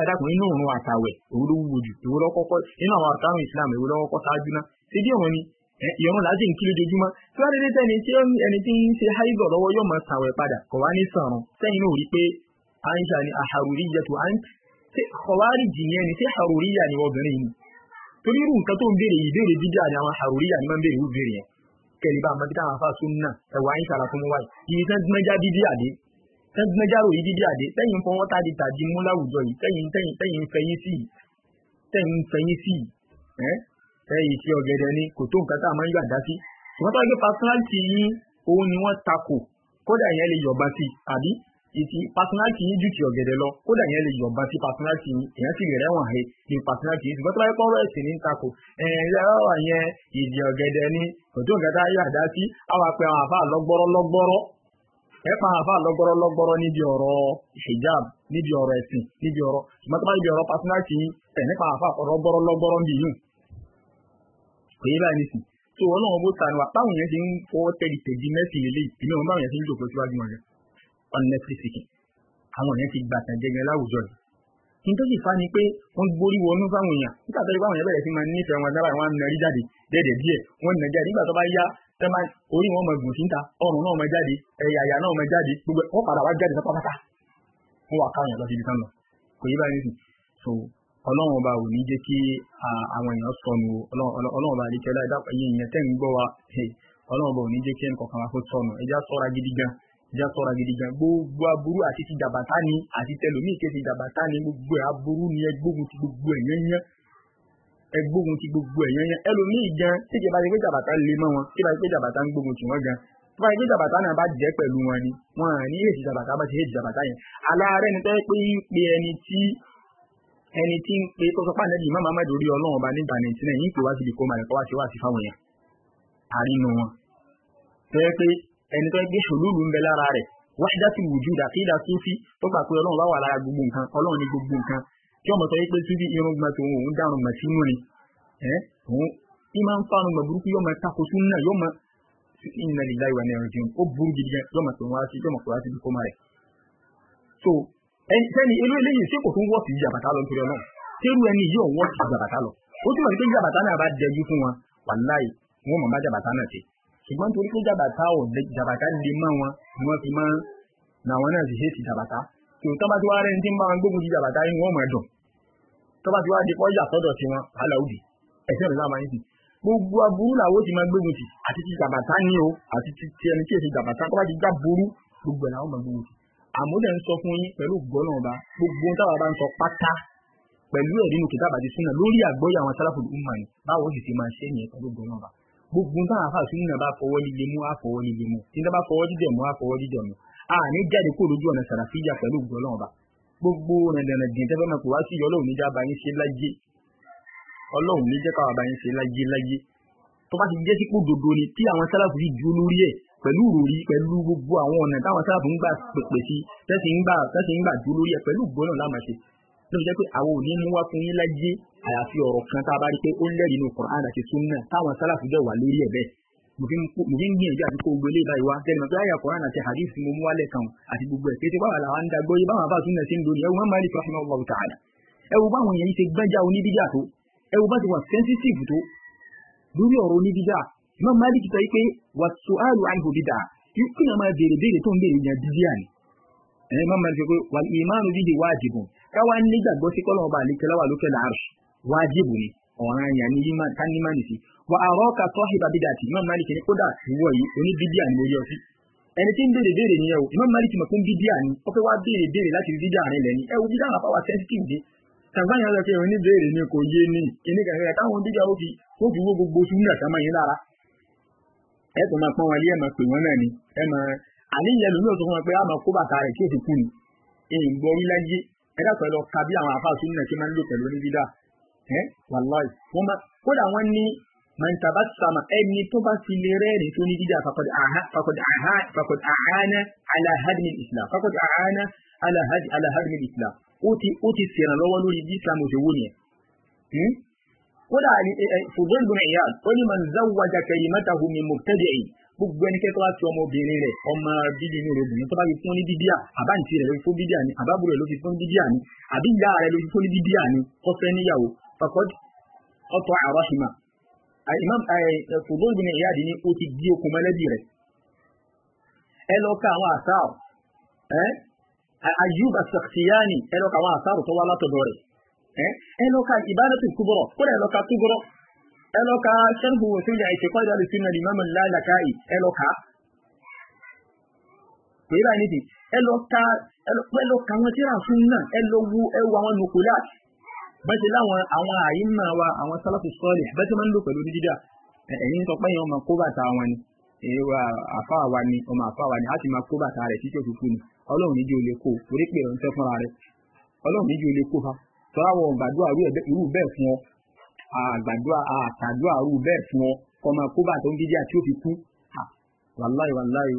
adákùnrin inú òun àtàwẹ̀ èwo ló wúwo jù èwo ló kọ́kọ́ nínú àwọn àtàwọn Islam èwo ló kọ́kọ́ ṣáájú ná ṣé bí òun ni ìrún láti ń kiri ojoojúmọ́ tí wọ́n dédé tẹ́ni tí ẹni tí ń ṣe haizọ̀ lọ́wọ́ yóò máa tàwẹ̀ padà kò wá ní sàrùn sẹ́yìn náà rí pé ṣé kọ̀wárì jìyẹn ni ṣé haruriya ni obìnrin yìí torí irú nǹkan tó ń béèrè yìí béèrè dídá ni àwọn haruriya ni máa ń béèrè irú béèrè yẹn kẹlẹ bá àmọ́bí táwọn afa sunna ẹ̀wà ayé sara fún wáyé ibi tán gbẹ́já dídí àdé tán gbẹ́já ròyìn dídí àdé tẹ́yìn fọwọ́ tá di tàdí mú láwùjọ yìí tẹ́yìn tẹ́yìn tẹ́yìn sí i tẹ́yìn fẹ̀yìn sí i ìtì personality yín ju ti ọ̀gẹ̀dẹ̀ lọ kódà yẹn lè yọ̀ǹba sí personality yín èèyàn sì rẹ̀ wọ̀n he ní personality yín ṣùgbọ́n tó bá yẹ pọ́nrọ́ ẹ̀sìn ní tako ẹ̀ẹ́dẹ́rọ̀ yẹn ìdí ọ̀gẹ̀dẹ̀ ni kò tó yà dá sí àwọn apẹ àwọn àfa lọ́gbọ́rọ́ lọ́gbọ́rọ́ ẹ àwọn àfa lọ́gbọ́rọ́ lọ́gbọ́rọ́ níbi ọ̀rọ̀ hijab níbi ọ̀rọ̀ ẹ̀sìn níbi ọ̀rọ̀ ṣùgbọ́n tó bá honestly speaking àwọn yẹn ti gbàtàn jẹgẹ láwùjọ yìí nítorí ìfá ni pé wọ́n gbórí wọnú fáwọn èèyàn nígbà tó yẹ fáwọn èèyàn bẹ̀rẹ̀ sí máa nífẹ̀ẹ́ wọn dábàá wọn nàrí jáde déédéé díẹ̀ wọn nà jáde nígbà tó bá yá tẹ́lá orí wọn mọ gùn síta ọrùn náà mọ jáde ẹ̀yà àyà náà mọ jáde gbogbo wọn padà wá jáde pátápátá wọn wà káwọn èèyàn lọ síbi kan lọ kò yí báyìí nìsín so ọlọ́run ọba ò ní jẹ́ kí àwọn èèyàn sọnù ọlọ́run ọba àdìkẹ́lá ẹ̀yìn èèyàn tẹ́ ń gbọ́ wa ọlọ́run ọba ò ní jẹ́ kí ẹnì kọ̀ọ̀kan wa kó sọnù ẹja sọ́ra gidi gan-an jẹ sọ̀rọ̀ gidigan gbogbo aburú àti ti jàbàtà ni àti tẹlomi ìkejì jàbàtà ni gbogbo aburú ni ẹgbógun ti gbogbo ẹ yẹnyẹn ẹgbógun ti gbogbo ẹ yẹnyẹn ẹlòmíì gan tíjẹ bá ti pé jàbàtà lè mọ wọn tí bá ti pé jàbàtà ń gbógun tì wọn gan tí bá ti pé jàbàtà náà bá jẹ pẹ̀lú wọn ni wọn à ní èsì jàbàtà bá ti èsì jàbàtà yẹn aláàárẹ̀ ni tẹ́ pé ń pe ẹni tí ẹni tí ń pe tó sọ pé ànábì má mamadu orí ọlọ́run ọba nígbà nàìjíríà yìí ń wá síbi kó máa ẹ̀kọ́ wá sí wá sí fáwọn yẹn àrínú wọn tẹ́ pé ẹni tó ń gbé ṣòlúùlù ń bẹ lára rẹ̀ wahdatul wujud àkídà súfì tó gbà pé ọlọ́run láwà lára gbogbo nǹkan ọlọ́run ní gbogbo nǹkan tí ọmọ sọ wípé súfì irun gbọ́n tòun òun dàrún mọ̀ sínú ni òun ìmọ̀ ń fanu mọ̀ burúkú yọmọ tako súnà yọmọ inna lillahi wa inna ilayhi raji'un ó burú gidi gan yọmọ tó wá sí yọmọ tó wá sí kó má rẹ̀. so ẹni irú eléyìí ṣé kò tún wọ́ọ̀tì jàbàtà lọ nítorí ọlọ́run tẹ́rù ẹni yóò wọ́ọ̀tì jàbàtà lọ ó túbọ̀ ní pé jàbàtà náà bá dẹjú fún wọn wàláì wọn mọ̀ bá jàbàtà náà ṣe ṣùgbọ́n torí pé jàbàtà ò jàbàtà lè mọ́ wọn ni wọ́n fi máa làwọn náà sì ṣe ti jàbàtà tó tọ́ bá ti wá rẹ̀ ní tí ń bá wọn gbógun ti jàbàtà inú wọn máa dùn tọ́ bá ti di pọ́jà sọ́dọ̀ sí wọn aláwùdì ẹ̀sẹ̀ rẹ̀ láwọn yìí gbogbo aburú làwọn ti máa gbógun ti àti ti jàbàtà ni o àti ti ti ẹni tí èsì jàbàtà tó bá ti já ború gbogbo ẹ̀ làwọn máa gbógun ti àmúdẹ̀ ń sọ fún yín pẹ̀lú gbọ́nà ọba gbogbo ohun táwa bá ń sọ pátá pẹ̀lú ẹ̀rí nù kìtàbà ti súnà lórí gbogbo táwọn afa sunu náà bá fọwọ́ líle mú àfọwọ́ líle mú nígbà bá fọwọ́ dídẹ̀ mú àfọwọ́ dídẹ̀ mú àní jáde kó lójú ọ̀nà sàràfíjà pẹ̀lú gbọ́lọ́ ọba gbogbo rẹ̀dẹ̀rẹ̀ dìn tẹ́fẹ́ máa pè wá sí ọlọ́run níjà bá yín ṣe láyé ọlọ́run níjà káwá bá yín ṣe láyé láyé tó bá ti jẹ́ sípò dodo ni tí àwọn sálàfù yìí ju lórí ẹ̀ pẹ̀lú òròrí pẹ̀lú gbogbo àwọn ọ̀nà táwọn sálàfù ń gbà pèpè sí tẹ́sí ń gbà dúró lórí ẹ̀ pẹ̀lú gbọ́lọ́ lámàṣe ló fi jẹ́ pé àwọn ò ní mú wá fún yín láyé àyàfi ọ̀rọ̀ kan tá a bá rí pé ó ń lẹ́rìí inú Qur'an àti Sunnah táwọn sálàfù jọ wà lórí ẹ̀ bẹ́ẹ̀ mo fi ń gbìyànjú àti kó gbélé báyìí wá tẹnumọ pé àyà Qur'an àti hadith mo mú wálẹ̀ kan àti gbogbo ẹ̀ kété báwa làwọn ń dagbó yé báwọn àbá Sunnah sí ń lórí ẹwù máa máa rí fàfihàn ọlọ́wọ́ tààlà ẹwù báwọn yẹn ṣe gbẹ́jà onídíjà tó ẹwù bá ti wà sensitive tó lórí ọ̀rọ̀ onídíjà Imam Malik sọ pé wàsùálù àìhò bídà kíkúnyàn máa béèrè béèrè tó ń béèrè yẹn dídíà ni Imam Malik sọ pé wal imanu bihi wajibun káwa nígbàgbọ́ sí kọ́lọ́mù ọba àlekẹ́lá wà lókè láàrú wájibù ni ọ̀ràn yà ní kánímà nìsí wà àrọ́ ka tọ́ ìbá bídà tí Imam Malik ní kódà wọ̀ yìí oní bídíà ni mo yọ sí ẹni tí ń béèrè béèrè ni ẹ o Imam Malik mọ̀ fún bídíà ni ó fẹ́ wá béèrè béèrè láti rí bídíà rẹ lẹ́ni ẹ wo bídíà àpá wa sensitive dé tanzania lọ ẹ dàpọ̀ ẹ lọ ka bí àwọn àfa sunna ṣe máa ń lò pẹ̀lú oníbídà ẹ wàláì wọn máa kódà wọn ní mọ̀ntàbá sàmà ẹni tó bá fi lè rẹ́ẹ̀rì tó ní dídá fakọ̀dà àhánà aláhàdìmí islam fakọ̀dà àhánà aláhàdìmí islam ó ti sèrè lọ́wọ́ lórí bí islam ṣe wó nìyẹn. kódà fudul bin iyad ó ní man zawwaja kalimatahu min mubtadi'in gbogbo ẹnikẹ́ni tó bá ti ọmọ obìnrin rẹ̀ ọmọ bíbí inú rẹ̀ obìnrin tó bá fi fún ní bíbíà àbá ntí rẹ̀ ló fi fún bíbíà ni àbábúrò rẹ̀ ló fi fún bíbíà ni àbí ìyá rẹ̀ ló fi fún bíbíà ni kọ́fẹ́ níyàwó fakọ́d ọ̀tọ̀ àrọ́ṣìmà imam fudul bin iyadi ni ó ti di okùn mẹ́lẹ́bí rẹ̀ ẹ lọ ka àwọn àṣàrò ẹ ayub asakhtiyani ẹ lọ ka àwọn àṣàrò tó wá látọ̀dọ̀ rẹ̀ ẹ lọ ka ìbádàtul kubra kó ẹlọ́ka sẹ́rùbù wòsílẹ̀ àìṣẹ́kọ́ ìdálù sí náà ìmọ̀mù lálàká ẹlọ́ka pẹ̀lú àìníbi ẹlọ́ka ẹlọ́ka wọn tíra fún náà ẹlọ́wu ẹwọ àwọn nukula bẹ́ẹ̀ láwọn àwọn àyínmá wa àwọn sálọ́fù sọ́ọ̀lì bẹ́ẹ̀ tí wọ́n ń lò pẹ̀lú dídídà ẹ̀yìn sọ pé ọmọ kó bàtà wọn ni àfáà wa ni ọmọ àfáà wa ni a ti máa kó bàtà rẹ̀ títí òfúfú ni ọlọ́run níjú àgbàdua àtàdua àrù bẹ́ẹ̀ fún ọ ọmọ kóbá tó ń dídí àti ó fi kú wàláì wàláì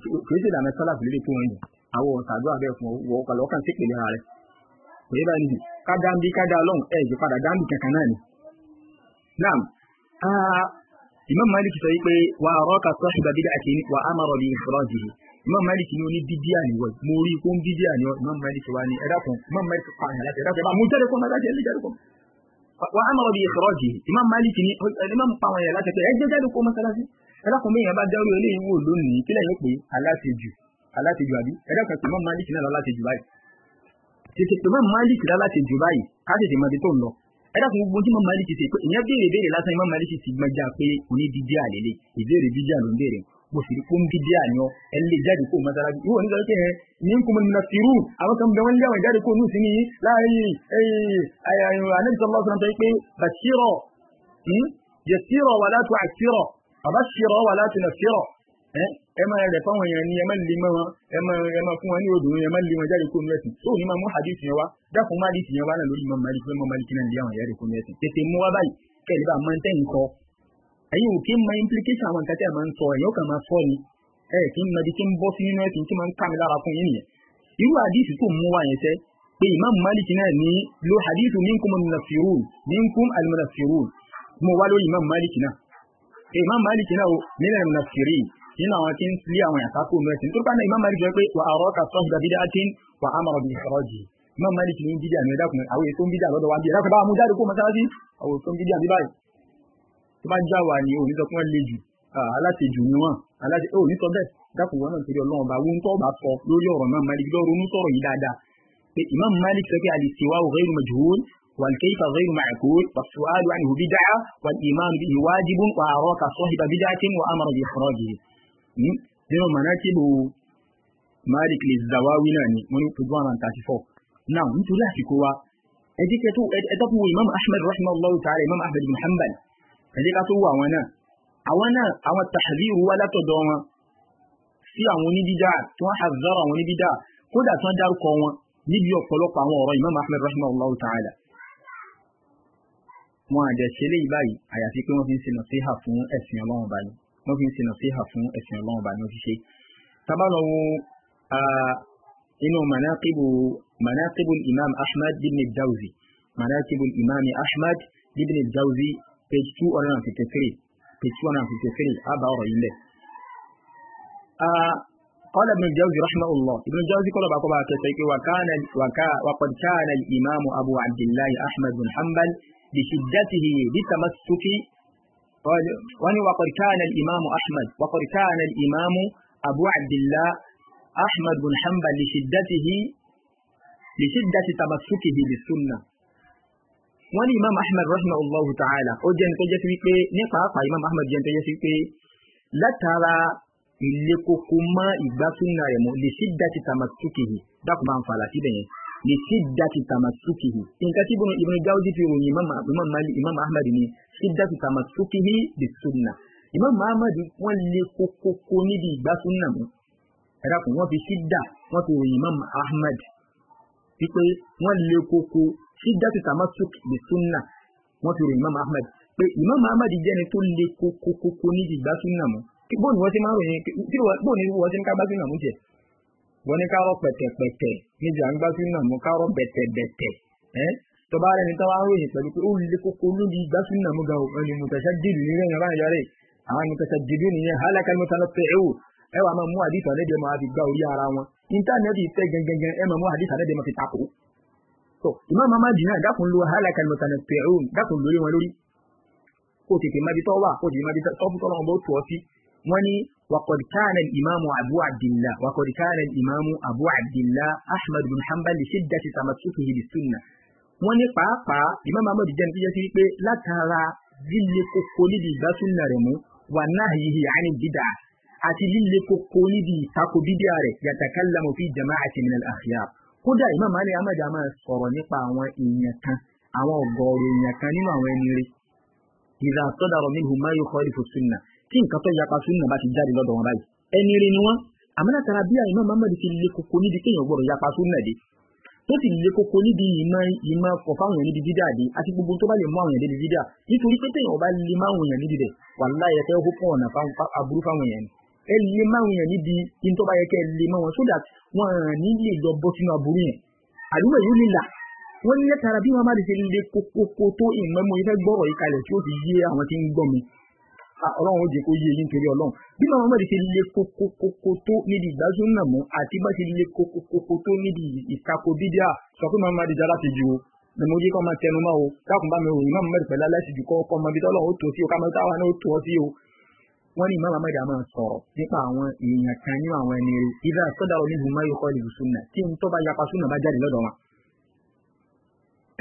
kì í ṣe ìlànà sálà fìlẹ̀ fún ọyìn àwọn ọ̀tàdua bẹ́ẹ̀ fún ọ ọkàlọ́ kàn sí ìpìlẹ̀ rẹ̀ kò yẹ báyìí nìyí ká dáńbí ká dá ọlọ́run ẹ̀ yí padà dáńbí kankan náà ni. naam imam malik sọ wípé wà á rọ́ọ̀ka sọ́ọ̀ṣì bàbí àti wà á máa rọ̀bì imam malik ni oní dídí àníwọ̀ mo rí i kó ń dídí imam malik wà ní ẹ̀dá kan imam malik pa àyàn láti ẹ̀dá kan ẹ̀ bá mú jáde kọ́ máa jáde jáde kọ́ máa. وأمر بإخراجه إمام مالك الإمام قام يا لاتك أجد ذلك مثلا ẹlẹ́kùn mi yẹn bá dáwọ́ eléyìí wò lónìí kílẹ̀ yóò pé aláṣejù aláṣejù àbí ẹlẹ́kùn tèmọ́ malik náà láláṣejù báyìí tètè tèmọ́ malik láláṣejù báyìí ká tètè mọ ibi tó ń lọ ẹlẹ́kùn gbogbo tí mọ́ malik ti pé ìyẹn béèrè béèrè lásán ìmọ̀ malik ti gbọ́njà pé onídìíjẹ́ àlélẹ́ ìbéèrè jíjà ló ń béèrè mo sì rí pé ń bí díà ni ọ ẹ lè jáde kó mọ́sálásí ìwọ nígbà tó kẹ́ ẹ ní nkùnmọ́ nínú sírù àwọn kan bẹ wọ́n lé àwọn ìjáde kó nù sí ni láàyè ayàyàn anẹ́bísọ̀ lọ́wọ́ sọ̀rọ̀ pé bàṣírọ̀ yẹsírọ̀ wà látò àṣírọ̀ àbáṣírọ̀ wà látò nàṣírọ̀ ẹ máa rẹ̀ fáwọn èèyàn ni ẹ máa lè máa ẹ máa fún wọn ní odò ẹ máa lè wọn jáde kó nu ẹ̀sìn tó ní máa mú hadith yẹn wá dákun má lè yẹn wá náà lórí mọ́ malik náà lè àwọn ìyá kó nu ẹ̀sìn tètè mú wá báyìí kẹ́lẹ́ bá máa ń tẹ́yìn kọ́ ẹ̀yin ò kí ń mọ implication àwọn nǹkan tí ẹ̀ máa ń sọ ẹ̀yọ́ kan máa fọ́ ni ẹ̀ kí ń mọ ibi tí ń bọ́ sí nínú ẹ̀sìn tí máa ń ká mi lára fún yín nìyẹn irú àdìsí tó mú wa yẹn sẹ́ pé Imam Malik náà ní lo hadithu minkum al-munaffirun minkum al-munaffirun mo wá lórí Imam Malik náà Imam Malik náà o nínú al-munaffirin nínú àwọn tí ń lé àwọn yàtá kó mẹ́sìn tó bá náà Imam Malik tó bá já wa ni òní sọ pé wọ́n le jù alátejù ni wọ́n aláṣẹ ó ní sọ bẹ́ẹ̀ dákun wọn náà torí ọlọ́run bá wọ́n tó bá sọ lórí ọ̀rọ̀ náà Malik lọ ronú sọ̀rọ̀ yìí dáadáa pé Imam Malik sọ pé al-istiwa ghayru majhul والكيف غير معقول والسؤال عنه بدعة والإيمان به واجب وأراك صاحب بدعة وأمر بإخراجه nínú manakibu malik lè zawawi náà ni mo ní tuntun one thirty four now nítorí àsìkò wa ẹ jẹ́ kẹ́tù ẹ dọ́kun wo imam ahmed rahimahullah ta'ala imam ahmed bin hanbal ẹ jẹ́ ká tó wo àwọn náà àwọn náà àwọn tàhàdírù wá látọ̀dọ̀ wọn sí àwọn onídídá tí wọ́n hàzára àwọn onídídá kódà tí wọ́n dárúkọ wọn níbi ọ̀pọ̀lọpọ̀ àwọn ọ̀rọ̀ Imam Ahmed rahimahullah ta'ala wọn àjẹ ṣe léyìí báyìí àyàfi pé wọ́n fi ń ṣe nàṣíhà fún ẹ̀sìn Ọlọ́run bá ní wọ́n fi ń ṣe nàṣíhà fún ẹ̀sìn Ọlọ́run bá ní wọ́n fi ṣe tabalọ́wọ́ inú manaqibu manaqibu imam Ahmad ibn Jawzi manaqibu imam Ahmad ibn Jawzi page two hundred and fifty three page two hundred and fifty three á bá ọ̀rọ̀ yìí lẹ̀. قال ابن الجوزي رحمه الله ابن الجوزي قال بقى بقى كيف وكان وكا وقد كان الإمام أبو عبد الله أحمد بن حنبل بشدته بتمسك قال وني وقد كان الإمام أحمد وقد كان الإمام أبو عبد الله أحمد بن حنبل لشدته لشدة تمسكه بالسنة wọ́n ní imam ahmed rahimahullahu ta'ala ó jẹ́ ní tó jẹ́ sí wípé ní pàápàá imam ahmed jẹ́ ní tó jẹ́ sí wípé látara ilé koko mọ́ ìgbásúnà rẹ̀ mú lè sí dati tamasukihi dákun máa ń fara síbẹ̀ yẹn lè sí dati tamasukihi nǹkan tí ibùdó jáwéjì fi ròyìn imam ahmed ni sí dati tamasukihi lè sunna imam ahmed wọ́n lè koko níbi ìgbásúnà mú ẹ̀dá kù wọ́n fi sí dà wọ́n fi ròyìn imam ahmed wípé wọ́n lé koko sí dátì tamasuk lè súnà wọ́n fi ròyìn Imam Ahmad pé Imam Ahmad jẹ́ni tó lé koko koko níbi ìgbà súnà mọ́ bóun wọ́n ti máa ròyìn kí bóun ni wọ́n ti ń ká bá súnà mú jẹ wọ́n ní kárọ̀ pẹ̀tẹ̀pẹ̀tẹ̀ níbi à ń gbá súnà mọ́ kárọ̀ bẹ̀tẹ̀bẹ̀tẹ̀ tọba rẹ ní táwa ròyìn pẹ̀lú pé ó lé koko lórí ìgbà súnà mú ga òun ni mùtàṣà intanẹti fẹ́ gẹgẹgẹ ẹ mọ mọ hadith alẹ́ mọ fi tako so Imam Ahmad náà dákun lo halaka mọ̀tànà pẹ̀rún dákun lórí wọn lórí kó tètè má bi tọ́ wà kó tètè má bi tọ́ fún tọ́lọ́wọ́n bó tù ọ sí wọn ni وقد كان الإمام أبو عبد الله وقد كان الإمام أبو عبد الله أحمد بن حنبل لشدة تمسكه بالسنة wọ́n ní pàápàá Imam Ahmad jẹ́ nítorí sí pé látara líle kókó nídìí ìgbà súnà rẹ̀ mú wà náà yìí àní bídà àti líle koko níbi ìtako bídíà rẹ̀ yatakallamu fi jama'ati minal akhyar kódà Imam Ali Ahmad a máa sọ̀rọ̀ nípa àwọn èèyàn kan àwọn ọ̀gọ̀ọ̀rọ̀ èèyàn kan nínú àwọn ẹni rẹ̀ idha sadara minhum ma yukhalifu sunnah tí nǹkan tó yapa sunna bá ti jáde lọ́dọ̀ wọn báyìí ẹni rẹ̀ ni wọ́n àmọ́ látara bí Imam Ahmad ti le koko níbi kéèyàn gbọ́dọ̀ yapa sunna dé tó sì le koko níbi ìmọ̀ ìmọ̀ kọ̀fáwọn èèyàn níbi dídà dé àti gbogbo tó bá lè mú àwọn èèyàn níbi dídà nítorí pé téèyàn bá lè máwọn èèyàn níbi rẹ̀ wàláyé fẹ́ hó pọ̀ ọ̀nà aburú fáwọn èèyàn ni ẹ lè máwọn èèyàn níbi in tó bá kẹ́ ẹ lè máwọn so that wọn ní lè jọ bọ́ sínú aburú yẹn àdúgbò yìí nílà wọ́n ní lẹ́tara bí wọ́n bá ti ṣe lé kókókó tó ìmọ̀ẹ́mọ̀ yìí fẹ́ gbọ́rọ̀ yìí kalẹ̀ tí ó ti yé àwọn tí ń gbọ́ mi ọlọ́run ó jẹ́ kó yé yín torí ọlọ́run bí màmá bá ti ṣe lé kókókó tó níbi ìgbásùn náà mú àti bá ti lé kókókó tó níbi ìkako bídíà sọ pé màmá di dára ti o ni mo yí kọ́ máa tẹnu mọ́ o dákun bá mi ròyìn náà mẹ́rin pẹ̀lú aláìsí ju kọ́ ọkọ ọmọ ibi tọ́lọ́run ó tó sí o ká máa táwa náà ó tó ọ sí o wọ́n ní ìmáàmù Ahmed àmọ́ sọ̀rọ̀ nípa àwọn èèyàn kan nínú àwọn ẹni rẹ̀ ìdá sọ́dà ọ̀nà ìhùn máa yọkọ́ ìlú súnà tí n tó bá yapa súnà bá jáde lọ́dọ̀ wọn.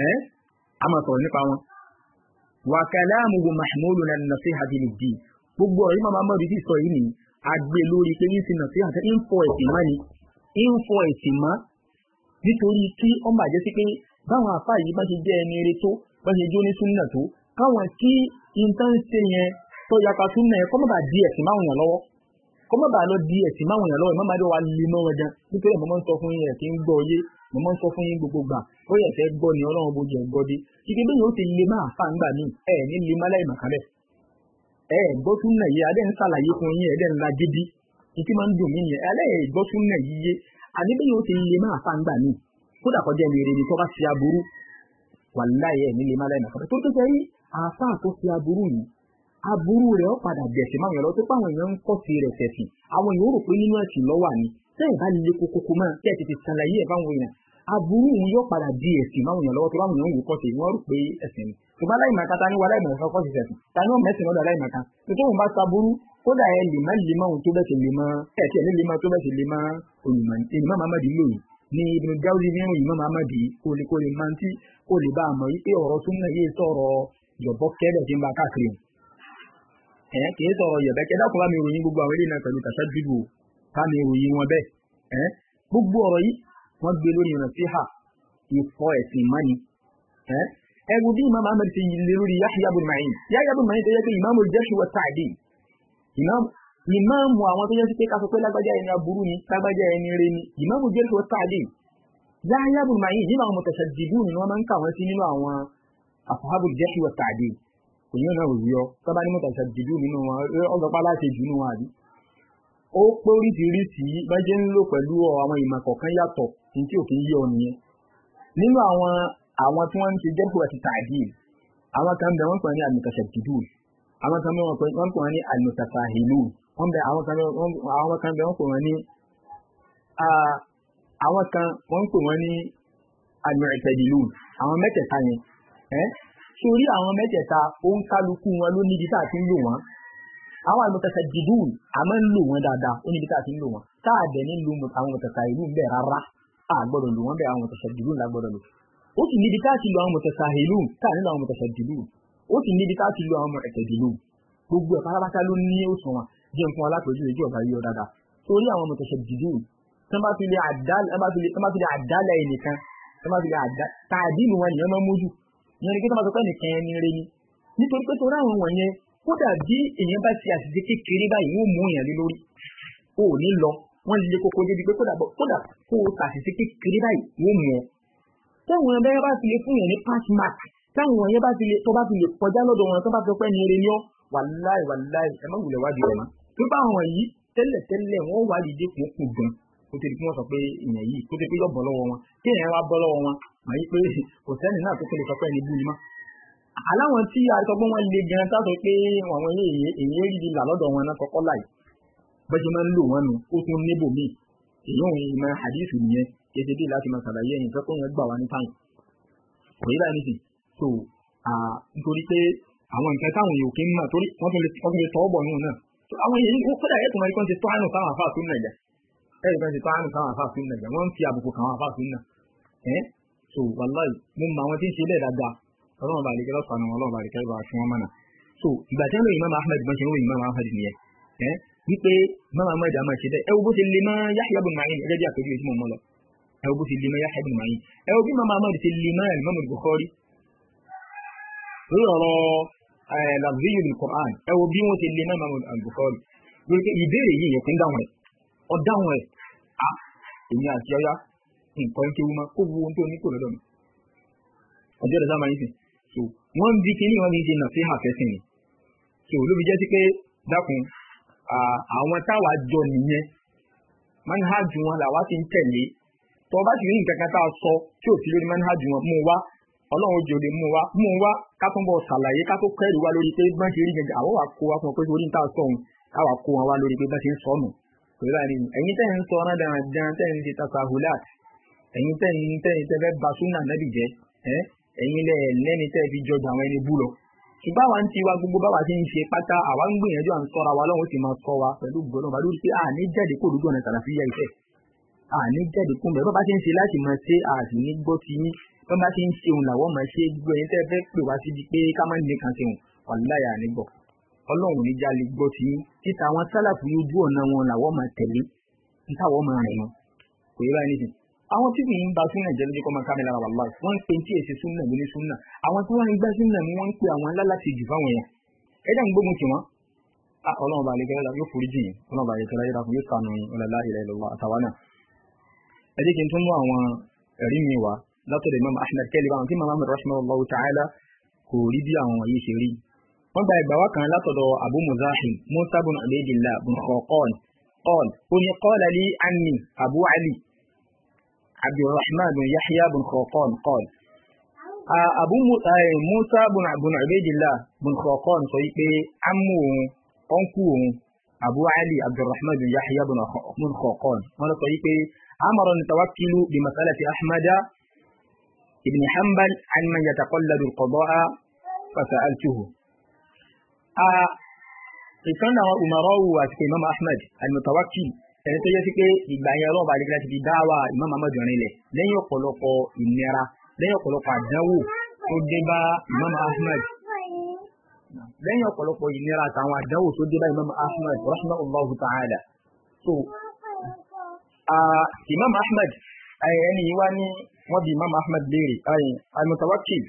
ẹ sọ̀rọ̀ nípa wọn. gbogbo ọ̀rọ̀ ìmáàmù Ahmed ti sọ yìí agbe lórí pé yín ti nà àti ẹ̀sìn tó yàtọ̀ sí náà kó má bàa di ẹ̀sìn máwùn yàn lọ́wọ́ kó má bàa lọ di ẹ̀sìn máwùn yàn lọ́wọ́ ìmọ̀mọ́ wa lè mọ́ wọn nítorí mọ̀mọ́ ń sọ fún yín ẹ̀sìn ń gbọ́ yé mọ̀mọ́ ń sọ fún yín gbogbo gbà ó yẹ fẹ́ gbọ́ ni ọlọ́run bójú ẹ̀ gbọ́ dé bẹ́ẹ̀ yóò ti lè máa fà ẹ̀ ní lè má láì màkà bẹ́ẹ̀ ẹ̀ gbọ́ tún adé ń sàlàyé fún ẹ̀ aburú rẹ̀ ó padà bẹ̀sẹ̀ máa yàn lọ tó fáwọn èèyàn ń kọ́ sí rẹ̀ tẹ̀sìn àwọn èèyàn ó rò pé nínú ẹ̀sìn lọ́wọ́ àní tẹ́ẹ̀ bá le kokoko máa tẹ́ẹ̀ tètè ṣàlàyé ẹ̀ fáwọn èèyàn aburú òun yóò padà di ẹ̀sìn máwọn èèyàn lọ́wọ́ tó báwọn èèyàn wò kọ́ sí wọ́n rò pé ẹ̀sìn ni ṣùgbọ́n aláìmọ̀ká ta ni wọ́n aláìmọ̀ká kọ́ sí ẹ̀sìn ta ni wọ́n mẹ́sìn lọ́dọ̀ aláìmọ̀ká tuntun òun bá saburú kódà ẹ lè má lè má òun tó bẹ́ẹ̀ ní lè ìmọ̀ mamadi lóyún ní ibùdó jáwé ní ìmọ̀ mamadi ń tí kólé sọ̀rọ̀ yọ̀bọ̀ kẹ́lẹ̀ tí ń bá káàkiri ẹ̀ eh, kì í sọ̀rọ̀ yẹ̀bẹ́ kí ẹ dákun bá mi ròyìn gbogbo àwọn eléyìí náà pẹ̀lú tàṣà dìbò ká mi ròyìn wọn bẹ́ẹ̀ ẹ̀ eh, gbogbo ọ̀rọ̀ yìí wọ́n gbé lórí nàṣíhà ìfọ ẹ̀sìn mọ́ni eh, ẹ̀ ẹ wo bí imam ahmed ṣe lè lórí yahya bin ma'in yahya bin ma'in tó yẹ pé imam al-jashu wa ta'dil imam imam àwọn tó yẹ pé ká sọ pé lágbájá ẹni aburú ni lágbájá ẹni rẹ ni imam al-jashu wa ta'dil nínú àwọn mutasaddidun ni wọ́n máa ń kà wọ́n sí nínú àwọn ashabu al-jashu kò yín náà òyìn ọ sábà ní mọ̀tà ìṣàdìdú nínú wọn ọlọ́pàá láti jù nínú wọn àbí. ó pé oríṣiríṣi bá jẹ́ ń lò pẹ̀lú àwọn ìmọ̀ kọ̀ọ̀kan yàtọ̀ ní tí òkè yí ọ nìyẹn. nínú àwọn àwọn tí wọ́n ń ṣe jẹ́pù àti tààdì àwọn kan bẹ̀ wọ́n pè ní àmìkàṣàdìdú àwọn kan bẹ̀ wọ́n pè ní àmìkàṣàhìlú àwọn kan bẹ̀ wọ́n pè ní àwọn kan àwọn mẹ́tẹ̀ẹ̀ta yẹn torí àwọn mẹ́tẹ̀ẹ̀ta òun kálukú wọn ló níbi tá a ti ń lò wọ́n àwọn àlùmọ̀tẹ̀sẹ̀ dìbò àmọ́ ń lò wọ́n dáadáa ó níbi tá a ti ń lò wọ́n tá a dẹ̀ ní lu àwọn mọ̀tẹ̀sẹ̀ ìlú bẹ́ẹ̀ rárá a gbọ́dọ̀ lò wọ́n bẹ́ẹ̀ àwọn mọ̀tẹ̀sẹ̀ dìbò la gbọ́dọ̀ lò ó sì níbi tá a ti lo àwọn mọ̀tẹ̀sẹ̀ ìlú tá a nílò àwọn mọ̀tẹ̀sẹ̀ dìbò ó sì níbi tá a ti lo àwọn mọ̀tẹ̀sẹ̀ dìbò gbogbo ẹ̀ ló ní òṣùwọ̀n jẹ́ nǹkan alápèjú ìjọ ọ̀gá yíyọ dáadáa torí àwọn mọ̀tẹ̀sẹ̀ dìbò tí wọ́n bá fi lè àdálẹ̀ ẹnìkan tí wọ́n bá fi lè àdá tàdínù wọn nìyẹn máa mójú ìyẹn ni kí tó máa sọ pé nìkan ẹni rẹ ni nítorí pé torí àwọn wọ̀nyẹn kódà bí èèyàn bá ti wọ́n lè koko débi pé kódà kódà kó o ṣàṣìṣe kékeré báyìí wọ́n mú ẹ. táwọn ẹgbẹ́ bá ti lè fún yẹn ní pass mark táwọn yẹn bá ti lè tó bá ti lè kọjá lọ́dọ̀ wọn tó bá sọ pé ní eré ni ọ́ wàláì wàláì ẹ má wulẹ̀ wádìí ọ̀nà tó bá àwọn yìí tẹ́lẹ̀tẹ́lẹ̀ wọ́n wádìí dé kó kù gan kó tẹ̀lé kí wọ́n sọ pé ìyẹn yìí kó tẹ̀lé pé yọ̀ bọ́ lọ́wọ́ wọn kí èèyàn wá bọ́ lọ́wọ́ wọn mọ̀ yí pé kò sẹ́ni náà tó kéde sọ pé ẹni bú ni mọ́. aláwọn tí àrísọgbọ́n wọn le gan sáà sọ pé àwọn èyí rí di là lọ́dọ̀ wọn náà kọ́kọ́ láì bó ṣe máa ń lò wọn nu ó tún níbò míì èyí òun ìmọ̀ àdìsù nìyẹn bí láti máa ṣàlàyé ẹ̀yìn yẹn gbà wá ní so nítorí pé àwọn nǹkan táwọn so wàláì mo mọ àwọn tí ń ṣe bẹ́ẹ̀ dáadáa ọlọ́run bàálí kẹ́lọ́ sànù ọlọ́run bàálí kẹ́lọ́ bá fi wọ́n mọ̀nà so ìgbà tí wọ́n lóyún mama ahmed bọ́n ṣe lóyún mama ahmed nìyẹn ẹ wípé mama ahmed àmọ́ ṣe bẹ́ẹ̀ ẹ wo bó ṣe lè má yáhìá bùn màáyìn ẹgẹ́ bí àpèjúwe tí mo mọ lọ ẹ wo bó ṣe lè má yáhìá bùn màáyìn ẹ wo bí mama ahmed ṣe lè má ẹ̀lmọ́mù bukhari lórí ọ̀rọ̀ làbíyù ní quran ẹ wo bí wọ́n ṣe lè má ẹ̀lmọ́mù bukhari lórí ìbéèrè yìí yẹ nǹkan kéwu ma kó gbogbo ohun tó ní kò lọ́dọ̀ mi ọjọ́ ìdájọ́ máa ń sìn so wọ́n ń bí kíní wọ́n ní ṣe nà sí àfẹ́sìn ni so ló fi jẹ́ sí pé dákun àwọn táwa jọ nìyẹn manhajù wọn làwa ti ń tẹ̀lé tó o bá ti rí nǹkan kan tá a sọ tí ò sí lórí manhajù wọn mú wá ọlọ́run ojú òde mú wa mú wa ká tún bọ̀ ṣàlàyé ká tó kẹ́rì wa lórí pé bá ń ṣe rí gẹ́gẹ́ àwọn wà kó wa fún ọ pé orí ń tà sọ òun káwa kó wọn wá lórí pé bá ṣe ń sọ ọ̀nà pẹ̀lú àìrí ẹ̀yin tẹ́ ń sọ ọ̀nà dáadáa tẹ́ ń ṣe tasahulati ẹ̀yin tẹ́yìn tẹ́yìn tẹ́ fẹ́ ba súnà nẹ́bì jẹ́ ẹ́ ẹ̀yin lẹ́ lẹ́ni tẹ́ fi jọjà àwọn ẹni bú lọ. ṣùgbọ́n àwa ti wa gbogbo báwa ti ń ṣe pátá àwa ń gbìyànjú à ń sọ́ra wa lọ́wọ́ sì máa sọ wa pẹ̀lú gbọ́dọ̀ bá lórí pé àní jáde kó lójú ọ̀nà sàlàfíà ìfẹ́ àní jáde kó mẹ́rin bá ti ń ṣe láti máa ṣe àti ní gbọ́ ti yín bá bá ti ń ṣe òun làwọn máa ṣe gbogbo ẹ̀yin tẹ́ fẹ́ pè wá síbi pé ká má nìkan ṣe òun ọ̀láyà nígbọ̀ ọlọ́run níjà lè gbọ́ ti yín títa àwọn sálàfù ojú ọ̀nà wọn làwọn máa tẹ̀lé nítawọ́ àwọn tí kì í ba súnà jẹ́ lójú kọ́ máa ká mi lára wàhálà wọ́n ń pe tí èsì súnà ló ní súnà àwọn tí wọ́n ń gbá súnà mú wọ́n ń pe àwọn alálàtì jù fáwọn yẹn ẹ̀dá ń gbógun tì wọ́n ọlọ́run bá lè kẹ́lá yóò forí jìn ọlọ́run bá lè kẹ́lá yóò dákun yóò sànù ọlọ́lá ilẹ̀ lọ́wọ́ àtàwọn náà ẹ jẹ́ kí n tún mú àwọn ẹ̀rí mi wá látọ̀dọ̀ imam عبد الرحمن بن يحيى بن خوقان قال آه، أبو آه، موسى بن عبيد الله بن خوقان صيب أمو أنكوه أبو علي عبد الرحمن بن يحيى بن خوقان قال صيب أمر نتوكل بمسألة أحمد بن حنبل عن من يتقلد القضاء فسألته كان آه، أمراء وإمام أحمد المتوكل ẹni tó yẹ sí pé ìgbà yẹn ọlọ́run bá dẹ́gbẹ́ ti fi dá wa Imam Ahmad rìn lẹ̀ lẹ́yìn ọ̀pọ̀lọpọ̀ ìnira lẹ́yìn ọ̀pọ̀lọpọ̀ àdánwò tó dé bá Imam Ahmad lẹ́yìn ọ̀pọ̀lọpọ̀ ìnira àtàwọn àdánwò tó dé bá Imam Ahmad rahimahullahu ta'ala so Imam Ahmad ẹni yìí wá ní wọ́n bí Imam Ahmad léèrè al-Mutawakkil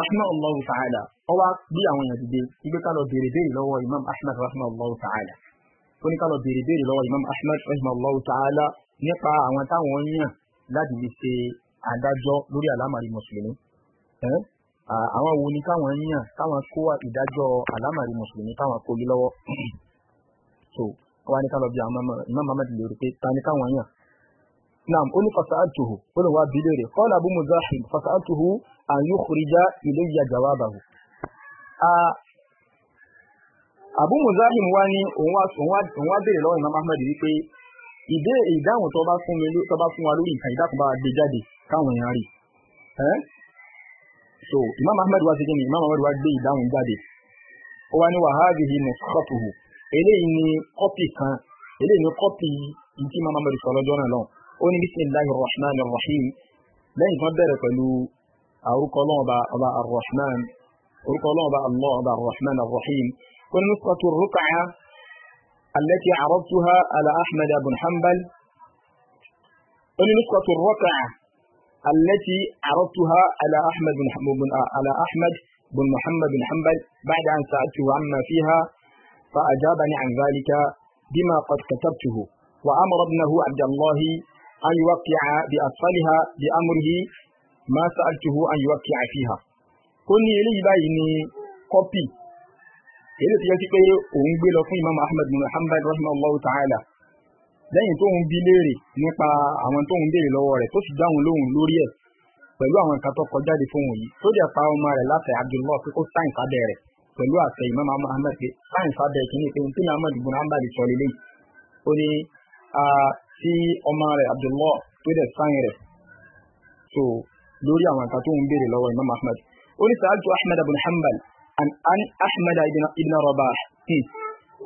rahimahullahu ta'ala ọwá bí àwọn èèyàn dìde ìgbékalọ̀ béèrè béèrè lọ́wọ́ Imam Ahmad rahimahullahu ta'ala tó ní ká lọ béèrè béèrè lọ́wọ́ Imam Ahmad rahimahullah ta'ala nípa àwọn táwọn yàn láti lè ṣe adájọ́ lórí àlámàrí mùsùlùmí àwọn wo ni káwọn yàn káwọn kó ìdájọ́ àlámàrí mùsùlùmí káwọn kó yí lọ́wọ́ so wọ́n ní ká bí àwọn Imam Ahmad lè rí pé ta ni káwọn yàn نعم قل فسألته قل هو بليري قال أبو مزاحم فسألته أن يخرج إلي جوابه abu muzahim wa ni òun wá béèrè lọ́wọ́ imam ahmed wípé ìbéèrè ìdáhùn tó bá fún mi tó bá fún wa lórí nǹkan ìdáhùn bá gbé jáde káwọn èèyàn rí so imam ahmed wa ti kí ni imam ahmed wa gbé ìdáhùn jáde ó wá ní wàhálì ní kọ́pùhù eléyìí ní kọ́pì kan eléyìí ní kọ́pì ìdí imam ahmed sọ lọ́jọ́ náà lọ́wọ́ ó ní bisimilahi rahman rahim lẹ́yìn kan bẹ̀rẹ̀ pẹ̀lú orúkọ ọlọ́ọ̀ba ọba arrahman orúkọ ọlọ́ọ̀ba allah ọba arrahman arrahim والنسخة الرقعة التي عرضتها على أحمد بن حنبل والنسخة الرقعة التي عرضتها على أحمد بن على أحمد بن محمد بن حنبل بعد أن سألته عما فيها فأجابني عن ذلك بما قد كتبته وأمر ابنه عبد الله أن يوقع بأطفالها بأمره ما سألته أن يوقع فيها. كوني لي بيني كوبي èyí ti yẹ sí pé òun gbé lọ fún Imam Ahmad bin Hanbal rahimahullahu ta'ala lẹ́yìn tó ń bi léèrè nípa àwọn tó ń béèrè lọ́wọ́ rẹ̀ tó sì dáhùn lóhùn lórí ẹ̀ pẹ̀lú àwọn nǹkan tó kọjá di fóun yìí tó dẹ̀ pa ọmọ rẹ̀ láti Abdullah pé kó sáyìn sábẹ́ rẹ̀ pẹ̀lú àṣẹ Imam Ahmad pé sáyìn sábẹ́ kìíní pé ní Ahmad bin Hanbal sọ lélẹ́yìí ó ní tí ọmọ rẹ̀ Abdullah tó dẹ̀ sáyìn rẹ̀ lórí àwọn nǹkan tó ń béèrè lọ́wọ́ Imam Ahmad ó ní sàájú Ahmad bin Hanbal عن عن أحمد بن ابن رباح hmm.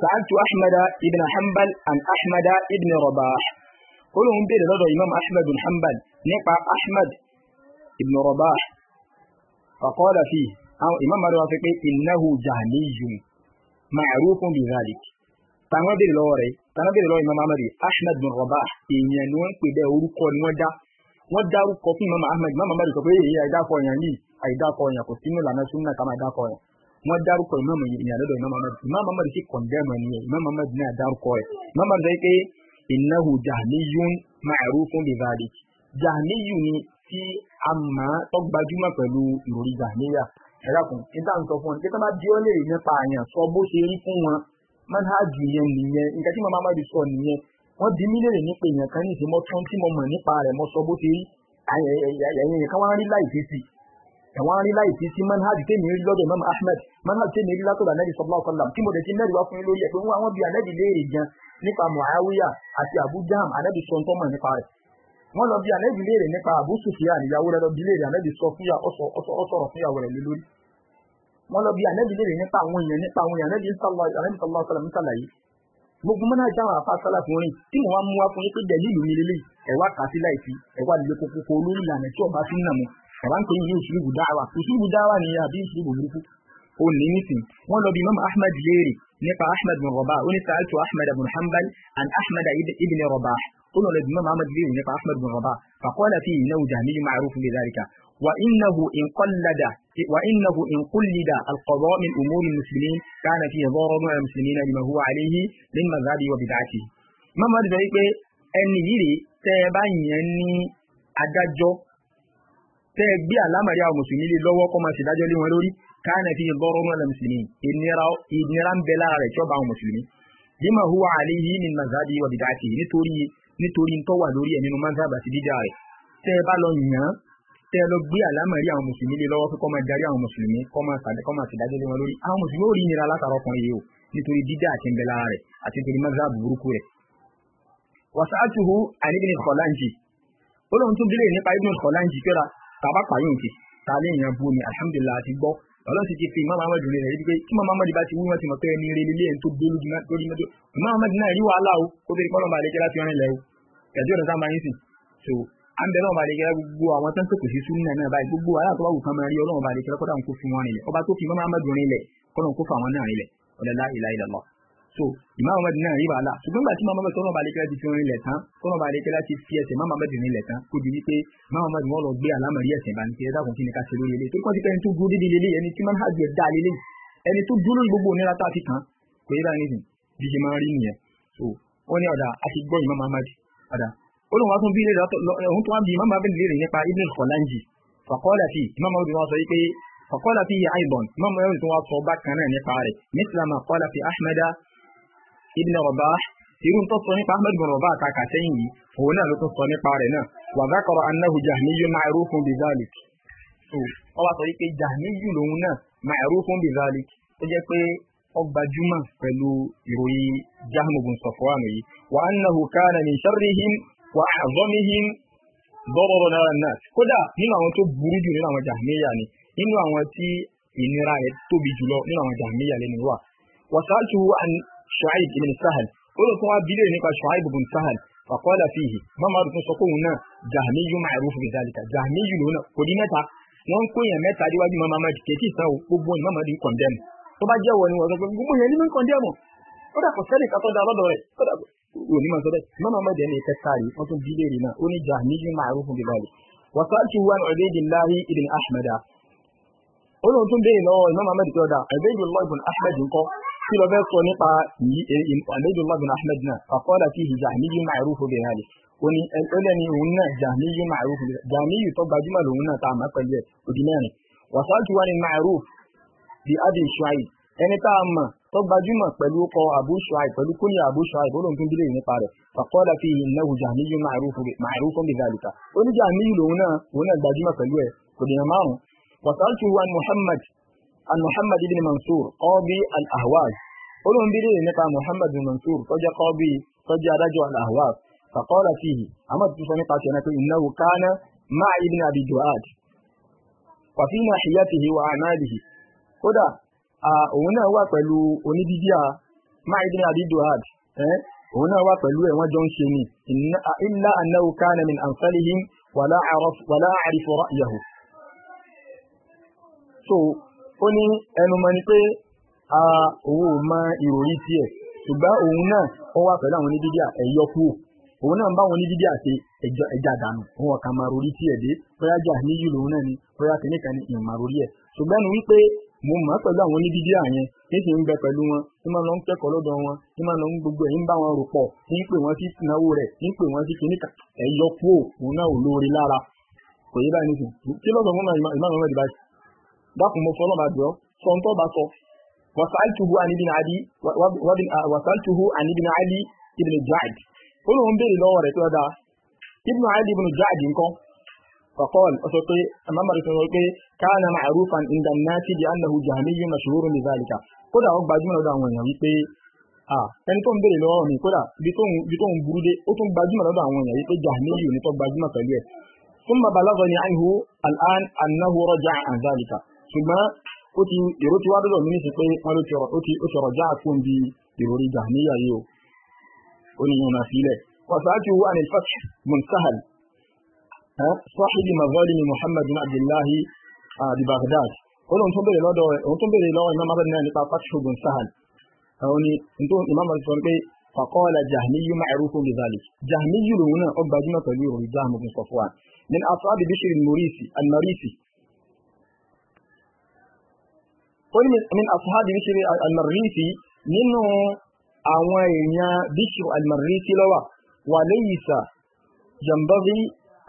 سألت أحمد بن حنبل عن أحمد بن رباح قلهم بير رضا إمام أحمد بن حنبل نقع أحمد بن رباح فقال فيه أو إمام الرافقي إنه جهمي معروف بذلك tàwọn bèrè lọ́wọ́ rẹ̀ tàwọn bèrè lọ́wọ́ imam amadi ahmed bin rabah èèyàn ni wọ́n ń pè bẹ́ẹ̀ orúkọ ni wọ́n dá wọ́n dárúkọ fún imam ahmed imam amadi sọ pé èyí àìdákọ̀ yẹn yìí àìdákọ̀ yẹn kò sínú ìlànà súnmọ́ ká máa dákọ̀ yẹn wọ́n dárúkọ Imam ìyàn lọ́dọ̀ Imam Ahmad Imam Ahmad sì kọ̀ndẹ́mù ẹni yẹn Imam Ahmad náà dárúkọ rẹ̀ Imam Ahmad sọ pé innahu jahniyun ma'rufun bi dhalik jahniyu ni tí a mọ̀ tó gbajúmọ̀ pẹ̀lú ìròrí jahniya ẹ̀dàkùn níta ń sọ fún ọ níta bá bí ọ lè nípa àyàn sọ bó ṣe rí fún wọn manhaju yẹn nìyẹn nǹkan tí Imam Ahmad sọ nìyẹn wọ́n bí mí lèrè nípa èèyàn kan ní ìsìn mọ́ tí mo mọ̀ nípa rẹ̀ mo sọ bó ṣe rí ẹ̀yìn kan wá rí láì fèsì ẹ̀wọ̀n rí láì sí sí manhaj tèmi rí lọ́dọ̀ imam ahmed manhaj tèmi rí látọ̀dọ̀ anabi sallallahu alaihi wasallam tí mo dẹ̀ ti mẹ́rin wá fún yín lórí ẹ̀ pé wọ́n àwọn bíi anabi léèrè gan nípa muawiya àti abu anabi sọ nǹkan mọ̀ nípa rẹ̀ wọ́n lọ bí anabi léèrè nípa abu sufyan rẹ̀ lọ bí léèrè anabi sọ fúyà ọ̀sọ̀rọ̀ fúyàwó rẹ̀ lórí wọ́n lọ bí anabi léèrè nípa àwọn èèyàn nípa àwọn èèyàn anabi sallallahu bàbá ń pè ní usulubu dáwà usulubu dáwà ni àbí usulubu burúkú ó ní nísìn wọn lọ bí imam ahmed léèrè nípa ahmed bin robah ó ní sàáltù ahmed bin hanbal and ahmed ibn robah ó lọ bí imam ahmed léèrè nípa ahmed bin robah fi iná ọjà ní ma'rufun bi dhalika wa innahu in qallada wa innahu in qullida alqada min fi dhara nu'a muslimina lima huwa alayhi min madhhabi wa bid'ati imam ahmed sọ pé ẹni yìí tẹ́ ẹ bá yẹn ní adájọ́ tẹ́ ẹ gbé àlámàrí àwọn mùsùlùmí lé lọ́wọ́ kọ́ máa ṣe dájọ́ lé wọn lórí káàna fi lọ́rọ́ mọ́ lẹ́ mùsùlùmí ìnira ń bẹ lára rẹ̀ tí ó bá àwọn mùsùlùmí. lima huwa alayhi min mazhabi wa bid'ati nítorí nítorí ń tọ́wà lórí ẹ̀ nínú mazhab àti dídá rẹ̀ tẹ́ bá lọ yàn tẹ́ lọ gbé àlámàrí àwọn mùsùlùmí lé lọ́wọ́ kọ́ máa darí àwọn mùsùlùmí kọ́ máa ṣe dájọ́ lé wọn lórí àwọn mùsùlùmí ò rí ìnira látara ọkùnrin yìí o nítorí dídá àti ń tàbá pààyàn ti ta ní èèyàn bu ni alhamdulilah ti gbọ́ ọlọ́run ti ti fi imam ahmed rẹ̀ rẹ̀ wípé tí imam ahmed bá ti wí wọ́n ti mọ̀ pé ẹni rẹ̀ lílé ẹni tó gbé lójú lórí mọ́tò imam ahmed náà rí wàhálà o kó bẹ́ẹ̀ kọ́ lọ́mọ àlejò láti rìn lẹ́ o ẹ̀jẹ̀ ọ̀dọ̀ sáà máa ń sìn so à ń bẹ lọ́mọ àlejò gbogbo àwọn tó ń pèpè sí súnmọ́ náà báyìí gbogbo wàhálà tó bá wù kán máa rí ọlọ́mọ àlejò kọ́dà ń so ìmáàmù Ahmad náà rí wàhálà ṣùgbọ́n ìgbà tí màmá bẹ tọ́nà balẹ̀ kẹ́lá ti fi rin lẹ̀ tán tọ́nà balẹ̀ kẹ́lá ti fi ẹsẹ̀ máàmù Ahmad rin lẹ̀ tán kó di wípé máàmù Ahmad wọn lọ gbé àlámọ̀rí ẹ̀sìn ìbànújẹ́ ẹ̀dá kò kí ni ká ṣe lórí eléyìí tó kọ́ sí pé ẹni tó dúró débi lélẹ́yìí ẹni tí máa ń hajj ẹ̀ dá lélẹ́yìí ẹni tó dúró lórí gbogbo onírà tá a fi kàn kò yẹ báyìí ní ọ̀dà a ti gbọ́ ìmáàmù Ahmad ọ̀dà olùwà tún bí ilé òun tó wá bí ìmáàmù Ahmad فقال فيه أيضا ما يريد تواصل بكنا نقاري مثل ما قال في أحمد ibn Rabah irú tó sọ nípa Ahmad ibn Rabah àtàkà sẹ́yìn yìí òun náà ló tó sọ nípa rẹ̀ náà wa dhakara annahu jahmiyyun ma'rufun bizalik. ó wá sọ wípé jahmiyyu lòun náà ma'rufun bizalik tó jẹ́ pé ó gbajúmọ̀ pẹ̀lú ìròyìn Jahmu bin Safwan yìí wa annahu kana min sharrihim wa a'zamihim dọ́rọ̀rọ̀ náírà náà kódà nínú àwọn tó burú jù nínú àwọn jahmiya ni nínú àwọn tí ìnira rẹ̀ tóbi jùlọ nínú àwọn jahmiya lẹ́nu wà. wasaltu Shu'aib ibn Sahal ó lọ tún wá bílẹ̀ nípa Shu'aib ibn Sahal faqala fihi mamadu tún sọ pé òun náà jahmiyu ma'ruf bi dhalika jahmiyu lòun náà kò di mẹ́ta wọ́n ń kóyàn mẹ́ta díwájú mamadu kẹ́tì sàn ó gbogbo ní mamadu ń kọ̀ndẹ́mù tó bá jẹ́ wọ ni wọ́n sọ pé gbogbo yẹn ní mi ń kọ̀ndẹ́mù ó dà kò sẹ́ni kàtọ́ da lọ́dọ̀ rẹ̀ ó dà kò ní ma sọ bẹ́ẹ̀ mamadu ẹni kẹta rè wọ́n tún bílẹ̀ rè náà ó ní jahmiyu ma'ruf bi dhalika wasaati wa Ubaidillahi ibn Ahmad olóhùn tún béèrè lọ́wọ́ imam ahmed tó dá Ubaidullah ibn Ahmad ńkọ́ kí lọ fẹ́ sọ nípa àlejòlá bin ahmed náà àkọọ́lá fi hì jàmíyí màrúfù bẹ̀ hàlì ó ní ẹlẹ́ni òun náà jàmíyí màrúfù jàmíyí tó gbajúmọ̀ lòun náà tá a máa pẹ̀lú ẹ̀ òdì mẹ́rin wàsáàtù wa ni màrúfù bí adé ṣuaib ẹni tá a mọ̀ tó gbajúmọ̀ pẹ̀lú ọkọ̀ abu ṣuaib pẹ̀lú kúnyà abu ṣuaib ó lóun tún bílẹ̀ nípa rẹ̀ àkọọ́lá fi hì náà jàmíyí màrúfù bẹ̀ hàlìkà عن محمد بن منصور قاضي الأهواز قلهم بليه نقع محمد بن منصور فجاء قاضي فجاء رجع الأهواز فقال فيه أما تصنقع إنه كان مع ابن أبي جواد وفي ناحيته وأعماله kódà òun náà wà pẹ̀lú onídídíà máìdín àdídòhad òun náà wà pẹ̀lú ẹ̀ wọ́n jọ ń ṣe ni ilá anáwó kánà min àǹfààní wàlá àrífọ́ ra'yahu. so ó ní ẹnu ni pé a ò ma ìròrí tiẹ̀ ṣùgbọ́n òun náà ó wà pẹ̀lú àwọn oníbíbíà ẹ̀yọ́ kú òun náà ń bá àwọn oníbíbíà ṣe ẹja dànù òun ọ̀kan máa tiẹ̀ dé ni ni ìmọ̀ ẹ̀ ṣùgbọ́n wípé mo mọ̀ pẹ̀lú àwọn kí n sì ń bẹ pẹ̀lú wọn kí máa lọ ń kẹ́kọ̀ọ́ lọ́dọ̀ wọn kí máa lọ ń gbogbo ẹ̀ bá wọn rò pọ̀ kí n pè wọ́n sí rẹ̀ kí n pè sí ẹ̀yọ́ kú òun náà ò lóore lára kò dákun mo fọlọ́ bá jọ sọ̀ńtọ́ bá sọ wasaltuhu anibina ali ah, wasaltuhu anibina ali ibn jaad ó lóun béèrè lọ́wọ́ rẹ̀ tó dáa ibn ali ibn jaad nǹkan فقال أسطي أمام رسول الله كان معروفا عند الناس بأنه جهمي مشهور بذلك kódà ó gbajúmọ̀ lọ́dọ̀ àwọn èèyàn wípé ẹni tó ń béèrè lọ́wọ́ mi kódà ibi tó ń burú dé ó tún gbajúmọ̀ lọ́dọ̀ àwọn èèyàn wípé jahmiyu ni tó gbajúmọ̀ pẹ̀lú ẹ̀. ثم بلغني عنه الآن أنه رجع عن ذلك ṣùgbọ́n ó ti èrò ti wá dọ́dọ̀ mí nísìn pé wọ́n ló ti ọ̀rọ̀ ó ti ọ̀rọ̀ já àkóhùn bí èrò rí gbà níyàyé o ó ní yọ̀nà sílẹ̀ wàsáàtì wo àni fat munsahal sọ́hìdì mazọ́lì ni muhammad bin abdullahi ah, di baghdad ó lóun tó béèrè lọ́dọ̀ rẹ̀ òun tó béèrè lọ́wọ́ imam abdul náà nípa fat munsahal àwọn ni nítorí imam abdul sọ pé فقال جهمي معروف بذلك جهمي لونا أبا جمع تلير جهم بن صفوان من أصحاب بشر المريسي المريسي ó ní min asuhabi bishiri almarisi nínú àwọn èèyàn bishiri almarisi lọ́wà wà laysa yanbaghi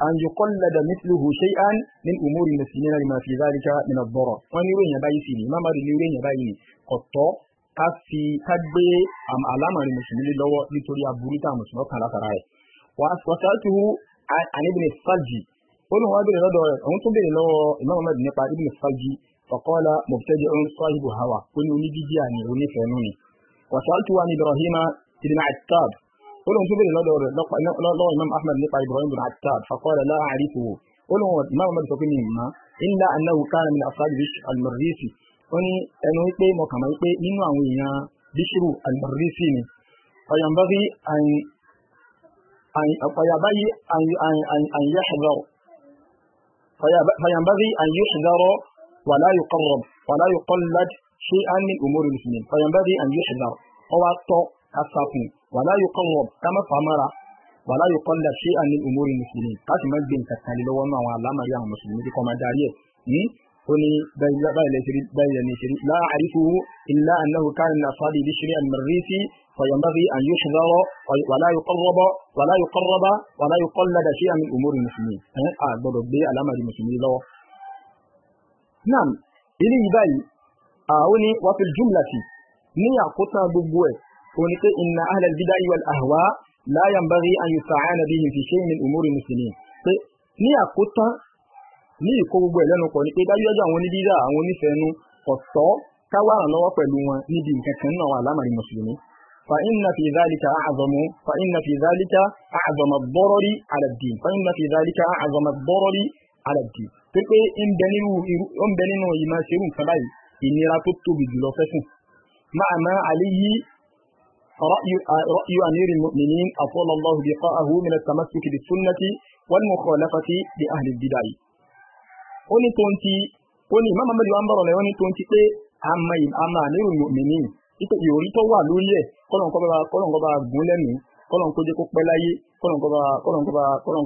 an yuqallada mithluhu shay'an min umuri muslimina lima fi dhalika min ad-darar wọ́n ní wéèyàn báyìí sí ni máma rí ní wéèyàn báyìí ni kọ̀tọ́ ká fi ká gbé um, àlámọ̀rin mùsùlùmí lọ́wọ́ nítorí aburú tá mùsùlùmí kan látara rẹ̀ wàsáltuhu an ibn salji ó lóun wá béèrè lọ́dọ̀ rẹ̀ òun tún béèrè lọ́wọ́ imam ahmed nípa ibn salji فقال مبتدع صاحب هوى كل نجي يعني وني فنوني وسألت عن إبراهيم بن عتاب قل انظر لا لا إمام أحمد نقع إبراهيم بن عتاب فقال لا أعرفه قل هو ما هو مدرك ما إلا أنه كان من أصحاب بشر المريسي وني أنه يقول مكما يقول إنه أنه بشر المريسي فينبغي أن فينبغي أن يحذر فينبغي أن يحذر ولا يقرب ولا يقلد شيئا من أمور المسلمين فينبغي أن يحذر أو الصافي ولا يقرب كما فمر ولا يقلد شيئا من أمور المسلمين قاسم الدين تتالي لو ما وعلى ما يا مسلمين كما داريه هني بين لا أعرفه إلا أنه كان من بشري بشر المريسي فينبغي أن يحذر ولا يقرب ولا يقرب ولا يقلد شيئا من أمور المسلمين أه؟ أعبد به على المسلمين لو nam ilé yìí báyìí àwọn ní wàá fi jùmùlà sí ní àkótán gbogbo ẹ̀ òun ni pé inna ahlal bidai wal ahwa la yanbaghi an yusta'ana bihim fi shay'in min umuri muslimin pé ní àkótán ní ìkó gbogbo ẹ̀ lẹ́nu kọ̀ ni pé dájúdájú àwọn onídídá àwọn onífẹ̀ẹ́nu ọ̀tọ́ káwárà lọ́wọ́ pẹ̀lú wọn níbi nǹkan náà wà lámàrin mùsùlùmí فإن في ذلك أعظم فإن في ذلك أعظم الضرر على الدين فإن في ذلك أعظم الضرر على الدين pé pé ń bẹ nínú ìmọ̀ ṣerú nǹkan báyìí ìnira tó tóbi jùlọ fẹ́sùn máa máa àlẹ́ yí رأي أمير المؤمنين أطول الله بقاءه من التمسك بالسنة والمخالفة لأهل البدع oni tonti oni mama mẹ́rin wa ń bọ̀rọ̀ lẹ́yìn oni tonti pé àmà àmà àmì ìròyìn òmìnir wà lórí ẹ̀ kọ́nà kọ́lọ̀ kó jẹ́ kó pẹ́ láyé kọ́lọ̀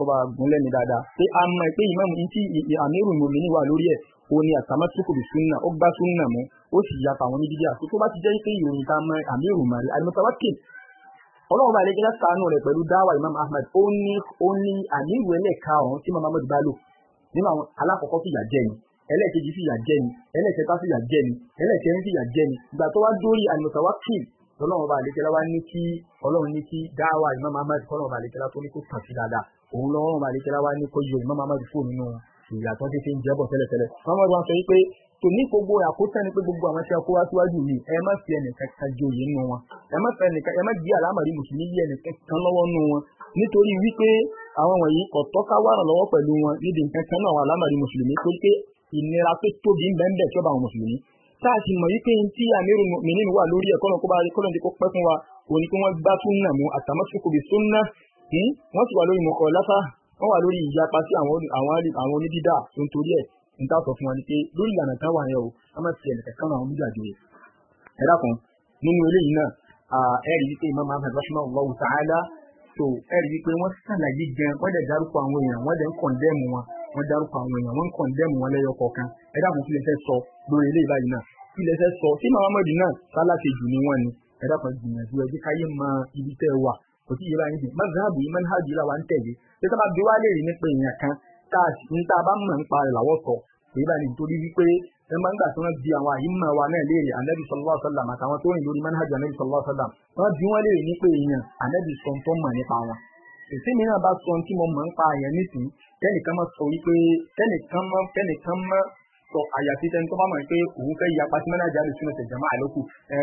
kó bá gùn lẹ́mi dáadáa pé a mọ̀ pé ìmáàmù ntí àmírù mòmìnì wà lórí ẹ̀ òun ni àtàmọ́ tó kò bí súnà ó gbá súnà mú ó sì ya tàwọn onídìdí àti tó bá ti jẹ́ pé ìròyìn tá a mọ àmírù mọ̀ àlùmọ́tàwákì ọlọ́run bá lẹ́jẹ́ sànù rẹ̀ pẹ̀lú dáwà imam ahmed ó ní ó ní àmírù mama ahmed bá lò nínú àwọn alákọ̀ọ́kọ́ fìyà jẹ ni ẹlẹ́ẹ̀kejì fìyà jẹ ni ẹlẹ́ẹ̀kẹta fìyà jẹ ni ẹlẹ́ẹ̀kẹrin fìyà jẹ ni ìgbà tó wá dórí àlùmọ́tàwákì ọlọ́run ọba àlekẹ́lá wá ní kí ọlọ́run ní kí dáwà Imam Ahmad kọ́lọ́run ọba àlekẹ́lá tó ní kó tàn sí dáadáa òun lọ́wọ́ ọba àlekẹ́lá wá ní kó yọ Imam Ahmad fún nínú ìyàtọ̀ tí fi ń jẹ́bọ̀ tẹ́lẹ̀tẹ́lẹ̀ Muhammad wa sọ wípé tò gbogbo àkótán ni pé gbogbo àwọn tí a kó wá síwájú yìí ẹ má fi ẹnìkan kan joyè nínú wọn ẹ má fi ẹnìkan ẹ má jí àlámàrí mùsùlùmí yí ẹnìkan kan lọ́wọ́ nínú wọn nítorí wípé àwọn wọ̀nyí kọ̀tọ́ ká wà lọ́wọ́ pẹ̀lú wọn níbi nǹkan kan náà àwọn àlámàrí mùsùlùmí pé ìnira tó tóbi ń bẹ́ẹ̀ bẹ́ẹ̀ tí ó bá àwọn mùsùlùmí táà ti mọ̀ wípé tí àmírù mìíní wà lórí ẹ̀ kọ́nà kó bá rí kọ́nà tí kò pẹ́ fún wa òní pé wọ́n gbá súnà mú àtàmọ́sùkò bí súnà wọ́n sì wà lórí mọ̀kọ́ láfá wọ́n wà lórí ìyapa sí àwọn onídídà tó ń torí ẹ̀ ń tà sọ fún wa ni pé lórí ìlànà kan wà yẹn o a máa ti ẹnì kankan àwọn onídà jẹ ẹ dákun nínú eléyìí náà ẹ rí wípé Imam Ahmad rahimahullahu ta'ala tó ẹ rí wípé wọ́n sàlàyé gan wọ́n dẹ̀ dárúkọ àwọn èèyàn wọ́n dẹ̀ ń kọ̀ndẹ́mù wọn wọ́n dárúkọ àwọn èèyàn wọ́n ń kọ̀ndẹ́mù wọn lẹ́yọ ẹ dákun kí lè fẹ́ sọ lórí ilé ìbáyìí náà kí lẹsẹ sọ sí mahamadu náà sálákejì ni wọn ni ẹ̀dá kan gbìyànjú ẹ jẹ́ káyé mọ ibi tẹ́ wà kò sí ìyẹ́bá yín dì mazhabu yìí manhajú làwọn ń tẹ̀lé pé sábà bí wàá lè rí nípa èèyàn kan tá a sì ń tá a bá mọ̀ nípa rẹ̀ làwọ̀ sọ èyí bá ní nítorí wípé ẹ máa ń gbà tí wọ́n di àwọn àyímọ̀ wa náà léèrè anabi sallallahu alaihi wasallam àtàwọn tó rìn lórí manhajú anabi sallallahu alaihi wasallam wọ́n bí wọ́n léèrè nípa èèyàn anabi sọ tó mọ̀ nípa wọn èsì mìíràn bá sọ tí mo mọ̀ nípa èèyàn nísìnyí kẹ́nìkan máa sọ wípé kẹ́nìkan máa sọ àyàfi tẹni tó bá mọ̀ pé òun fẹ́ yapa sí mẹ́nàjà àlùsùnà tẹ̀jẹ̀ máa lókù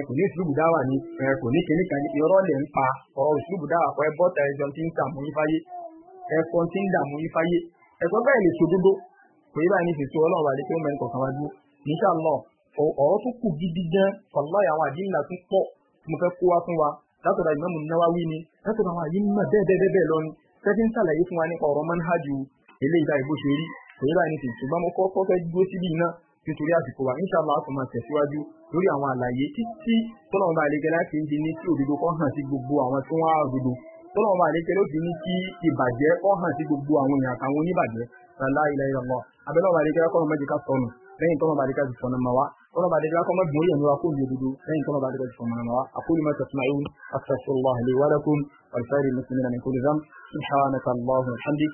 kò ní ìṣubú dáwà ni kò ní kíní kan ní irọ́ lẹ̀ ń pa ọ̀rọ̀ ìṣubú dáwà kọ́ ẹ bọ́ta ẹjọ́ tí ń dààmú yín fáyé ẹ̀fọ́ tí ń dààmú yín fáyé ẹ̀fọ́ bẹ́ẹ̀ lè sòdodo kò yí báyìí ní ìfètò ọlọ́run wà mẹ́rin kọ̀ọ̀kan gidi gan àwọn àdínlá pọ̀ mo fẹ́ kó fún wa ni àwọn mọ̀ bẹ́ẹ̀ bẹ́ẹ̀ bẹ́ẹ̀ lọ ni ń sàlàyé fún wa nípa ọ̀rọ̀ manhajú eléyìí báyìí èyí báyìí ní ti ṣùgbọ́n mo kọ́kọ́ fẹ́ dúró síbi iná nítorí àsìkò wa inshallah àtún máa tẹ̀síwájú lórí àwọn àlàyé títí tọ́lọ́mọ bá àlejò láti ń di ní tí òdodo kan hàn sí gbogbo àwọn tí wọ́n á òdodo tọ́lọ́mọ bá àlejò ló di ní kí ìbàjẹ́ kan hàn sí gbogbo àwọn èèyàn àtàwọn oníbàjẹ́ lálá ilẹ̀ ìrànlọ́ abẹ́lẹ́ ọba àlejò kọ́ ọmọ jìká sọnù lẹ́yìn tọ́lọ́mọ bá àlejò ti sọnù mọ́ wa tọ́lọ́mọ bá subhanaka allahumma wa bihamdik